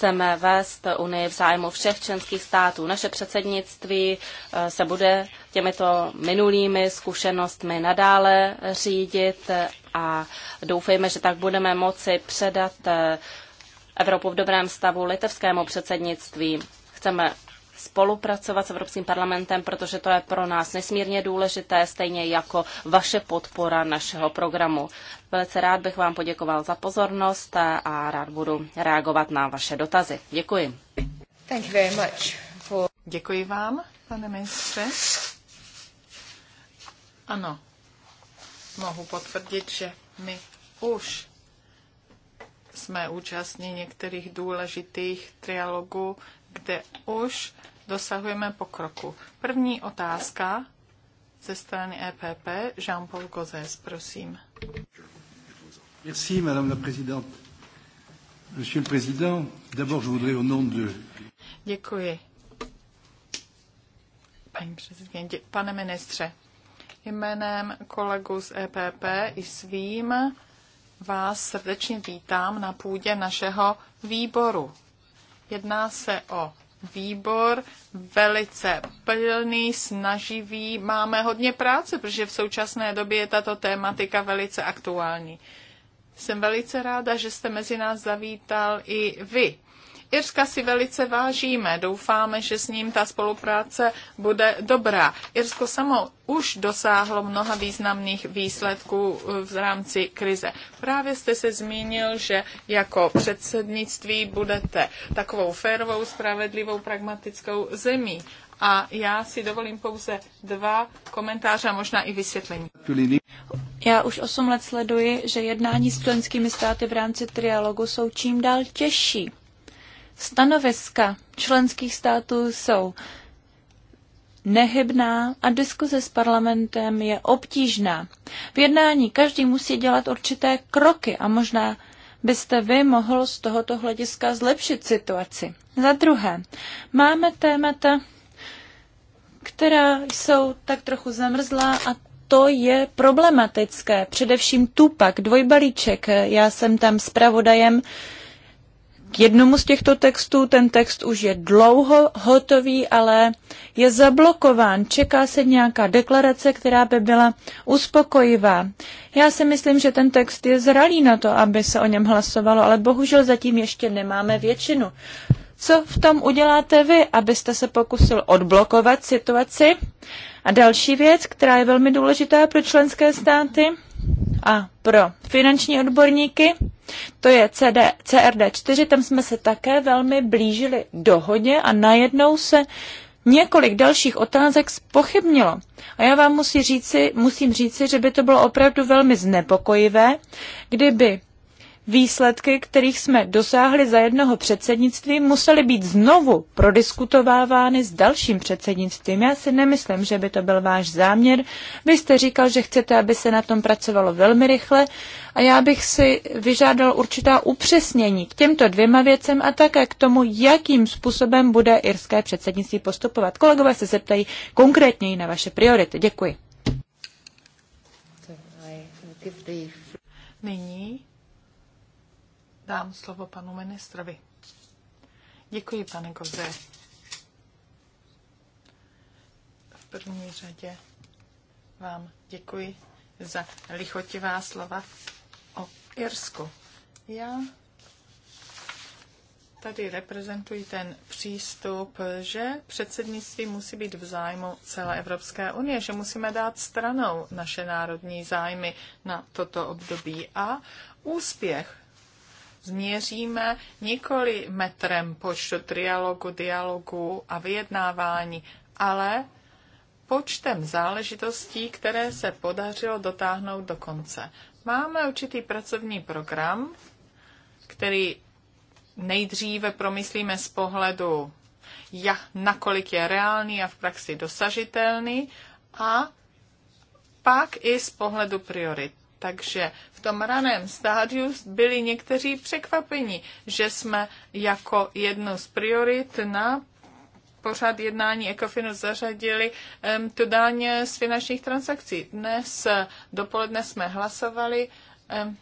chceme vést Unii v zájmu všech členských států. Naše předsednictví eh, se bude těmito minulými zkušenostmi nadále řídit a doufejme, že tak budeme moci předat eh, Evropu v dobrém stavu litevskému předsednictví. Chceme spolupracovat s Evropským parlamentem, protože to je pro nás nesmírně důležité, stejně jako vaše podpora našeho programu. Velice rád bych vám poděkoval za pozornost a rád budu reagovat na vaše dotazy. Děkuji. Thank you very much for... Děkuji vám, pane ministře. Ano, mohu potvrdit, že my už jsme účastní některých důležitých trialogů kde už dosahujeme pokroku. První otázka ze strany EPP, Jean-Paul Gozes, prosím. Merci, madame la présidente. Monsieur le président, d'abord je voudrais au nom de... Děkuji. Paní předsedkyně, pane ministře, jménem kolegu z EPP i svým vás srdečně vítám na půdě našeho výboru Jedná se o výbor velice plný, snaživý. Máme hodně práce, protože v současné době je tato tématika velice aktuální. Jsem velice ráda, že jste mezi nás zavítal i vy. Irska si velice vážíme, doufáme, že s ním ta spolupráce bude dobrá. Irsko samo už dosáhlo mnoha významných výsledků eh, v rámci krize. Právě jste se zmínil, že jako předsednictví budete takovou férovou, spravedlivou, pragmatickou zemí. A já si dovolím pouze dva komentáře a možná i vysvětlení. Já už 8 let sleduji, že jednání s členskými státy v rámci trialogu jsou čím dál těžší stanoviska členských států jsou nehybná a diskuze s parlamentem je obtížná. V jednání každý musí dělat určité kroky a možná byste vy mohl z tohoto hlediska zlepšit situaci. Za druhé, máme témata, která jsou tak trochu zamrzlá a to je problematické. Především Tupak, dvojbalíček, já jsem tam zpravodajem, pravodajem k jednomu z těchto textů. Ten text už je dlouho hotový, ale je zablokován. Čeká se nějaká deklarace, která by byla uspokojivá. Já si myslím, že ten text je zralý na to, aby se o něm hlasovalo, ale bohužel zatím ještě nemáme většinu. Co v tom uděláte vy, abyste se pokusil odblokovat situaci? A další věc, která je velmi důležitá pro členské státy – a pro finanční odborníky, to je CD, CRD4, tam jsme se také velmi blížili dohodě a najednou se několik dalších otázek spochybnilo. A já vám musí říci, musím říci, že by to bylo opravdu velmi znepokojivé, kdyby výsledky, kterých jsme dosáhli za jednoho předsednictví, musely být znovu prodiskutovávány s dalším předsednictvím. Já si nemyslím, že by to byl váš záměr. Vy jste říkal, že chcete, aby se na tom pracovalo velmi rychle a já bych si vyžádal určitá upřesnění k těmto dvěma věcem a také k tomu, jakým způsobem bude irské předsednictví postupovat. Kolegové se zeptají konkrétněji na vaše priority. Děkuji. Nyní dám slovo panu ministrovi. Děkuji, pane Koze. V první řadě vám děkuji za lichotivá slova o Irsku. Já tady reprezentuji ten přístup, že předsednictví musí být v zájmu celé Evropské unie, že musíme dát stranou naše národní zájmy na toto období a úspěch změříme nikoli metrem počtu trialogu, dialogu a vyjednávání, ale počtem záležitostí, které se podařilo dotáhnout do konce. Máme určitý pracovní program, který nejdříve promyslíme z pohledu, jak, nakolik je reálný a v praxi dosažitelný, a pak i z pohledu priorit. Takže v tom raném stádiu byli někteří překvapeni, že jsme jako jedno z priorit na pořád jednání Ecofinu zařadili um, tu daň z finančních transakcí. Dnes dopoledne jsme hlasovali, um,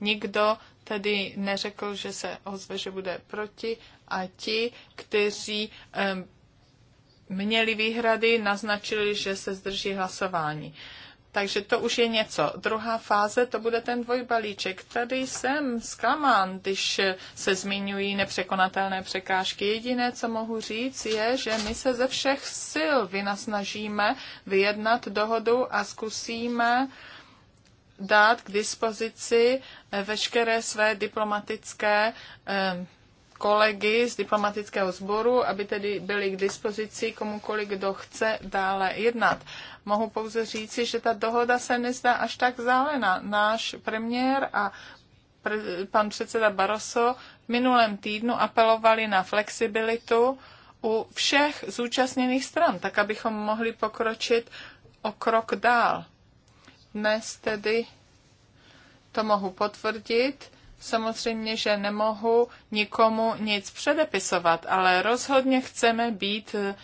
nikdo tedy neřekl, že se ozve, že bude proti a ti, kteří um, měli výhrady, naznačili, že se zdrží hlasování. Um, takže to už je něco. Druhá fáze, to bude ten dvojbalíček. Tady jsem zklamán, když se zmiňují nepřekonatelné překážky. Jediné, co mohu říct, je, že my se ze všech sil vynasnažíme vyjednat dohodu a zkusíme dát k dispozici veškeré své diplomatické eh, kolegy z diplomatického sboru, aby tedy byli k dispozici komukoli, kdo chce dále jednat. Mohu pouze říci, že ta dohoda se nezdá až tak zálená. Náš premiér a pre, pan předseda Barroso v minulém týdnu apelovali na flexibilitu u všech zúčastněných stran, tak abychom mohli pokročit o krok dál. Dnes tedy to mohu potvrdit Samozřejmě, že nemohu nikomu nic předepisovat, ale rozhodně chceme být eh,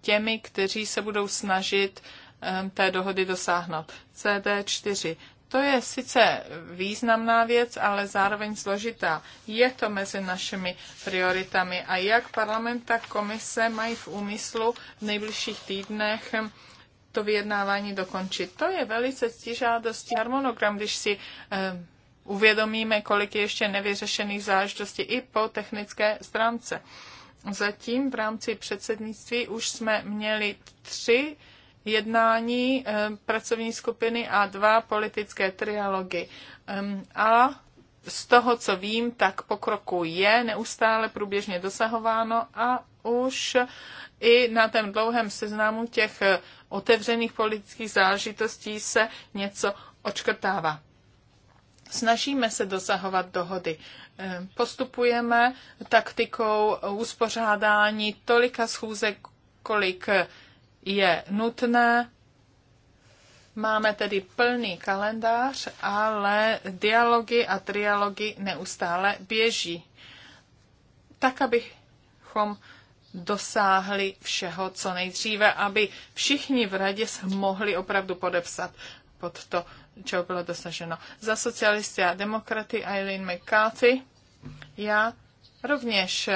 těmi, kteří se budou snažit eh, té dohody dosáhnout. CD4. To je sice významná věc, ale zároveň složitá. Je to mezi našimi prioritami a jak parlament, tak komise mají v úmyslu v nejbližších týdnech hm, to vyjednávání dokončit. To je velice stižádostí harmonogram, když si eh, uvědomíme, kolik je ještě nevyřešených záležitostí i po technické stránce. Zatím v rámci předsednictví už jsme měli tři jednání eh, pracovní skupiny a dva politické trialogy. Ehm, a z toho, co vím, tak pokroku je neustále průběžně dosahováno a už i na tom dlouhém seznamu těch eh, otevřených politických záležitostí se něco očkrtává. Snažíme se dosahovat dohody. Eh, postupujeme taktikou uspořádání tolika schůzek, kolik je nutné. Máme tedy plný kalendář, ale dialogy a trialogy neustále běží. Tak, abychom dosáhli všeho co nejdříve, aby všichni v radě se mohli opravdu podepsat pod to čeho bylo dosaženo. Za socialisty a demokraty Eileen McCarthy. Já rovněž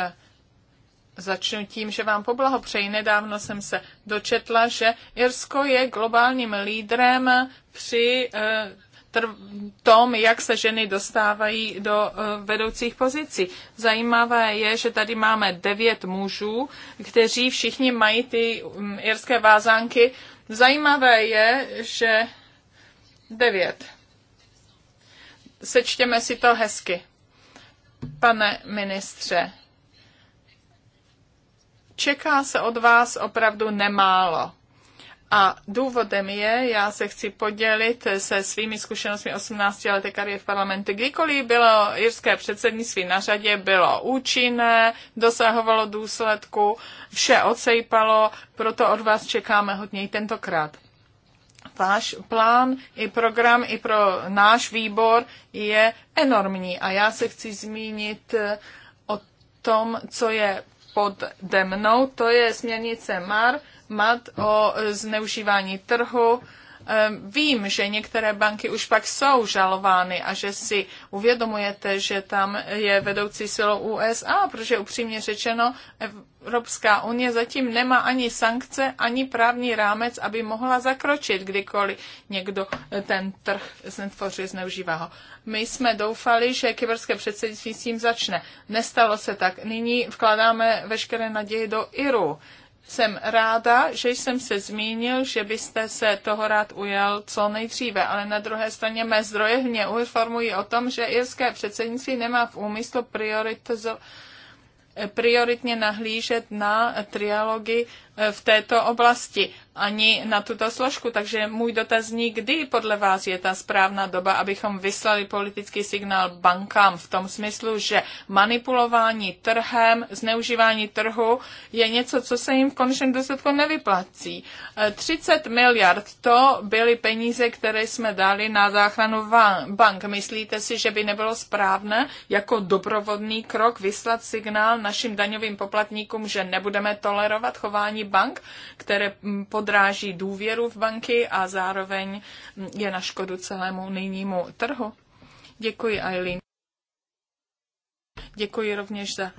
začnu tím, že vám poblahopřeji. Nedávno jsem se dočetla, že Irsko je globálním lídrem při eh, tom, jak se ženy dostávají do eh, vedoucích pozicí. Zajímavé je, že tady máme devět mužů, kteří všichni mají ty mm, irské vázánky. Zajímavé je, že 9. Sečtěme si to hezky. Pane ministře, čeká se od vás opravdu nemálo. A důvodem je, já se chci podělit se svými zkušenostmi 18 leté kariéry v parlamentu. Kdykoliv bylo jirské předsednictví na řadě, bylo účinné, dosahovalo důsledku, vše ocejpalo, proto od vás čekáme hodně i tentokrát váš plán i program i pro náš výbor je enormní a já se chci zmínit eh, o tom, co je pod mnou, to je směrnice MAR, MAT o eh, zneužívání trhu, Ehm, vím, že některé banky už pak jsou žalovány a že si uvědomujete, že tam je vedoucí silou USA, protože upřímně řečeno Evropská unie zatím nemá ani sankce, ani právní rámec, aby mohla zakročit, kdykoliv někdo ten trh znetvoří, zneužívá ho. My jsme doufali, že kyberské předsednictví s tím začne. Nestalo se tak. Nyní vkládáme veškeré naděje do Iru jsem ráda, že jsem se zmínil, že byste se toho rád ujel co nejdříve, ale na druhé straně mé zdroje mě uinformují o tom, že irské předsednictví nemá v úmyslu prioritizovat eh, prioritně nahlížet na trialogy v této oblasti ani na tuto složku. Takže můj zní, kdy podle vás je ta správná doba, abychom vyslali politický signál bankám v tom smyslu, že manipulování trhem, zneužívání trhu je něco, co se jim v konečném důsledku nevyplací. 30 eh, miliard to byly peníze, které jsme dali na záchranu bank. Myslíte si, že by nebylo správné jako doprovodný krok vyslat signál našim daňovým poplatníkům, že nebudeme tolerovat chování bank, které mm, podráží důvěru v banky a zároveň mm, je na škodu celému nynímu trhu. Děkuji, Eileen. Děkuji rovněž za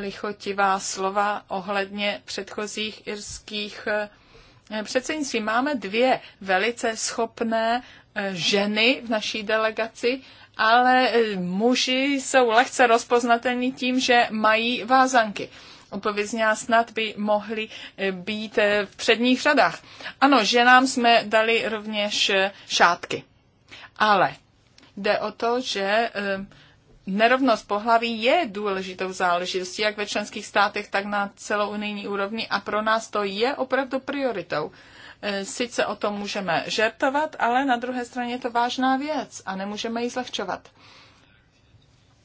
lichotivá slova ohledně předchozích irských eh, předsednictví. Máme dvě velice schopné eh, ženy v naší delegaci, ale eh, muži jsou lehce rozpoznatelní tím, že mají vázanky opovězně snad by mohly eh, být eh, v předních řadách. Ano, ženám jsme dali rovněž eh, šátky, ale jde o to, že nerovnost pohlaví je důležitou záležitostí, jak ve členských státech, tak na celounijní úrovni a pro nás to je opravdu prioritou. Sice o tom můžeme žertovat, ale na druhé straně je to vážná věc a nemůžeme ji zlehčovat.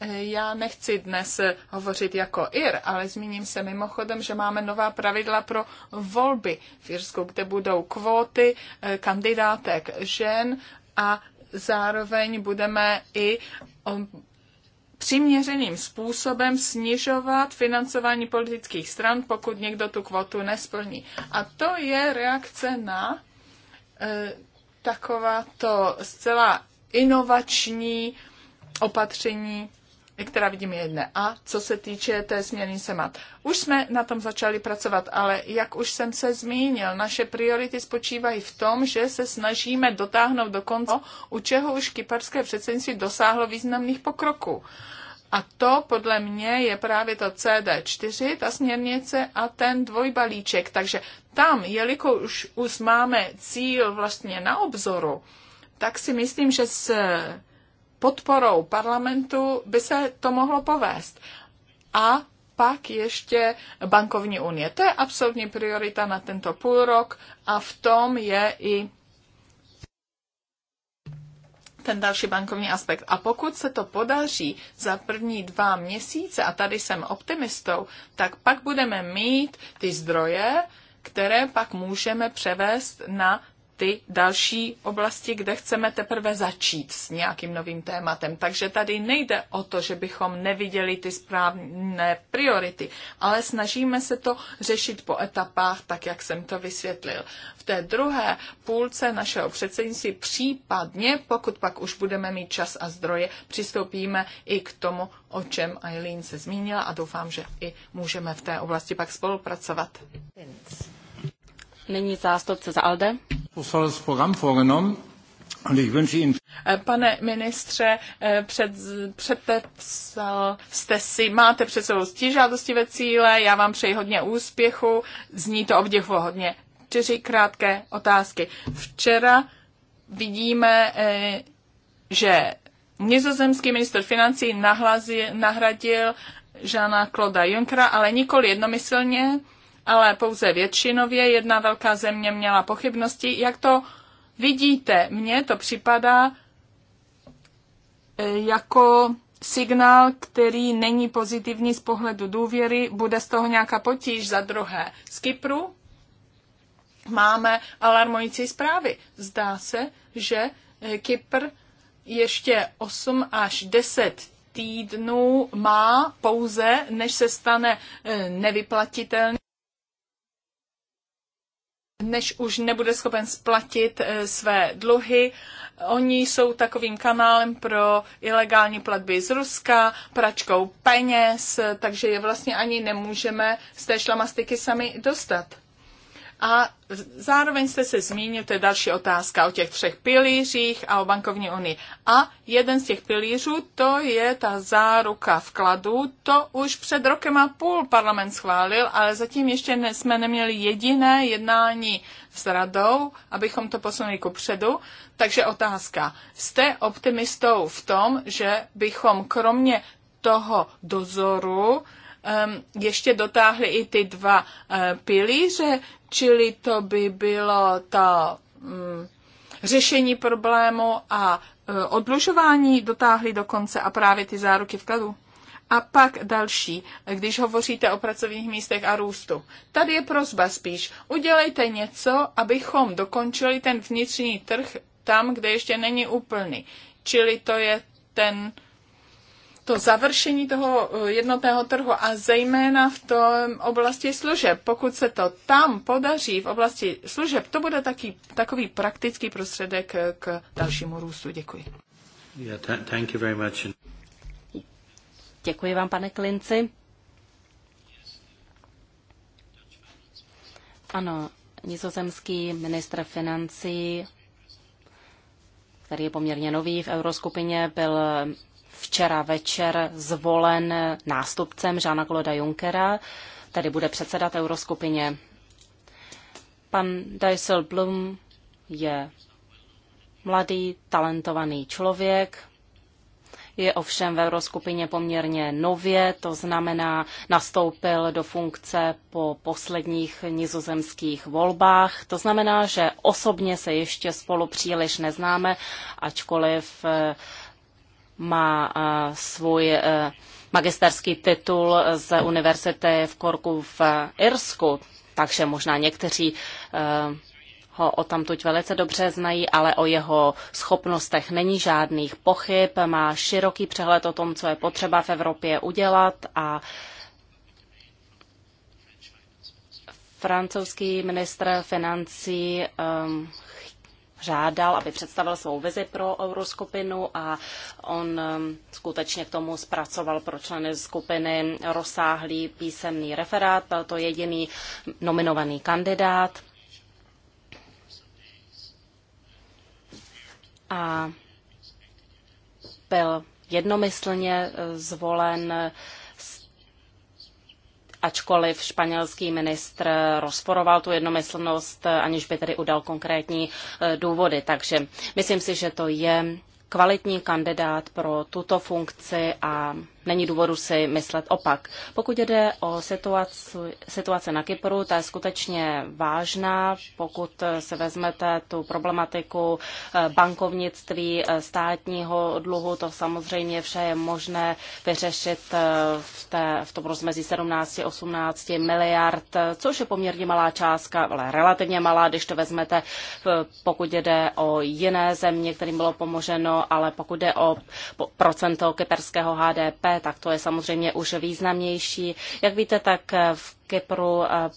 Já nechci dnes hovořit jako Ir, ale zmíním se mimochodem, že máme nová pravidla pro volby v Irsku, kde budou kvóty eh, kandidátek žen a zároveň budeme i eh, přiměřeným způsobem snižovat financování politických stran, pokud někdo tu kvotu nesplní. A to je reakce na e, takováto zcela inovační opatření která vidím je jedné. A co se týče té směrnice mat. Už jsme na tom začali pracovat, ale jak už jsem se zmínil, naše priority spočívají v tom, že se snažíme dotáhnout do konce, u čeho už kyperské předsednictví dosáhlo významných pokroků. A to podle mě je právě to CD4, ta směrnice a ten dvojbalíček. Takže tam, jelikož už máme cíl vlastně na obzoru, tak si myslím, že s podporou parlamentu by se to mohlo povést. A pak ještě bankovní unie. To je absolutní priorita na tento půl rok a v tom je i ten další bankovní aspekt. A pokud se to podaří za první dva měsíce, a tady jsem optimistou, tak pak budeme mít ty zdroje, které pak můžeme převést na ty další oblasti, kde chceme teprve začít s nějakým novým tématem. Takže tady nejde o to, že bychom neviděli ty správné priority, ale snažíme se to řešit po etapách, tak jak jsem to vysvětlil. V té druhé půlce našeho předsednictví případně, pokud pak už budeme mít čas a zdroje, přistoupíme i k tomu, o čem Eileen se zmínila a doufám, že i můžeme v té oblasti pak spolupracovat. Vince. Nyní zástupce za ALDE. Eh, pane ministře, eh, před, předepsal jste si, máte před sebou ve cíle, já vám přeji hodně úspěchu, zní to obdivuhodně. Čtyři krátké otázky. Včera vidíme, eh, že nizozemský minister financí nahlazi, nahradil Žána Kloda Junkra, ale nikoli jednomyslně ale pouze většinově. Jedna velká země měla pochybnosti. Jak to vidíte? Mně to připadá eh, jako signál, který není pozitivní z pohledu důvěry, bude z toho nějaká potíž za druhé. Z Kypru máme alarmující zprávy. Zdá se, že eh, Kypr ještě 8 až 10 týdnů má pouze, než se stane eh, nevyplatitelný než už nebude schopen splatit eh, své dluhy. Oni jsou takovým kanálem pro ilegální platby z Ruska, pračkou peněz, eh, takže je vlastně ani nemůžeme z té šlamastiky sami dostat. A zároveň jste se zmínil, to je další otázka o těch třech pilířích a o bankovní unii. A jeden z těch pilířů, to je ta záruka vkladu. To už před rokem a půl parlament schválil, ale zatím ještě ne, jsme neměli jediné jednání s radou, abychom to posunuli ku předu. Takže otázka, jste optimistou v tom, že bychom kromě toho dozoru, Ehm, ještě dotáhli i ty dva eh, pilíře, čili to by bylo to mm, řešení problému a eh, odlužování dotáhli do konce a právě ty záruky vkladu. A pak další, když hovoříte o pracovních místech a růstu. Tady je prozba spíš. Udělejte něco, abychom dokončili ten vnitřní trh tam, kde ještě není úplný. Čili to je ten to završení toho eh, jednotného trhu a zejména v tom oblasti služeb. Pokud se to tam podaří v oblasti služeb, to bude taky, takový praktický prostředek eh, k dalšímu růstu. Děkuji. Yeah, thank you very much. Děkuji vám, pane Klinci. Ano, nizozemský ministr financí, který je poměrně nový v euroskupině, byl včera večer zvolen nástupcem Žána Kloda Junckera, tedy bude předsedat euroskupině. Pan Blum. je mladý, talentovaný člověk, je ovšem v euroskupině poměrně nově, to znamená, nastoupil do funkce po posledních nizozemských volbách. To znamená, že osobně se ještě spolu příliš neznáme, ačkoliv eh, má eh, svůj eh, magisterský titul z univerzity v Korku v Irsku, takže možná někteří eh, ho o tamtuť velice dobře znají, ale o jeho schopnostech není žádných pochyb, má široký přehled o tom, co je potřeba v Evropě udělat a francouzský ministr financí um, žádal, aby představil svou vizi pro euroskupinu a on um, skutečně k tomu zpracoval pro členy skupiny rozsáhlý písemný referát. Byl to jediný nominovaný kandidát. A byl jednomyslně eh, zvolen ačkoliv španělský ministr rozporoval tu jednomyslnost, aniž by tedy udal konkrétní eh, důvody. Takže myslím si, že to je kvalitní kandidát pro tuto funkci a není důvodu si myslet opak. Pokud jde o situaci, situace na Kypru, ta je skutečně vážná. Pokud se vezmete tu problematiku eh, bankovnictví, eh, státního dluhu, to samozřejmě vše je možné vyřešit eh, v, té, v tom rozmezí 17-18 miliard, což je poměrně malá částka, ale relativně malá, když to vezmete, pokud jde o jiné země, kterým bylo pomoženo, ale pokud jde o procento kyperského HDP, tak to je samozřejmě už významnější. Jak víte, tak v Kypru eh,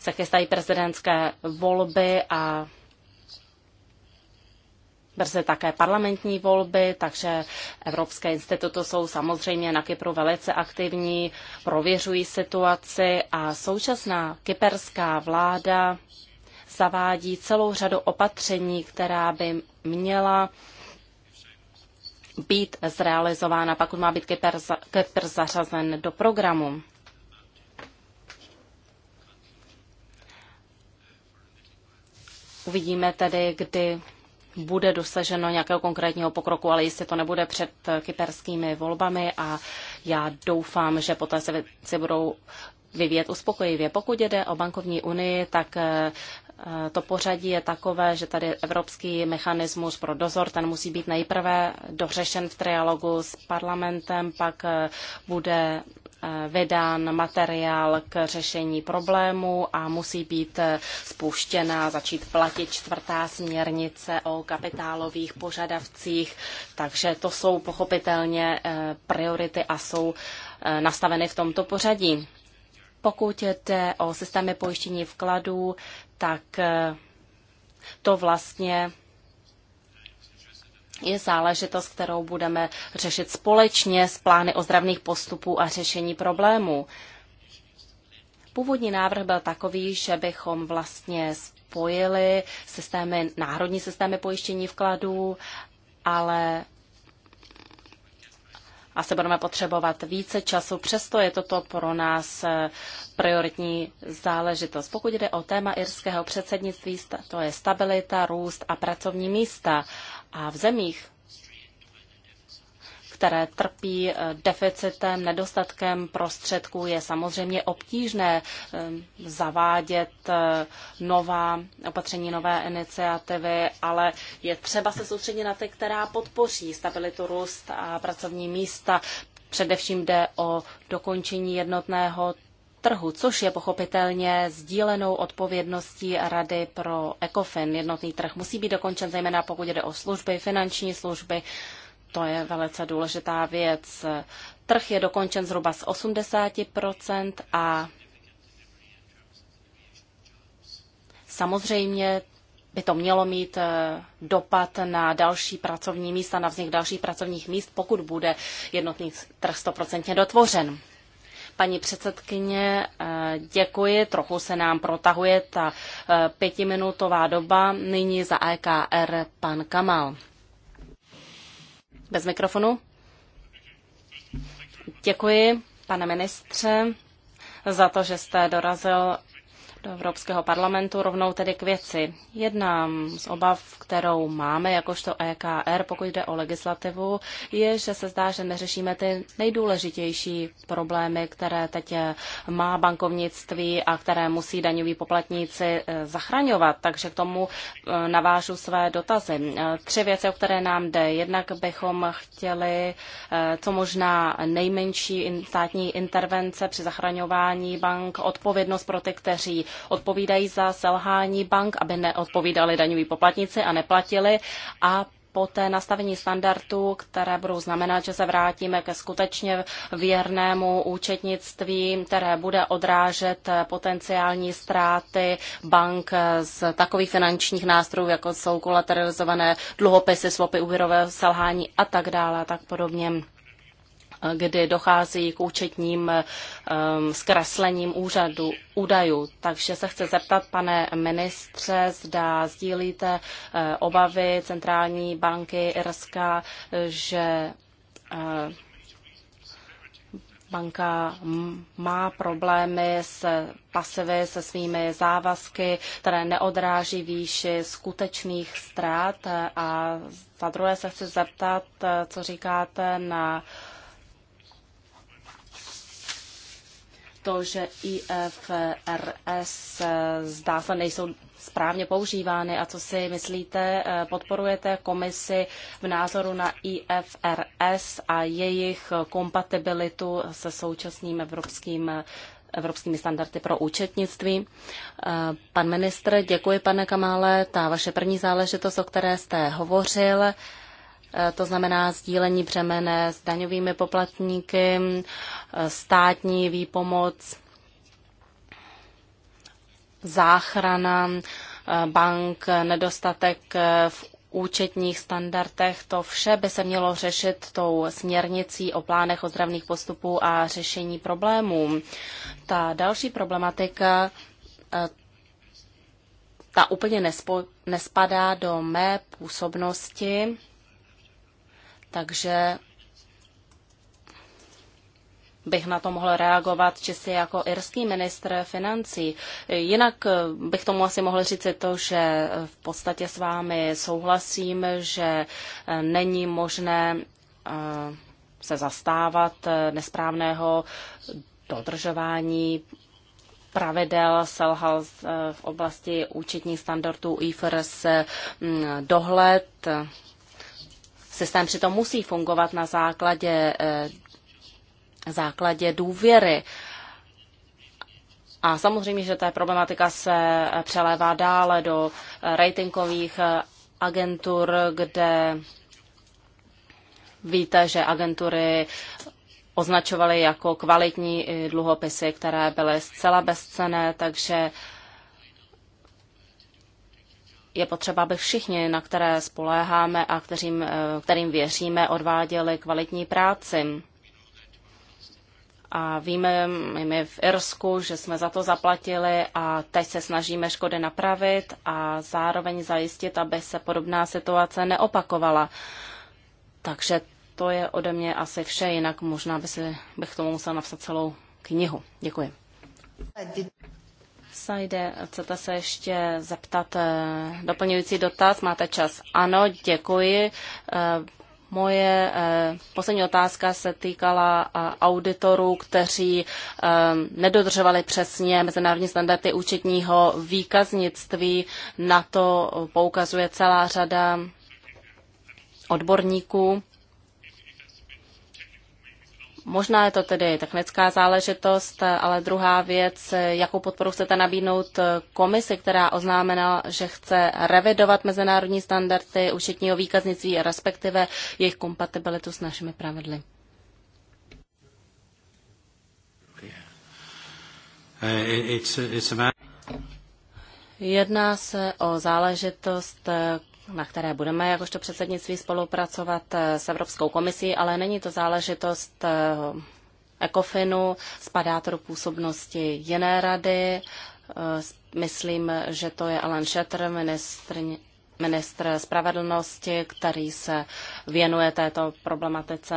se chystají prezidentské volby a brzy také parlamentní volby, takže evropské instituty jsou samozřejmě na Kypru velice aktivní, prověřují situaci a současná kyperská vláda zavádí celou řadu opatření, která by měla být zrealizována, pokud má být Kypr, za, Kypr zařazen do programu. Uvidíme tedy, kdy bude dosaženo nějakého konkrétního pokroku, ale jistě to nebude před kyperskými volbami a já doufám, že poté se věci budou vyvíjet uspokojivě. Pokud jde o bankovní unii, tak eh, Eh, to pořadí je takové, že tady evropský mechanismus pro dozor, ten musí být nejprve dořešen v trialogu s parlamentem, pak eh, bude eh, vydán materiál k řešení problému a musí být spuštěna, začít platit čtvrtá směrnice o kapitálových požadavcích. Takže to jsou pochopitelně priority a jsou nastaveny v tomto pořadí. Pokud jde o systémy pojištění vkladů, tak eh, to vlastně je záležitost, kterou budeme řešit společně s plány ozdravných postupů a řešení problémů. Původní návrh byl takový, že bychom vlastně spojili systémy, národní systémy pojištění vkladů, ale asi budeme potřebovat více času, přesto je toto pro nás eh, prioritní záležitost. Pokud jde o téma irského předsednictví, to je stabilita, růst a pracovní místa. A v zemích, které trpí eh, deficitem, nedostatkem prostředků, je samozřejmě obtížné eh, zavádět eh, nová opatření, nové iniciativy, ale je třeba se soustředit na ty, která podpoří stabilitu růst a pracovní místa. Především jde o dokončení jednotného trhu, což je pochopitelně sdílenou odpovědností Rady pro ECOFIN. Jednotný trh musí být dokončen, zejména pokud jde o služby, finanční služby to je velice důležitá věc. Trh je dokončen zhruba z 80% a samozřejmě by to mělo mít eh, dopad na další pracovní místa, na vznik dalších pracovních míst, pokud bude jednotný trh 100% dotvořen. Paní předsedkyně, eh, děkuji. Trochu se nám protahuje ta eh, pětiminutová doba. Nyní za EKR pan Kamal. Bez mikrofonu. Děkuji, pane ministře, za to, že jste dorazil do Evropského parlamentu, rovnou tedy k věci. Jedna z obav, kterou máme jakožto EKR, pokud jde o legislativu, je, že se zdá, že neřešíme ty nejdůležitější problémy, které teď má bankovnictví a které musí daňoví poplatníci eh, zachraňovat. Takže k tomu eh, navážu své dotazy. Eh, tři věci, o které nám jde. Jednak bychom chtěli co možná nejmenší státní intervence při zachraňování bank, odpovědnost pro ty, kteří odpovídají za selhání bank, aby neodpovídali daňoví poplatníci a neplatili a poté nastavení standardů, které budou znamenat, že se vrátíme ke skutečně věrnému účetnictví, které bude odrážet potenciální ztráty bank z takových finančních nástrojů, jako jsou kolateralizované dluhopisy, slopy úvěrového selhání a tak dále a tak podobně kdy dochází k účetním zkreslením úřadu údajů. Takže se chci zeptat, pane ministře, zda sdílíte eh, obavy Centrální banky Irska, že eh, banka má problémy s pasivy, se svými závazky, které neodráží výši skutečných ztrát. A za druhé se chci zeptat, eh, co říkáte na uh, to, že IFRS eh, zdá se nejsou správně používány a co si myslíte, eh, podporujete komisi v názoru na IFRS a jejich kompatibilitu se současným evropským evropskými standardy pro účetnictví. Eh, pan ministr, děkuji pane Kamále, ta vaše první záležitost, o které jste hovořil, E, to znamená sdílení břemene s daňovými poplatníky, e, státní výpomoc, záchrana e, bank, nedostatek v účetních standardech. To vše by se mělo řešit tou směrnicí o plánech ozdravných postupů a řešení problémů. Ta další problematika ta úplně nespo, nespadá do mé působnosti, takže bych na to mohl reagovat čistě jako irský ministr financí. Jinak bych tomu asi mohl říct to, že v podstatě s vámi souhlasím, že není možné eh, se zastávat nesprávného dodržování pravidel selhal eh, v oblasti účetních standardů IFRS mm, dohled Systém přitom musí fungovat na základě, eh, základě důvěry. A samozřejmě, že ta problematika se přelévá dále do ratingových agentur, kde víte, že agentury označovaly jako kvalitní dluhopisy, které byly zcela bezcené, takže je potřeba, aby všichni, na které spoléháme a kterým, eh, kterým věříme, odváděli kvalitní práci. A víme my v Irsku, že jsme za to zaplatili a teď se snažíme škody napravit a zároveň zajistit, aby se podobná situace neopakovala. Takže to je ode mě asi vše, jinak možná by si, bych tomu musel napsat celou knihu. Děkuji. Sajde, chcete se ještě zeptat eh, doplňující dotaz? Máte čas? Ano, děkuji. Eh, moje eh, poslední otázka se týkala auditorů, kteří nedodržovali přesně mezinárodní standardy účetního výkaznictví. Na to poukazuje celá řada odborníků. Možná je to tedy technická záležitost, ale druhá věc, jakou podporu chcete nabídnout komisi, která oznámena, že chce revidovat mezinárodní standardy účetního výkaznictví, respektive jejich kompatibilitu s našimi pravidly. Jedná se o záležitost, na které budeme jakožto předsednictví spolupracovat eh, s Evropskou komisí, ale není to záležitost eh, ECOFINu, spadá to do působnosti jiné rady. Eh, myslím, že to je Alan Šetr, ministr, ministr spravedlnosti, který se věnuje této problematice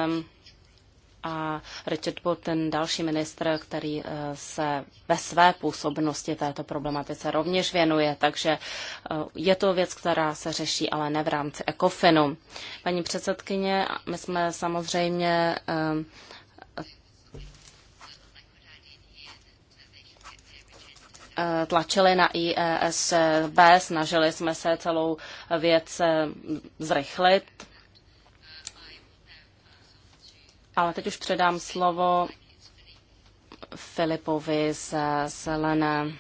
a Richard byl ten další ministr, který eh, se ve své působnosti této problematice rovněž věnuje, takže eh, je to věc, která se řeší, ale ne v rámci ECOFINu. Paní předsedkyně, my jsme samozřejmě eh, tlačili na IESB, snažili jsme se celou věc zrychlit, ale teď už předám slovo Filipovi z Zelené.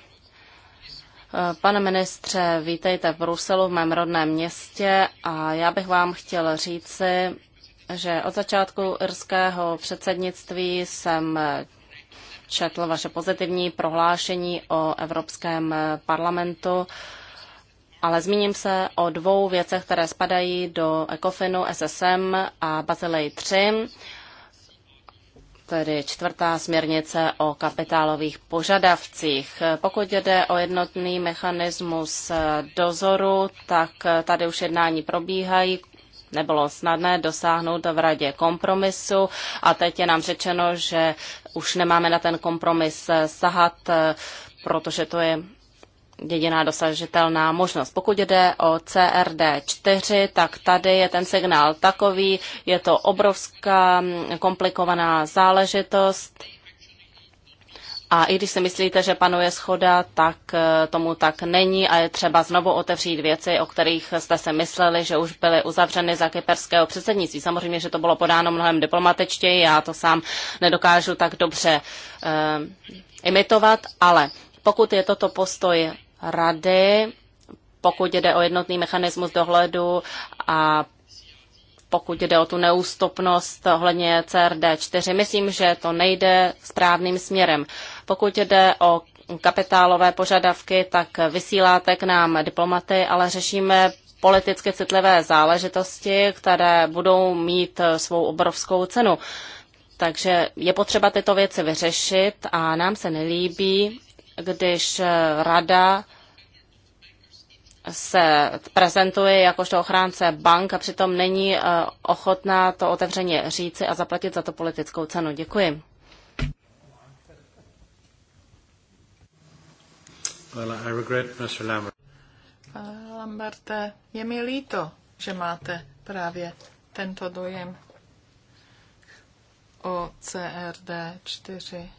Pane ministře, vítejte v Bruselu, v mém rodném městě a já bych vám chtěl říci, že od začátku irského předsednictví jsem četl vaše pozitivní prohlášení o Evropském parlamentu, ale zmíním se o dvou věcech, které spadají do ECOFINu, SSM a Basilej 3 tedy čtvrtá směrnice o kapitálových požadavcích. Pokud jde o jednotný mechanismus dozoru, tak tady už jednání probíhají. Nebylo snadné dosáhnout v radě kompromisu a teď je nám řečeno, že už nemáme na ten kompromis sahat, protože to je jediná dosažitelná možnost. Pokud jde o CRD4, tak tady je ten signál takový, je to obrovská mm, komplikovaná záležitost. A i když si myslíte, že panuje schoda, tak e, tomu tak není a je třeba znovu otevřít věci, o kterých jste se mysleli, že už byly uzavřeny za kyperského předsednictví. Samozřejmě, že to bylo podáno mnohem diplomatečtěji, já to sám nedokážu tak dobře eh, imitovat, ale pokud je toto postoj rady, pokud jde o jednotný mechanismus dohledu a pokud jde o tu neústupnost ohledně CRD4. Myslím, že to nejde správným směrem. Pokud jde o kapitálové požadavky, tak vysíláte k nám diplomaty, ale řešíme politicky citlivé záležitosti, které budou mít svou obrovskou cenu. Takže je potřeba tyto věci vyřešit a nám se nelíbí, když rada se prezentuje jakožto ochránce bank a přitom není eh, ochotná to otevřeně říci a zaplatit za to politickou cenu. Děkuji. Well, I regret, Mr. Lambert. Eh, Lamberte, je mi líto, že máte právě tento dojem o CRD 4.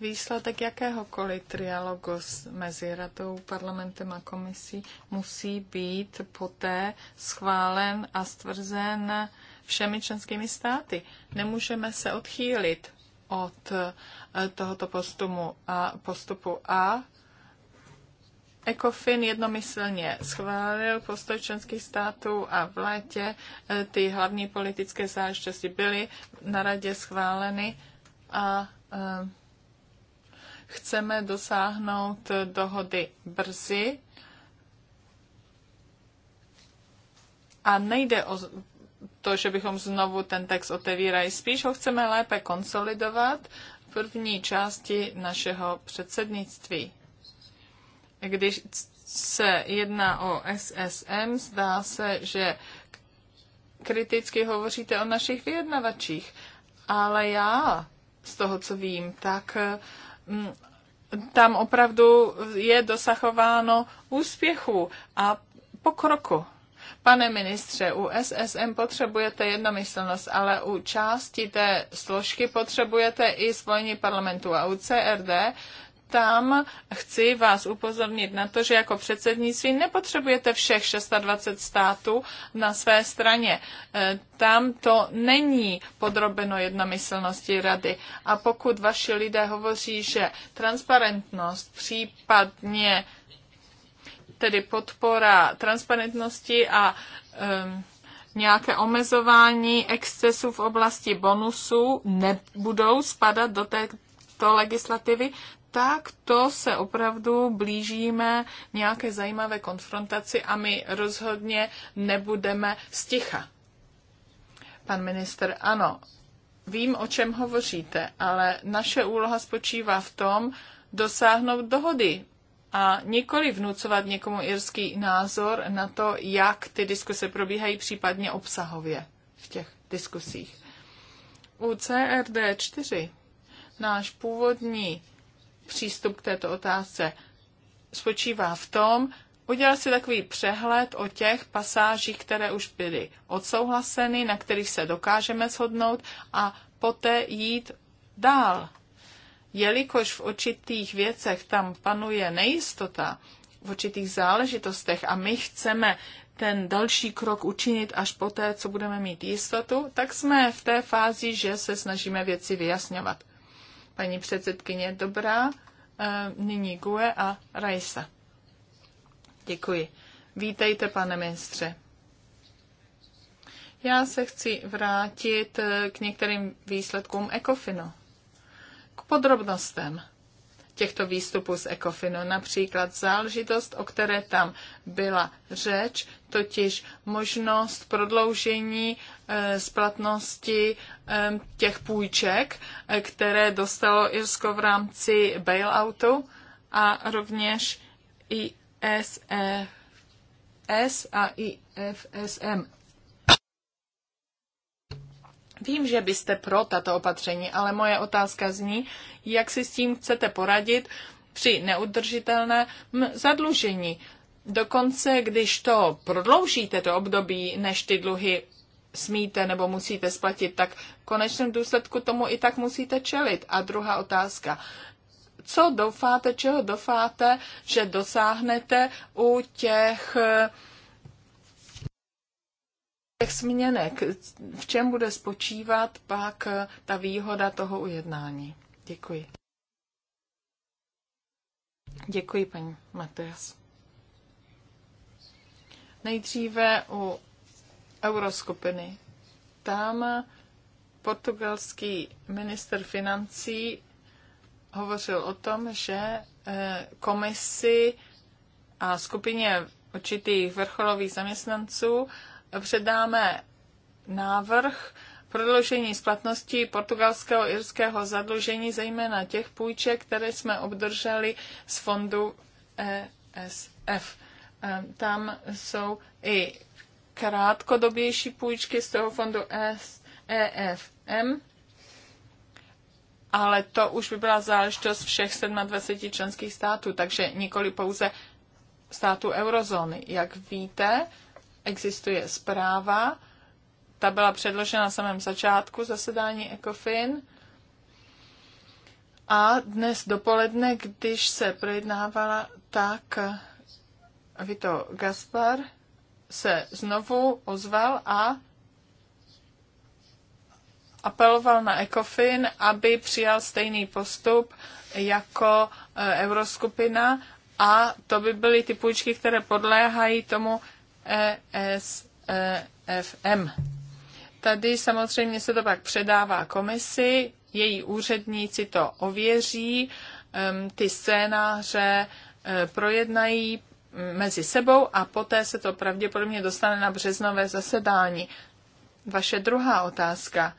Výsledek jakéhokoliv trialogu mezi radou, parlamentem a komisí musí být poté schválen a stvrzen všemi členskými státy. Nemůžeme se odchýlit od eh, tohoto postupu a, postupu a ECOFIN jednomyslně schválil postoj členských států a v létě eh, ty hlavní politické záležitosti byly na radě schváleny a eh, Chceme dosáhnout dohody brzy a nejde o to, že bychom znovu ten text otevírali. Spíš ho chceme lépe konsolidovat v první části našeho předsednictví. Když se jedná o SSM, zdá se, že kriticky hovoříte o našich vyjednavačích, ale já z toho, co vím, tak Mm, tam opravdu je dosahováno úspěchu a pokroku. Pane ministře, u SSM potřebujete jednomyslnost, ale u části té složky potřebujete i spojení parlamentu a u CRD tam chci vás upozornit na to, že jako předsednictví nepotřebujete všech 26 států na své straně. E, tam to není podrobeno jednomyslnosti rady. A pokud vaši lidé hovoří, že transparentnost, případně tedy podpora transparentnosti a um, nějaké omezování excesů v oblasti bonusů nebudou spadat do této legislativy, tak to se opravdu blížíme nějaké zajímavé konfrontaci a my rozhodně nebudeme sticha. Pan minister, ano, vím, o čem hovoříte, ale naše úloha spočívá v tom, dosáhnout dohody a nikoli vnucovat někomu irský názor na to, jak ty diskuse probíhají, případně obsahově v těch diskusích. U CRD4 náš původní přístup k této otázce spočívá v tom, udělat si takový přehled o těch pasážích, které už byly odsouhlaseny, na kterých se dokážeme shodnout a poté jít dál. Jelikož v určitých věcech tam panuje nejistota, v určitých záležitostech a my chceme ten další krok učinit až poté, co budeme mít jistotu, tak jsme v té fázi, že se snažíme věci vyjasňovat paní předsedkyně. Dobrá, eh, nyní Gue a Rajsa. Děkuji. Vítejte, pane ministře. Já se chci vrátit eh, k některým výsledkům ECOFINu. K podrobnostem těchto výstupů z ECOFINu. Například záležitost, o které tam byla řeč, totiž možnost prodloužení eh, splatnosti eh, těch půjček, eh, které dostalo Irsko v rámci bailoutu a rovněž ISF e S a IFSM. Vím, že byste pro tato opatření, ale moje otázka zní, jak si s tím chcete poradit při neudržitelném zadlužení. Dokonce, když to prodloužíte do období, než ty dluhy smíte nebo musíte splatit, tak v konečném důsledku tomu i tak musíte čelit. A druhá otázka. Co doufáte, čeho doufáte, že dosáhnete u těch těch směnek, v čem bude spočívat pak ta výhoda toho ujednání? Děkuji. Děkuji, paní Mateas. Nejdříve u euroskupiny. Tam portugalský minister financí hovořil o tom, že eh, komisi a skupině určitých vrcholových zaměstnanců předáme návrh prodloužení splatnosti portugalského irského zadlužení, zejména těch půjček, které jsme obdrželi z fondu ESF. E, tam jsou i krátkodobější půjčky z toho fondu EFM, e ale to už by byla záležitost všech 27 členských států, takže nikoli pouze států eurozóny. Jak víte, existuje zpráva, ta byla předložena na samém začátku zasedání ECOFIN. A dnes dopoledne, když se projednávala, tak Vito Gaspar se znovu ozval a apeloval na ECOFIN, aby přijal stejný postup jako eh, euroskupina a to by byly ty půjčky, které podléhají tomu ESFM. E Tady samozřejmě se to pak předává komisi, její úředníci to ověří, ty scénáře e, projednají mezi sebou a poté se to pravděpodobně dostane na březnové zasedání. Vaše druhá otázka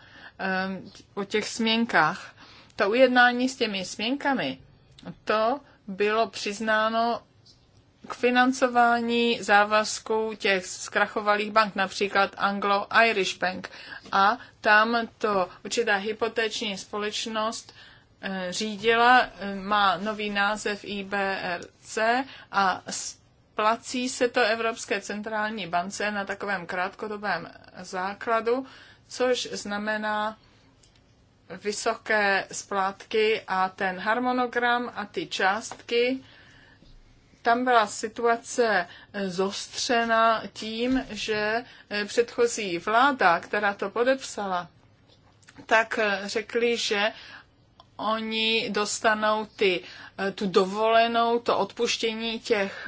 o těch směnkách. To ujednání s těmi směnkami, to bylo přiznáno k financování závazků těch zkrachovalých bank, například Anglo-Irish Bank. A tam to určitá hypotéční společnost eh, řídila, eh, má nový název IBRC a splací se to Evropské centrální bance na takovém krátkodobém základu, což znamená vysoké splátky a ten harmonogram a ty částky tam byla situace eh, zostřena tím, že eh, předchozí vláda, která to podepsala, tak eh, řekli, že oni dostanou ty, tu dovolenou, to odpuštění těch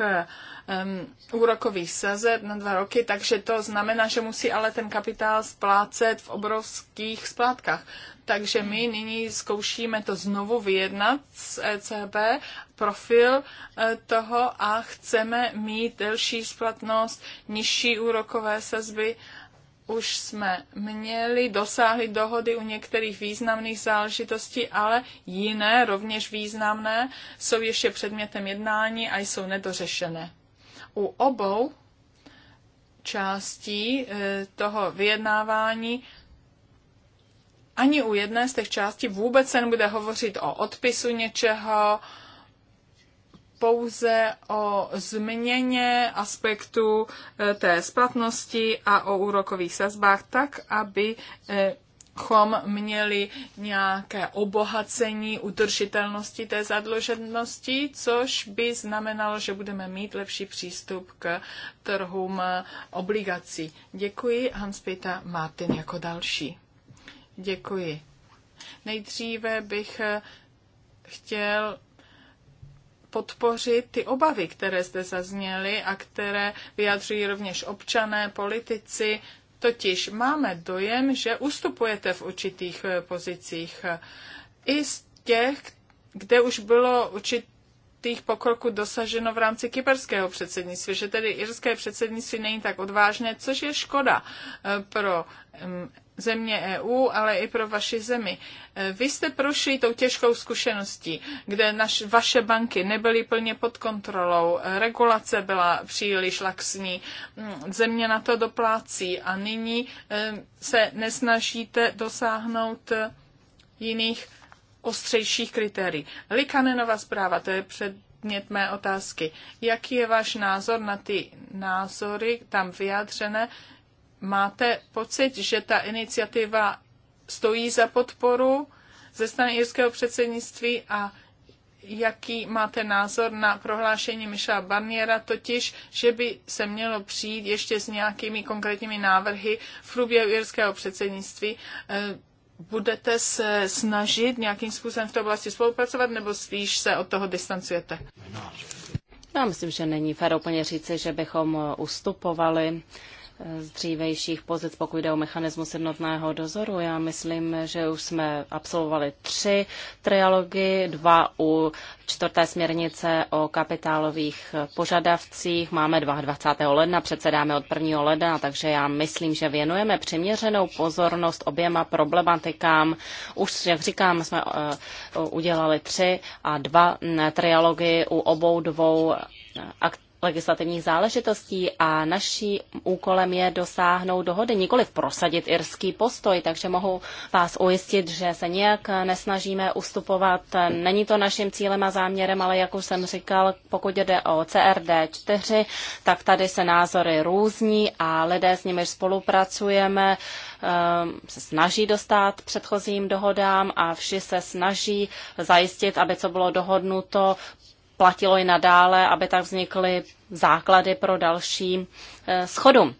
um, úrokových sazeb na dva roky, takže to znamená, že musí ale ten kapitál splácet v obrovských splátkách. Takže my nyní zkoušíme to znovu vyjednat z ECB, profil eh, toho a chceme mít delší splatnost, nižší úrokové sazby. Už jsme měli, dosáhli dohody u některých významných záležitostí, ale jiné, rovněž významné, jsou ještě předmětem jednání a jsou nedořešené u obou částí eh, toho vyjednávání ani u jedné z těch částí vůbec se nebude hovořit o odpisu něčeho, pouze o změně aspektu eh, té splatnosti a o úrokových sazbách tak, aby eh, bychom měli nějaké obohacení udržitelnosti té zadluženosti, což by znamenalo, že budeme mít lepší přístup k trhům obligací. Děkuji. Hans-Peter Martin jako další. Děkuji. Nejdříve bych chtěl podpořit ty obavy, které zde zazněly a které vyjadřují rovněž občané, politici, Totiž máme dojem, že ustupujete v určitých eh, pozicích. Eh, I z těch, kde už bylo určitých pokroků dosaženo v rámci kyperského předsednictví, že tedy irské předsednictví není tak odvážné, což je škoda eh, pro mm, země EU, ale i pro vaši zemi. E, vy jste prošli tou těžkou zkušeností, kde naš, vaše banky nebyly plně pod kontrolou, regulace byla příliš laxní, mm, země na to doplácí a nyní e, se nesnažíte dosáhnout e, jiných ostřejších kritérií. Likanenova zpráva, to je před mět mé otázky. Jaký je váš názor na ty názory tam vyjádřené, Máte pocit, že ta iniciativa stojí za podporu ze strany jirského předsednictví a jaký máte názor na prohlášení Michela Barniera, totiž, že by se mělo přijít ještě s nějakými konkrétními návrhy v průběhu jirského předsednictví. Eh, budete se snažit nějakým způsobem v té oblasti spolupracovat, nebo spíš se od toho distancujete? Já no, myslím, že není fér úplně říci, že bychom ustupovali z dřívejších pozic, pokud jde o mechanismus jednotného dozoru. Já myslím, že už jsme absolvovali tři trialogy, dva u čtvrté směrnice o kapitálových požadavcích. Máme 22. ledna, předsedáme od 1. ledna, takže já myslím, že věnujeme přiměřenou pozornost oběma problematikám. Už, jak říkám, jsme eh, udělali tři a dva eh, trialogy u obou dvou eh, akt legislativních záležitostí a naší úkolem je dosáhnout dohody, nikoli prosadit irský postoj, takže mohu vás ujistit, že se nijak nesnažíme ustupovat. Není to naším cílem a záměrem, ale jak už jsem říkal, pokud jde o CRD 4, tak tady se názory různí a lidé, s nimiž spolupracujeme, ehm, se snaží dostat předchozím dohodám a vši se snaží zajistit, aby co bylo dohodnuto, platilo i nadále, aby tak vznikly základy pro další eh, schodu.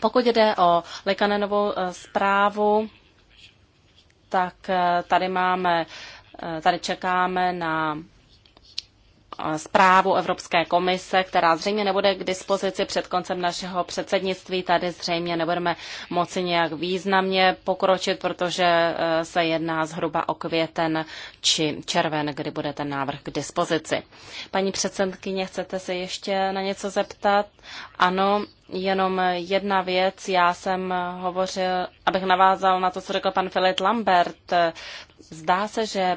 Pokud jde o Lekanenovou eh, zprávu, tak eh, tady máme, tady čekáme na zprávu Evropské komise, která zřejmě nebude k dispozici před koncem našeho předsednictví. Tady zřejmě nebudeme moci nějak významně pokročit, protože eh, se jedná zhruba o květen či červen, kdy bude ten návrh k dispozici. Paní předsedkyně, chcete se ještě na něco zeptat? Ano, jenom jedna věc. Já jsem hovořil, abych navázal na to, co řekl pan Filip Lambert. Zdá se, že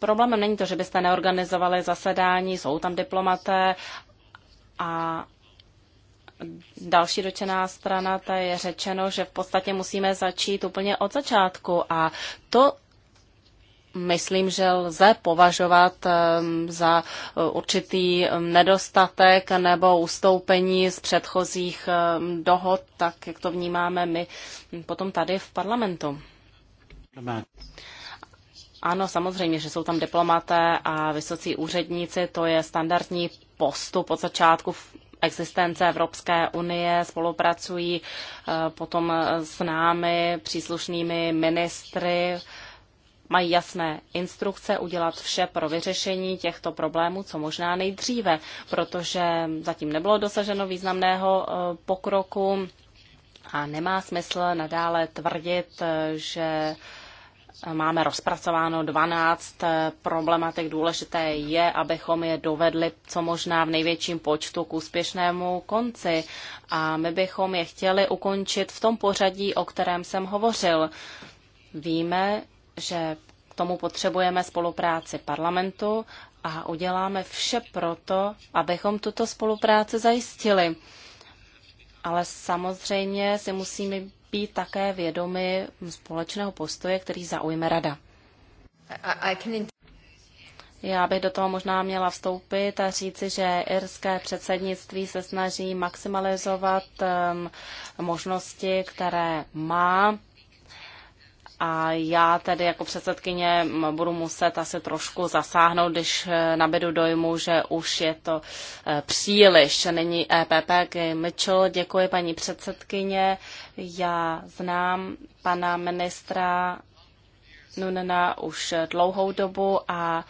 problémem není to, že byste neorganizovali zasedání, jsou tam diplomaté a další dočená strana, ta je řečeno, že v podstatě musíme začít úplně od začátku a to myslím, že lze považovat za e, určitý nedostatek nebo ustoupení z předchozích dohod, tak jak to vnímáme my potom tady v parlamentu. Ano, samozřejmě, že jsou tam diplomaté a vysocí úředníci, to je standardní postup od začátku existence Evropské unie, spolupracují eh, potom eh, s námi, příslušnými ministry, mají jasné instrukce udělat vše pro vyřešení těchto problémů, co možná nejdříve, protože zatím nebylo dosaženo významného eh, pokroku a nemá smysl nadále tvrdit, že Máme rozpracováno 12 eh, problematik. Důležité je, abychom je dovedli co možná v největším počtu k úspěšnému konci. A my bychom je chtěli ukončit v tom pořadí, o kterém jsem hovořil. Víme, že k tomu potřebujeme spolupráci parlamentu a uděláme vše proto, abychom tuto spolupráci zajistili. Ale samozřejmě si musíme být také vědomi společného postoje, který zaujme rada. Já bych do toho možná měla vstoupit a říci, že irské předsednictví se snaží maximalizovat um, možnosti, které má a já tedy jako předsedkyně budu muset asi trošku zasáhnout, když eh, nabedu dojmu, že už je to eh, příliš. Není EPP G. Mitchell, děkuji paní předsedkyně. Já znám pana ministra Nunena už dlouhou dobu a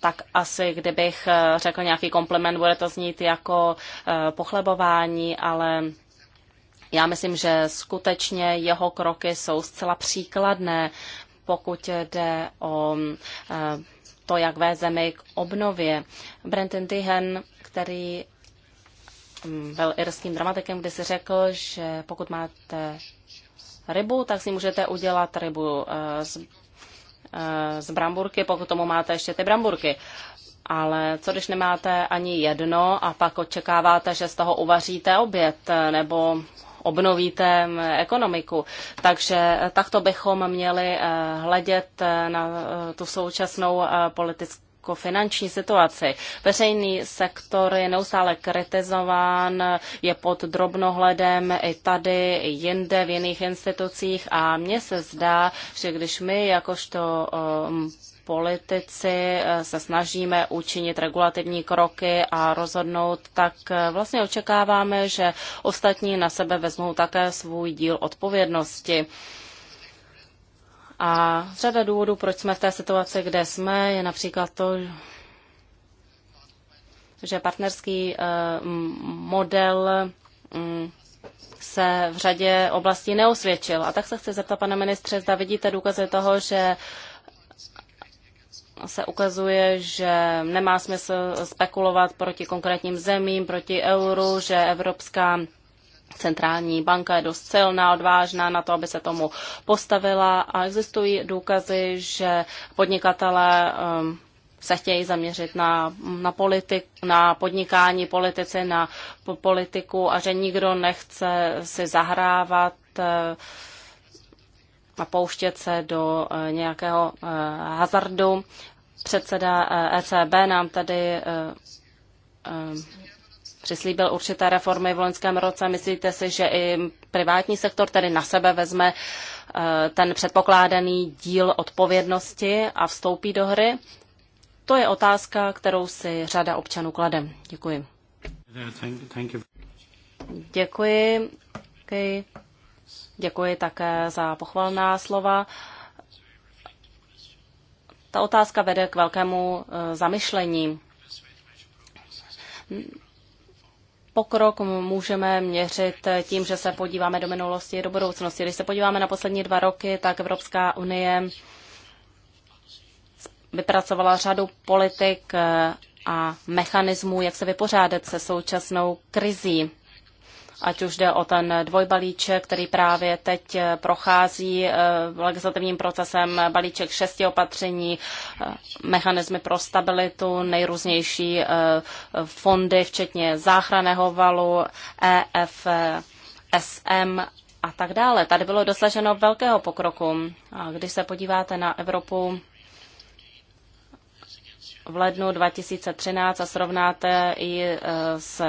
tak asi kdybych eh, řekl nějaký komplement, bude to znít jako pochlebování, ale já myslím, že skutečně jeho kroky jsou zcela příkladné, pokud jde o eh, to, jak vé zemi k obnově. Brenton Dihen, který mm, byl irským dramatikem, kdy si řekl, že pokud máte rybu, tak si můžete udělat rybu eh, z, eh, z bramburky, pokud tomu máte ještě ty bramburky. Ale co když nemáte ani jedno a pak očekáváte, že z toho uvaříte oběd nebo obnovíte mm, ekonomiku. Takže eh, takto bychom měli eh, hledět eh, na tu současnou politickou jako finanční situaci. Veřejný sektor je neustále kritizován, je pod drobnohledem i tady, i jinde, v jiných institucích a mně se zdá, že když my jakožto politici eh, se snažíme učinit regulativní kroky a rozhodnout, tak eh, vlastně očekáváme, že ostatní na sebe vezmou také svůj díl odpovědnosti. A řada důvodů, proč jsme v té situaci, kde jsme, je například to, že partnerský eh, model mm, se v řadě oblastí neosvědčil. A tak se chci zeptat, pane ministře, zda vidíte důkazy toho, že se ukazuje, že nemá smysl spekulovat proti konkrétním zemím, proti euru, že Evropská centrální banka je dost silná, odvážná na to, aby se tomu postavila a existují důkazy, že podnikatelé um, se chtějí zaměřit na, na, politik, na podnikání politici, na po, politiku a že nikdo nechce si zahrávat eh, a pouštět se do eh, nějakého eh, hazardu. Předseda ECB eh, e nám tady eh, eh, přislíbil určité reformy v loňském roce. Myslíte si, že i privátní sektor tedy na sebe vezme ten předpokládaný díl odpovědnosti a vstoupí do hry? To je otázka, kterou si řada občanů klade. Děkuji. Děkuji. Děkuji také za pochvalná slova ta otázka vede k velkému e, zamyšlení. Pokrok můžeme měřit tím, že se podíváme do minulosti a do budoucnosti. Když se podíváme na poslední dva roky, tak Evropská unie vypracovala řadu politik a mechanismů, jak se vypořádat se současnou krizí ať už jde o ten dvojbalíček, který právě teď eh, prochází eh, legislativním procesem, balíček šesti opatření, eh, mechanismy pro stabilitu, nejrůznější fondy, včetně záchraného valu, EF, SM a tak dále. Tady bylo dosaženo velkého pokroku. A když se podíváte na Evropu v lednu 2013 a srovnáte i s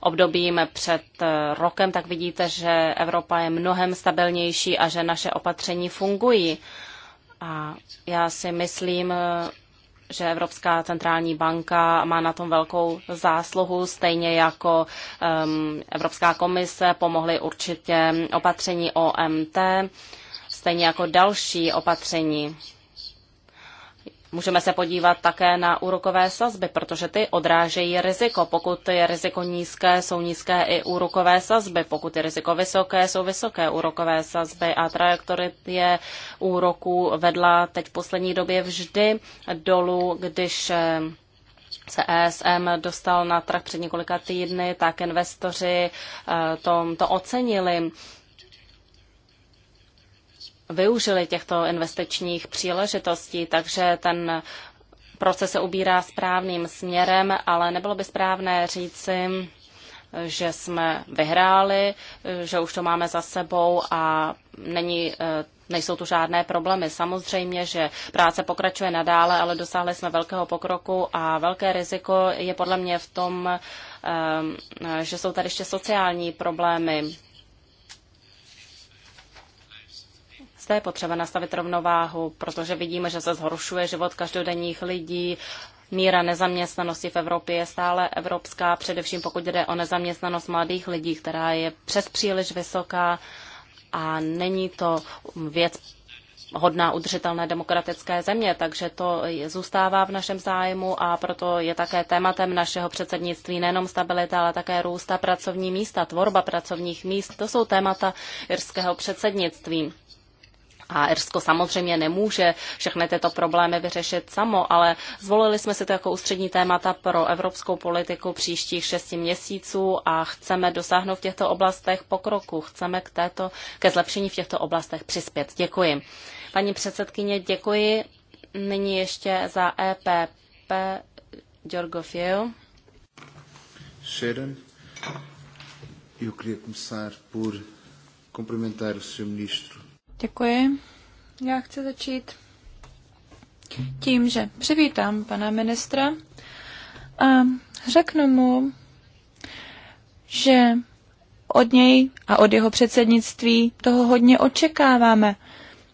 obdobím před eh, rokem, tak vidíte, že Evropa je mnohem stabilnější a že naše opatření fungují. A já si myslím, eh, že Evropská centrální banka má na tom velkou zásluhu, stejně jako um, Evropská komise pomohly určitě opatření OMT, stejně jako další opatření. Můžeme se podívat také na úrokové sazby, protože ty odrážejí riziko. Pokud je riziko nízké, jsou nízké i úrokové sazby. Pokud je riziko vysoké, jsou vysoké úrokové sazby. A trajektorie úroků vedla teď v poslední době vždy dolů, když eh, se ESM dostal na trh před několika týdny, tak investoři eh, to, to ocenili využili těchto investičních příležitostí, takže ten proces se ubírá správným směrem, ale nebylo by správné říci, že jsme vyhráli, že už to máme za sebou a není, eh, nejsou tu žádné problémy. Samozřejmě, že práce pokračuje nadále, ale dosáhli jsme velkého pokroku a velké riziko je podle mě v tom, eh, že jsou tady ještě sociální problémy. jisté, potřeba nastavit rovnováhu, protože vidíme, že se zhoršuje život každodenních lidí, míra nezaměstnanosti v Evropě je stále evropská, především pokud jde o nezaměstnanost mladých lidí, která je přes příliš vysoká a není to věc hodná udržitelné demokratické země, takže to zůstává v našem zájmu a proto je také tématem našeho předsednictví nejenom stabilita, ale také růsta pracovní místa, tvorba pracovních míst. To jsou témata irského předsednictví. A Irsko samozřejmě nemůže všechny tyto problémy vyřešit samo, ale zvolili jsme si to jako ústřední témata pro evropskou politiku příštích šesti měsíců a chceme dosáhnout v těchto oblastech pokroku. Chceme k této, ke zlepšení v těchto oblastech přispět. Děkuji. Paní předsedkyně, děkuji. Nyní ještě za EPP Giorgo Fiu. Sharon, eu queria começar por cumprimentar o Sr. Ministro Děkuji. Já chci začít tím, že přivítám pana ministra a řeknu mu, že od něj a od jeho předsednictví toho hodně očekáváme.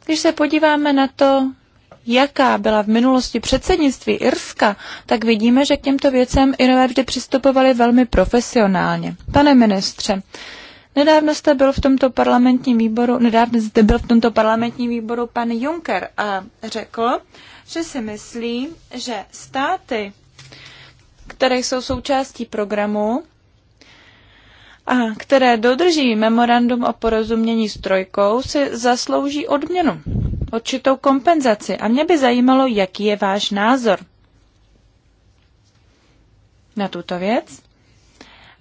Když se podíváme na to, jaká byla v minulosti předsednictví Irska, tak vidíme, že k těmto věcem Irové vždy přistupovali velmi profesionálně. Pane ministře, Nedávno jste byl v tomto parlamentním výboru, nedávno jste byl v tomto parlamentním výboru pan Juncker a řekl, že si myslí, že státy, které jsou součástí programu a které dodrží memorandum o porozumění s trojkou, si zaslouží odměnu, určitou kompenzaci. A mě by zajímalo, jaký je váš názor na tuto věc.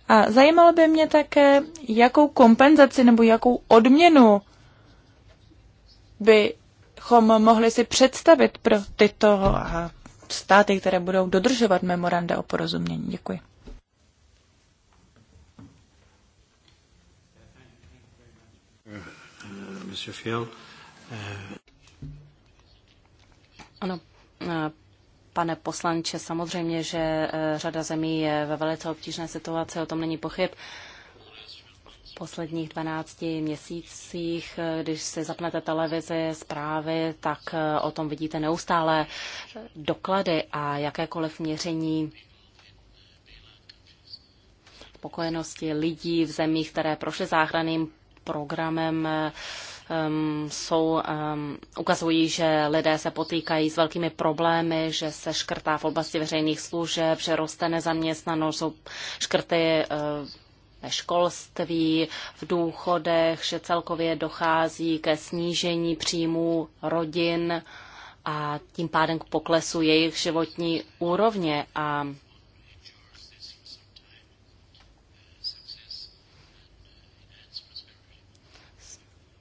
A zajímalo by mě také, jakou kompenzaci nebo jakou odměnu bychom mohli si představit pro tyto státy, které budou dodržovat memoranda o porozumění. Děkuji. Eh, eh. Ano, eh, Pane poslanče, samozřejmě, že eh, řada zemí je ve velice obtížné situaci, o tom není pochyb. V posledních 12 měsících, eh, když si zapnete televizi, zprávy, tak eh, o tom vidíte neustále doklady a jakékoliv měření spokojenosti lidí v zemích, které prošly záchranným programem, um, jsou, um, ukazují, že lidé se potýkají s velkými problémy, že se škrtá v oblasti veřejných služeb, že roste nezaměstnanost, jsou škrty uh, ve školství, v důchodech, že celkově dochází ke snížení příjmů rodin a tím pádem k poklesu jejich životní úrovně. A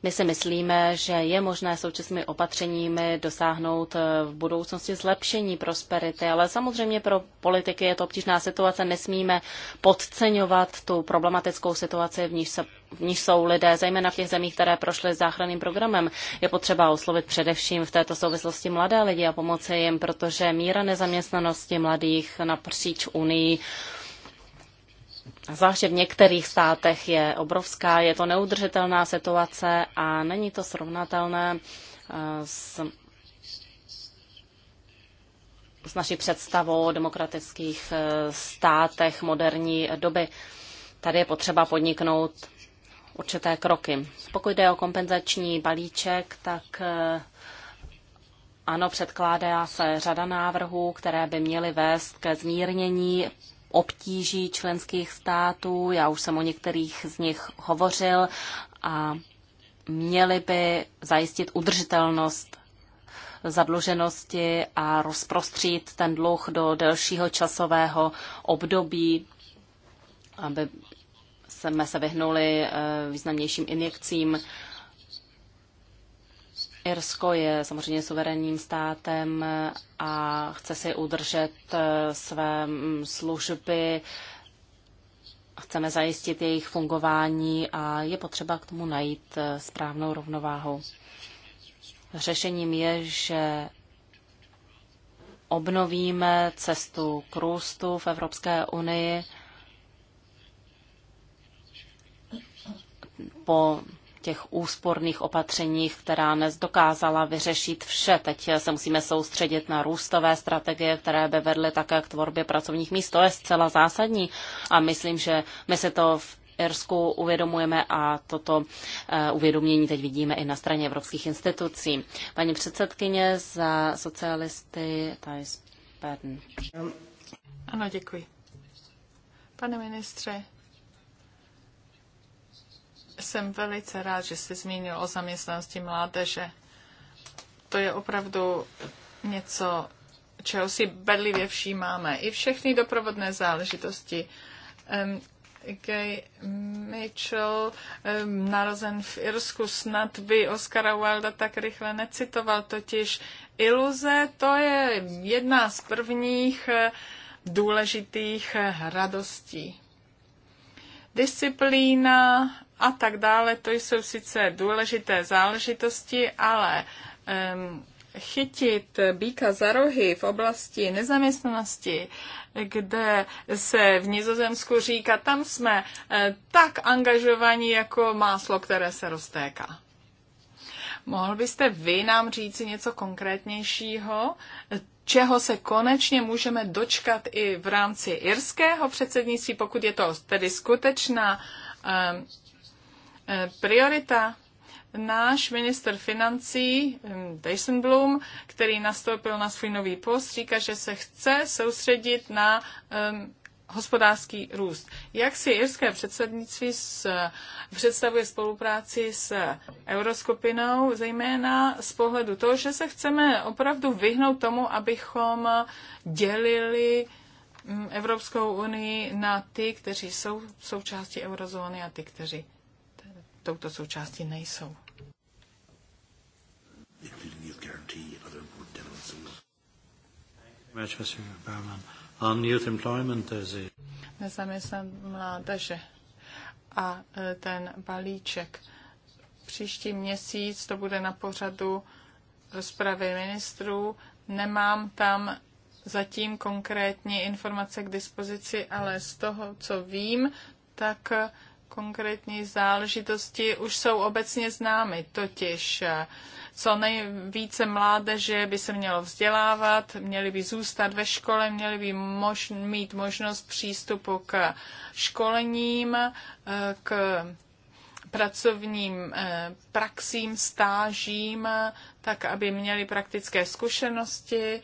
My si myslíme, že je možné současnými opatřeními dosáhnout eh, v budoucnosti zlepšení prosperity, ale samozřejmě pro politiky je to obtížná situace. Nesmíme podceňovat tu problematickou situaci, v níž, se, v níž jsou lidé, zejména v těch zemích, které prošly záchranným programem. Je potřeba oslovit především v této souvislosti mladé lidi a pomoci jim, protože míra nezaměstnanosti mladých napříč Unii zvláště v některých státech, je obrovská. Je to neudržitelná situace a není to srovnatelné eh, s, s naší představou o demokratických eh, státech moderní doby. Tady je potřeba podniknout určité kroky. Pokud jde o kompenzační balíček, tak eh, ano, předkládá se řada návrhů, které by měly vést ke zmírnění obtíží členských států. Já už jsem o některých z nich hovořil a měli by zajistit udržitelnost zadluženosti a rozprostřít ten dluh do delšího časového období, aby jsme se vyhnuli eh, významnějším injekcím Irsko je samozřejmě suverénním státem a chce si udržet eh, své mm, služby, chceme zajistit jejich fungování a je potřeba k tomu najít eh, správnou rovnováhu. Řešením je, že obnovíme cestu k růstu v Evropské unii po těch úsporných opatřeních, která dnes dokázala vyřešit vše. Teď se musíme soustředit na růstové strategie, které by vedly také k tvorbě pracovních míst. To je zcela zásadní a myslím, že my se to v Irsku uvědomujeme a toto eh, uvědomění teď vidíme i na straně evropských institucí. Paní předsedkyně za socialisty Thijs Pern. Ano, děkuji. Pane ministře, jsem velice rád, že jste zmínil o zaměstnanosti mládeže. To je opravdu něco, čeho si bedlivě všímáme. I všechny doprovodné záležitosti. Um, Gay Mitchell, um, narozen v Irsku, snad by Oscara Wilda tak rychle necitoval, totiž iluze, to je jedna z prvních eh, důležitých eh, radostí. Disciplína a tak dále. To jsou sice důležité záležitosti, ale um, chytit býka za rohy v oblasti nezaměstnanosti, kde se v Nizozemsku říká, tam jsme eh, tak angažovaní jako máslo, které se roztéká. Mohl byste vy nám říci něco konkrétnějšího, čeho se konečně můžeme dočkat i v rámci irského předsednictví, pokud je to tedy skutečná Eh, priorita. Náš minister financí Blum, který nastoupil na svůj nový post, říká, že se chce soustředit na um, hospodářský růst. Jak si irské předsednictví s, představuje spolupráci s euroskupinou, zejména z pohledu toho, že se chceme opravdu vyhnout tomu, abychom dělili Evropskou unii na ty, kteří jsou součástí eurozóny a ty, kteří touto součástí nejsou. Nezaměstnan mládeže a e, ten balíček. Příští měsíc to bude na pořadu rozpravy ministrů. Nemám tam zatím konkrétní informace k dispozici, ale z toho, co vím, tak konkrétní záležitosti už jsou obecně známy, totiž eh, co nejvíce mládeže by se mělo vzdělávat, měli by zůstat ve škole, měli by mož- mít možnost přístupu k školením, eh, k pracovním eh, praxím, stážím, tak aby měli praktické zkušenosti,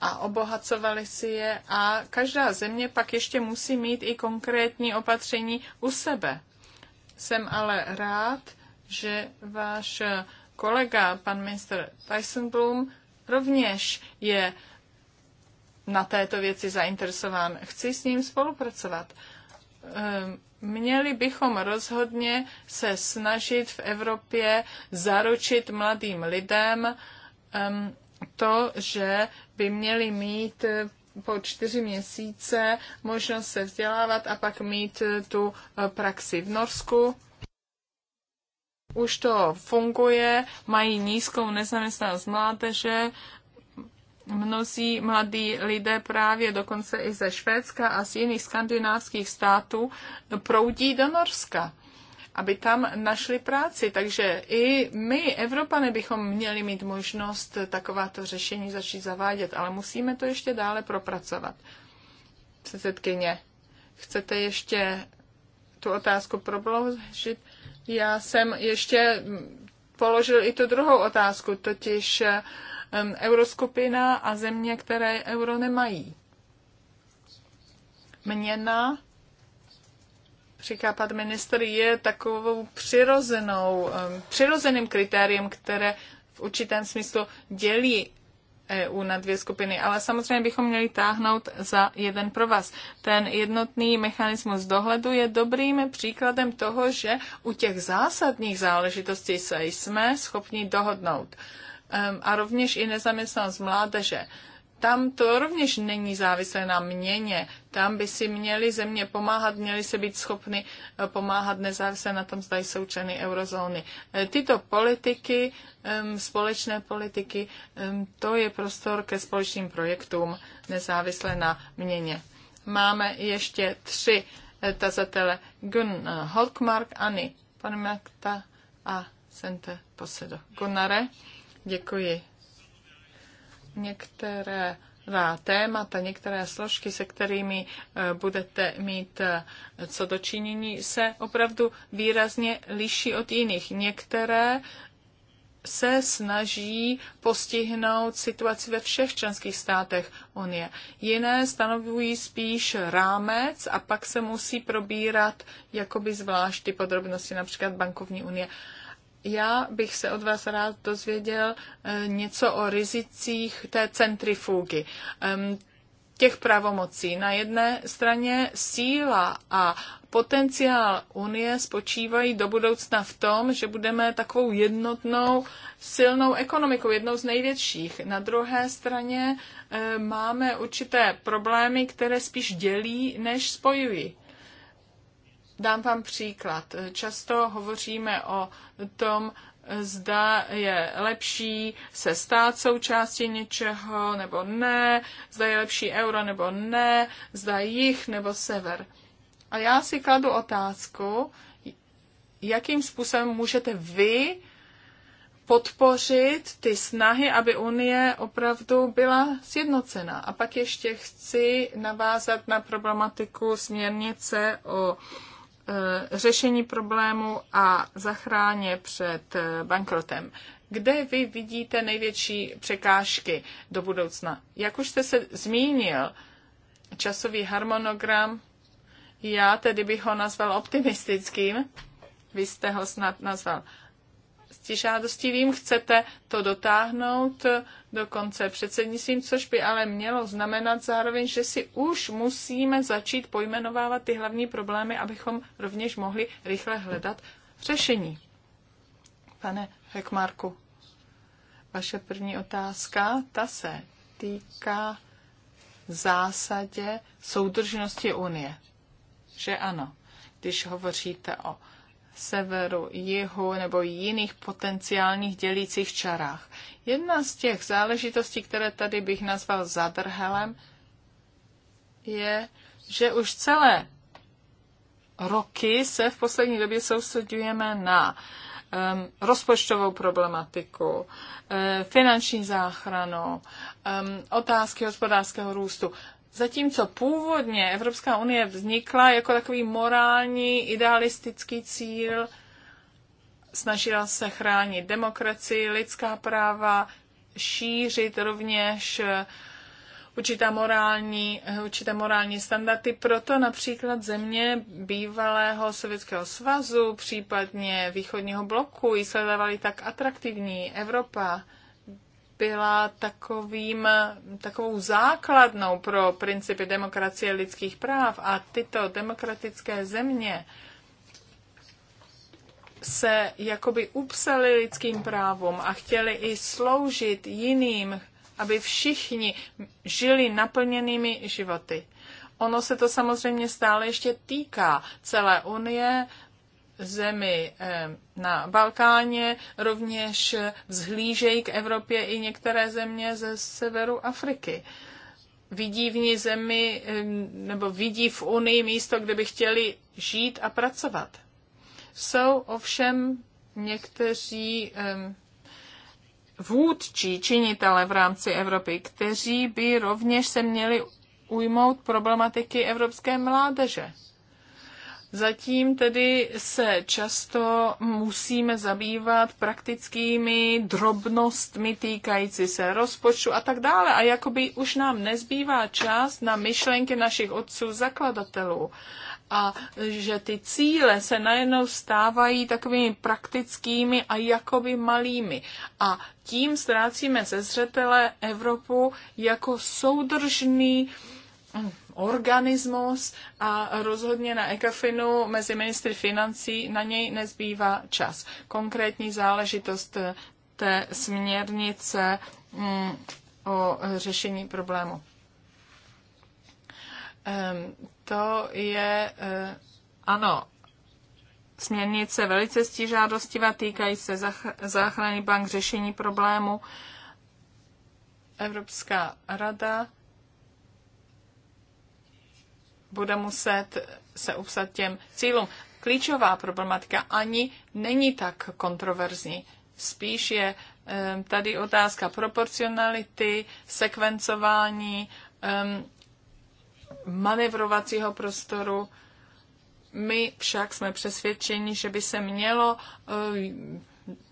a obohacovali si je a každá země pak ještě musí mít i konkrétní opatření u sebe. Jsem ale rád, že váš kolega, pan minister Tysonblum, rovněž je na této věci zainteresován. Chci s ním spolupracovat. Ehm, měli bychom rozhodně se snažit v Evropě zaručit mladým lidem ehm, to, že by měli mít eh, po čtyři měsíce možnost se vzdělávat a pak mít eh, tu eh, praxi v Norsku. Už to funguje, mají nízkou nezaměstnanost mládeže, mnozí mladí lidé právě dokonce i ze Švédska a z jiných skandinávských států proudí do Norska aby tam našli práci. Takže i my, Evropané, bychom měli mít možnost takováto řešení začít zavádět, ale musíme to ještě dále propracovat. Předsedkyně, chcete ještě tu otázku probložit? Já jsem ještě položil i tu druhou otázku, totiž euroskupina a země, které euro nemají. Měna říká pan minister, je takovou přirozenou, um, přirozeným kritériem, které v určitém smyslu dělí EU na dvě skupiny, ale samozřejmě bychom měli táhnout za jeden pro vás. Ten jednotný mechanismus dohledu je dobrým příkladem toho, že u těch zásadních záležitostí se jsme schopni dohodnout. A rovněž i nezaměstnanost mládeže tam to rovněž není závislé na měně. Tam by si měly země pomáhat, měly se být schopny eh, pomáhat nezávisle na tom, zda jsou členy eurozóny. Eh, tyto politiky, společné politiky, to je prostor ke společným projektům nezávisle na měně. Máme ještě tři eh, tazatele. Gun Holkmark, Ani Panemakta a Sente Posedo. Gunnare, děkuji některé témata, některé složky, se kterými eh, budete mít eh, co dočinění, se opravdu výrazně liší od jiných. Některé se snaží postihnout situaci ve všech členských státech Unie. Jiné stanovují spíš rámec a pak se musí probírat jakoby zvlášť ty podrobnosti, například bankovní unie. Uh, já bych se od vás rád dozvěděl eh, něco o rizicích té centrifugy ehm, těch pravomocí. Na jedné straně síla a potenciál Unie spočívají do budoucna v tom, že budeme takovou jednotnou silnou ekonomikou, jednou z největších. Na druhé straně e, máme určité problémy, které spíš dělí, než spojují. Dám vám příklad. Často hovoříme o tom, zda je lepší se stát součástí něčeho nebo ne, zda je lepší euro nebo ne, zda jich nebo sever. A já si kladu otázku, jakým způsobem můžete vy podpořit ty snahy, aby Unie opravdu byla sjednocena. A pak ještě chci navázat na problematiku směrnice o Eh, řešení problému a zachráně před eh, bankrotem. Kde vy vidíte největší překážky do budoucna? Jak už jste se zmínil, časový harmonogram, já tedy bych ho nazval optimistickým, vy jste ho snad nazval stižádostivým, chcete to dotáhnout do konce předsednictvím, což by ale mělo znamenat zároveň, že si už musíme začít pojmenovávat ty hlavní problémy, abychom rovněž mohli rychle hledat řešení. Pane Hekmarku, vaše první otázka, ta se týká zásadě soudržnosti Unie. Že ano, když hovoříte o severu, jihu nebo jiných potenciálních dělících čarách. Jedna z těch záležitostí, které tady bych nazval zadrhelem, je, že už celé roky se v poslední době soustředujeme na um, rozpočtovou problematiku, um, finanční záchranu, um, otázky hospodářského růstu. Zatímco původně Evropská unie vznikla jako takový morální, idealistický cíl, snažila se chránit demokracii, lidská práva, šířit rovněž eh, určitá morální, eh, určité morální standardy. Proto například země bývalého Sovětského svazu, případně východního bloku, ji sledovali tak atraktivní Evropa byla takovým, takovou základnou pro principy demokracie lidských práv a tyto demokratické země se jakoby upsali lidským právům a chtěli i sloužit jiným, aby všichni žili naplněnými životy. Ono se to samozřejmě stále ještě týká celé Unie, zemi eh, na Balkáně rovněž vzhlížejí k Evropě i některé země ze severu Afriky. Vidí v ní zemi, eh, nebo vidí v Unii místo, kde by chtěli žít a pracovat. Jsou ovšem někteří eh, vůdčí činitele v rámci Evropy, kteří by rovněž se měli ujmout problematiky evropské mládeže Zatím tedy se často musíme zabývat praktickými drobnostmi týkající se rozpočtu a tak dále. A jakoby už nám nezbývá čas na myšlenky našich otců zakladatelů. A že ty cíle se najednou stávají takovými praktickými a jakoby malými. A tím ztrácíme ze zřetele Evropu jako soudržný organismus a rozhodně na ECOFINu mezi ministry financí na něj nezbývá čas. Konkrétní záležitost té směrnice mm, o řešení problému. Ehm, to je, eh, ano, směrnice velice stížádostivá, týkají se záchrany bank řešení problému. Evropská rada bude muset se upsat těm cílům. Klíčová problematika ani není tak kontroverzní. Spíš je tady otázka proporcionality, sekvencování, manevrovacího prostoru. My však jsme přesvědčeni, že by se mělo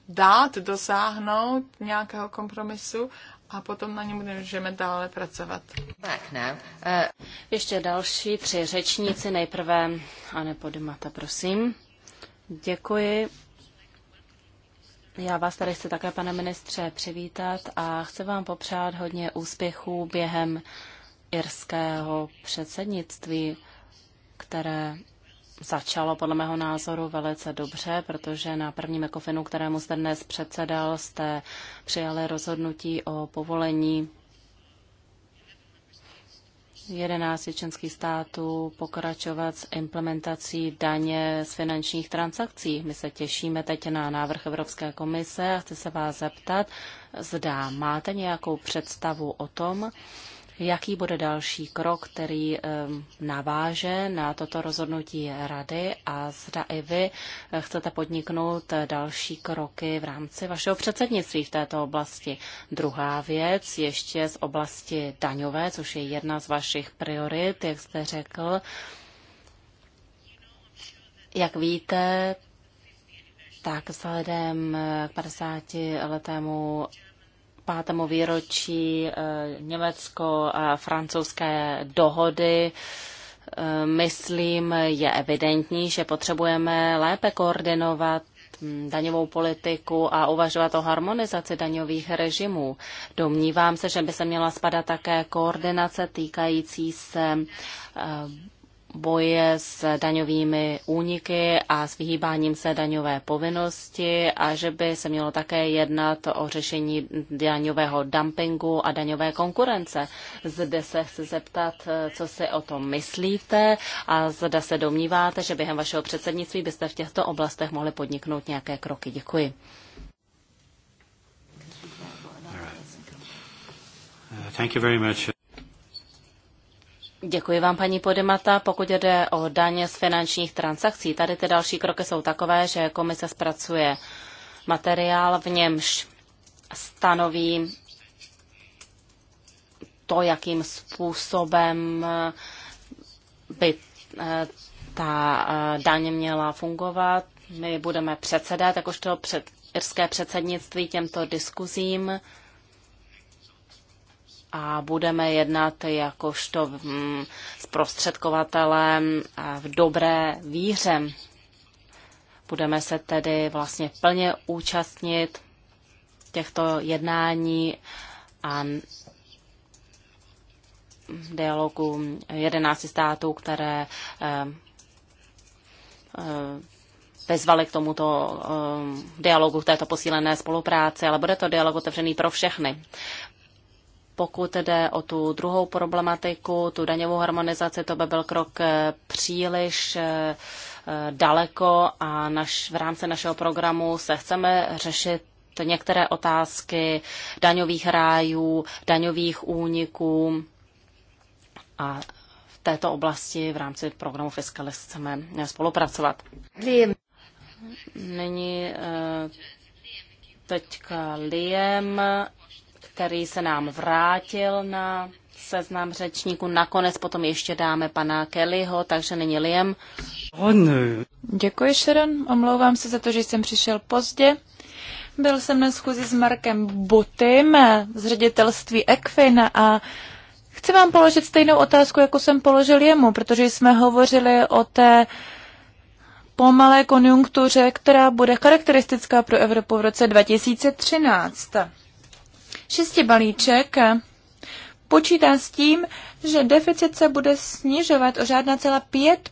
dát dosáhnout nějakého kompromisu a potom na něm můžeme dále pracovat. Tak Ne? Uh... Ještě další tři řečníci. Nejprve Anne Podimata, prosím. Děkuji. Já vás tady chci také, pane ministře, přivítat a chci vám popřát hodně úspěchů během irského předsednictví, které začalo podle mého názoru velice dobře, protože na prvním ekofinu, kterému jste dnes předsedal, jste přijali rozhodnutí o povolení 11 členských států pokračovat s implementací daně z finančních transakcí. My se těšíme teď na návrh Evropské komise a chci se vás zeptat, zda máte nějakou představu o tom, jaký bude další krok, který naváže na toto rozhodnutí rady a zda i vy eh, chcete podniknout eh, další kroky v rámci vašeho předsednictví v této oblasti. Druhá věc ještě z oblasti daňové, což je jedna z vašich priorit, jak jste řekl. Jak víte, tak vzhledem k 50 letému pátému výročí eh, německo-francouzské a dohody, eh, myslím, je evidentní, že potřebujeme lépe koordinovat hm, daňovou politiku a uvažovat o harmonizaci daňových režimů. Domnívám se, že by se měla spadat také koordinace týkající se eh, boje s daňovými úniky a s vyhýbáním se daňové povinnosti a že by se mělo také jednat o řešení daňového dumpingu a daňové konkurence. Zde se chci zeptat, co si o tom myslíte a zda se domníváte, že během vašeho předsednictví byste v těchto oblastech mohli podniknout nějaké kroky. Děkuji. Uh, thank you very much. Děkuji vám, paní Podemata. Pokud jde o daně z finančních transakcí, tady ty další kroky jsou takové, že komise zpracuje materiál, v němž stanoví to, jakým způsobem by eh, ta eh, daně měla fungovat. My budeme předsedat, jakožto před irské předsednictví těmto diskuzím a budeme jednat jakožto mm, zprostředkovatelem e, v dobré víře. Budeme se tedy vlastně plně účastnit těchto jednání a dialogu 11 států, které e, e, vyzvali k tomuto dialogu, k této posílené spolupráci, ale bude to dialog otevřený pro všechny. Pokud jde o tu druhou problematiku, tu daňovou harmonizaci, to by byl krok eh, příliš eh, eh, daleko a naš, v rámci našeho programu se chceme řešit některé otázky daňových rájů, daňových úniků a v této oblasti v rámci programu Fiscalis chceme spolupracovat. Nyní teďka Liem který se nám vrátil na seznam řečníků. Nakonec potom ještě dáme pana Kellyho, takže není Liam. Děkuji, Sharon. Omlouvám se za to, že jsem přišel pozdě. Byl jsem na schůzi s Markem Butym z ředitelství Equin a chci vám položit stejnou otázku, jako jsem položil jemu, protože jsme hovořili o té pomalé konjunktuře, která bude charakteristická pro Evropu v roce 2013 šesti balíček počítá s tím, že deficit se bude snižovat o řádná celá 5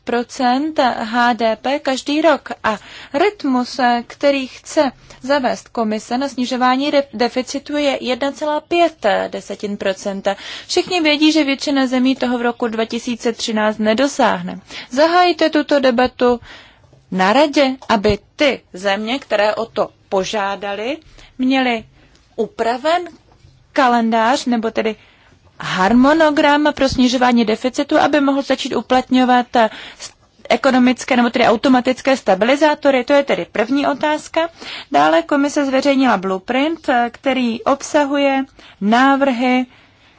HDP každý rok a rytmus, který chce zavést komise na snižování deficitu je 1,5 desetin procenta. Všichni vědí, že většina zemí toho v roku 2013 nedosáhne. Zahájíte tuto debatu na radě, aby ty země, které o to požádali, měly upraven kalendář nebo tedy harmonogram pro snižování deficitu, aby mohl začít uplatňovat eh, ekonomické nebo tedy automatické stabilizátory? To je tedy první otázka. Dále komise zveřejnila blueprint, eh, který obsahuje návrhy,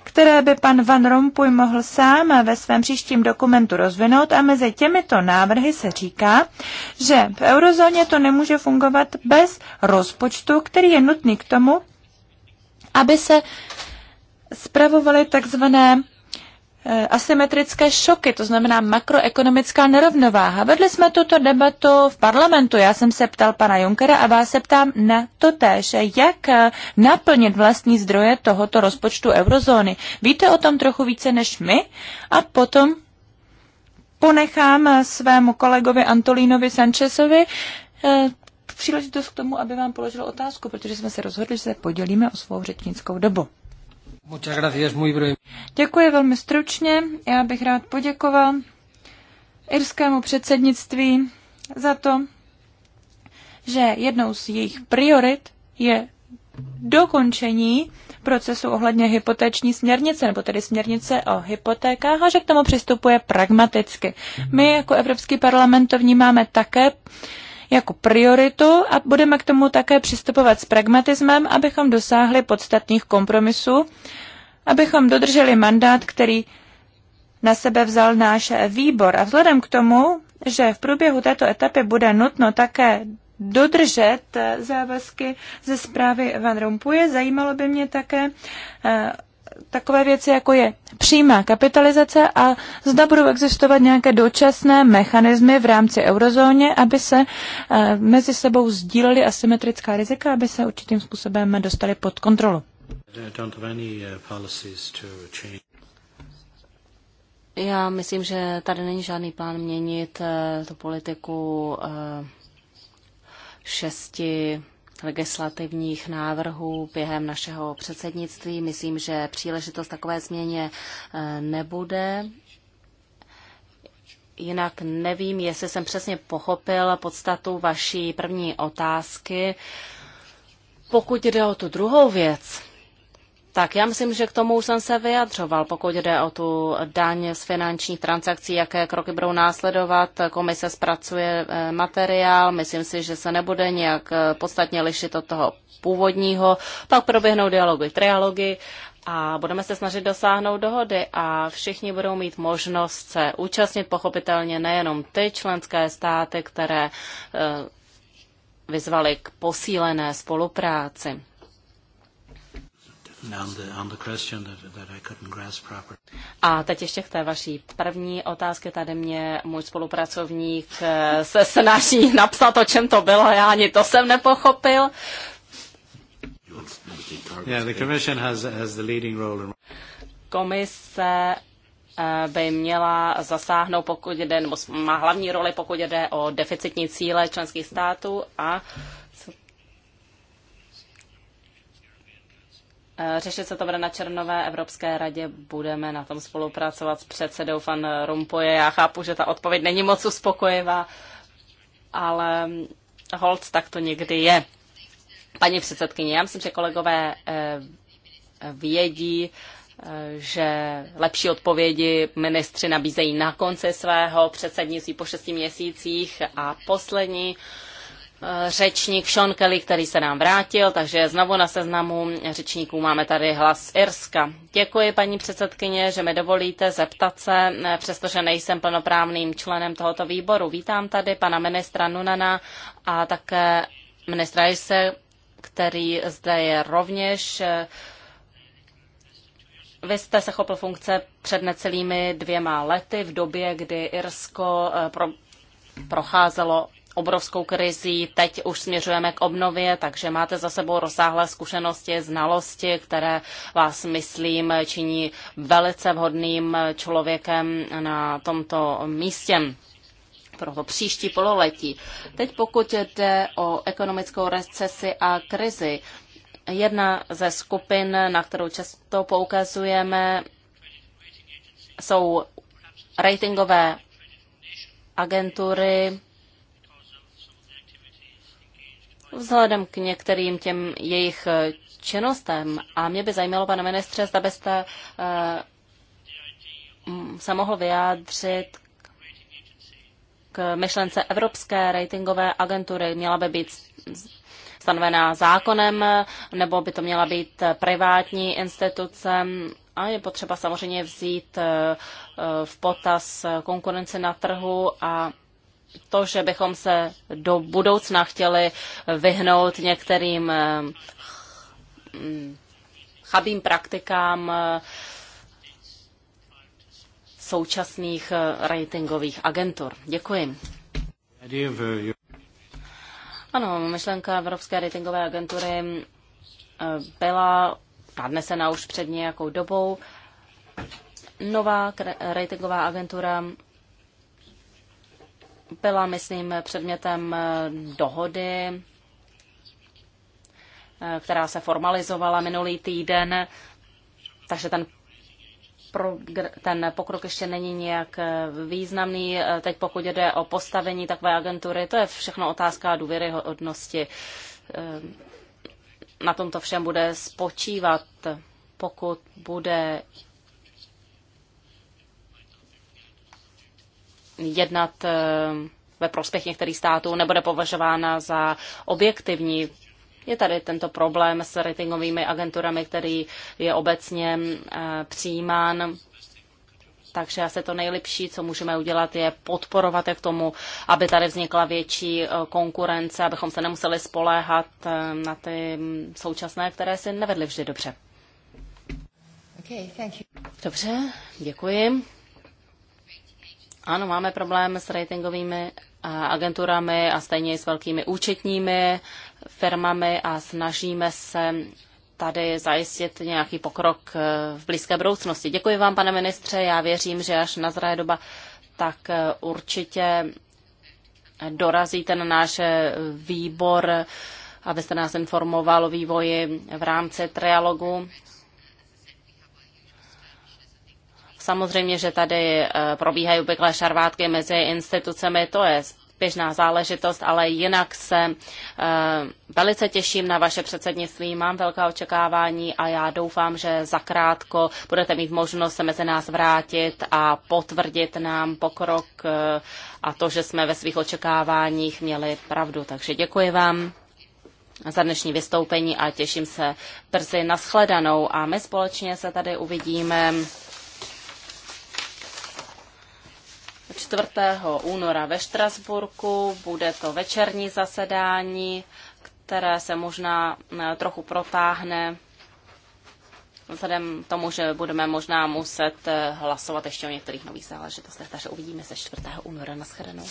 které by pan Van Rompuy mohl sám eh, ve svém příštím dokumentu rozvinout a mezi těmito návrhy se říká, že v eurozóně to nemůže fungovat bez rozpočtu, který je nutný k tomu, aby se spravovaly takzvané eh, asymetrické šoky, to znamená makroekonomická nerovnováha. Vedli jsme tuto debatu v parlamentu. Já jsem se ptal pana Junkera a vás se ptám na to též, jak eh, naplnit vlastní zdroje tohoto rozpočtu eurozóny. Víte o tom trochu více než my? A potom ponechám eh, svému kolegovi Antolínovi Sančesovi příležitost k tomu, aby vám položil otázku, protože jsme se rozhodli, že se podělíme o svou řečnickou dobu. Děkuji velmi stručně. Já bych rád poděkoval irskému předsednictví za to, že jednou z jejich priorit je dokončení procesu ohledně hypotéční směrnice, nebo tedy směrnice o hypotékách, a že k tomu přistupuje pragmaticky. My jako Evropský parlament to vnímáme také jako prioritu a budeme k tomu také přistupovat s pragmatismem, abychom dosáhli podstatných kompromisů, abychom dodrželi mandát, který na sebe vzal náš výbor. A vzhledem k tomu, že v průběhu této etapy bude nutno také dodržet závazky ze zprávy Van Rompuje, zajímalo by mě také, eh, takové věci, jako je přímá kapitalizace a zda budou existovat nějaké dočasné mechanismy v rámci eurozóně, aby se eh, mezi sebou sdílely asymetrická rizika, aby se určitým způsobem dostali pod kontrolu. Já myslím, že tady není žádný plán měnit eh, tu politiku eh, šesti legislativních návrhů během našeho předsednictví. Myslím, že příležitost takové změně eh, nebude. Jinak nevím, jestli jsem přesně pochopil podstatu vaší první otázky. Pokud jde o tu druhou věc, tak já myslím, že k tomu už jsem se vyjadřoval, pokud jde o tu daň z finančních transakcí, jaké kroky budou následovat. Komise zpracuje eh, materiál, myslím si, že se nebude nějak eh, podstatně lišit od toho původního. Pak proběhnou dialogy, trialogy a budeme se snažit dosáhnout dohody a všichni budou mít možnost se účastnit, pochopitelně nejenom ty členské státy, které eh, vyzvali k posílené spolupráci. A teď ještě k té vaší první otázky. Tady mě můj spolupracovník eh, se snaží [LAUGHS] napsat, o čem to bylo. Já ani to jsem nepochopil. Komise by měla zasáhnout, pokud jde, nebo má hlavní roli, pokud jde o deficitní cíle členských států a uh, Eh, řešit se to bude na Černové Evropské radě, budeme na tom spolupracovat s předsedou Van Rumpoje. Já chápu, že ta odpověď není moc uspokojivá, ale holc tak to někdy je. Paní předsedkyně, já myslím, že kolegové eh, vědí, eh, že lepší odpovědi ministři nabízejí na konci svého předsednictví po šesti měsících. A poslední Eh, řečník Sean Kelly, který se nám vrátil, takže znovu na seznamu řečníků máme tady hlas Irska. Děkuji, paní předsedkyně, že mi dovolíte zeptat se, eh, přestože nejsem plnoprávným členem tohoto výboru. Vítám tady pana ministra Nunana a také ministra Jise, který zde je rovněž. Eh, vy jste se chopil funkce před necelými dvěma lety v době, kdy Irsko pro, procházelo obrovskou krizí, teď už směřujeme k obnově, takže máte za sebou rozsáhlé zkušenosti, znalosti, které vás, myslím, činí velice vhodným člověkem na tomto místě pro to příští pololetí. Teď pokud jde o ekonomickou recesi a krizi, jedna ze skupin, na kterou často poukazujeme, jsou ratingové agentury, vzhledem k některým těm jejich eh, činnostem. A mě by zajímalo, pane ministře, zda byste eh, se mohl vyjádřit k myšlence Evropské ratingové agentury. Měla by být stanovená zákonem, nebo by to měla být privátní instituce. A je potřeba samozřejmě vzít eh, v potaz konkurenci na trhu a to, že bychom se do budoucna chtěli vyhnout některým eh, mm, chabým praktikám eh, současných eh, ratingových agentur. Děkuji. Ano, myšlenka Evropské ratingové agentury byla nadnesena už před nějakou dobou. Nová ratingová agentura byla, myslím, předmětem eh, dohody, eh, která se formalizovala minulý týden, takže ten ten pokrok ještě není nějak eh, významný. Teď pokud jde o postavení takové agentury, to je všechno otázka důvěryhodnosti. Na tom to všem bude spočívat, pokud bude jednat eh, ve prospěch některých států nebude považována za objektivní. Je tady tento problém s ratingovými agenturami, který je obecně eh, přijímán. Takže asi to nejlepší, co můžeme udělat, je podporovat je k tomu, aby tady vznikla větší eh, konkurence, abychom se nemuseli spoléhat na ty mm, současné, které si nevedly vždy dobře. Okay, thank you. Dobře, děkuji. Ano, máme problém s ratingovými agenturami a stejně i s velkými účetními firmami a snažíme se tady zajistit nějaký pokrok e, v blízké budoucnosti. Děkuji vám, pane ministře, já věřím, že až nazraje doba, tak e, určitě dorazí ten náš e, výbor, abyste nás informoval o vývoji v rámci trialogu Samozřejmě, že tady eh, probíhají obvykle šarvátky mezi institucemi, to je běžná záležitost, ale jinak se eh, velice těším na vaše předsednictví, mám velká očekávání a já doufám, že zakrátko budete mít možnost se mezi nás vrátit a potvrdit nám pokrok eh, a to, že jsme ve svých očekáváních měli pravdu. Takže děkuji vám za dnešní vystoupení a těším se brzy na shledanou a my společně se tady uvidíme 4. února ve Štrasburku. Bude to večerní zasedání, které se možná eh, trochu protáhne vzhledem tomu, že budeme možná muset eh, hlasovat ještě o některých nových záležitostech, takže uvidíme se 4. února. Naschledanou.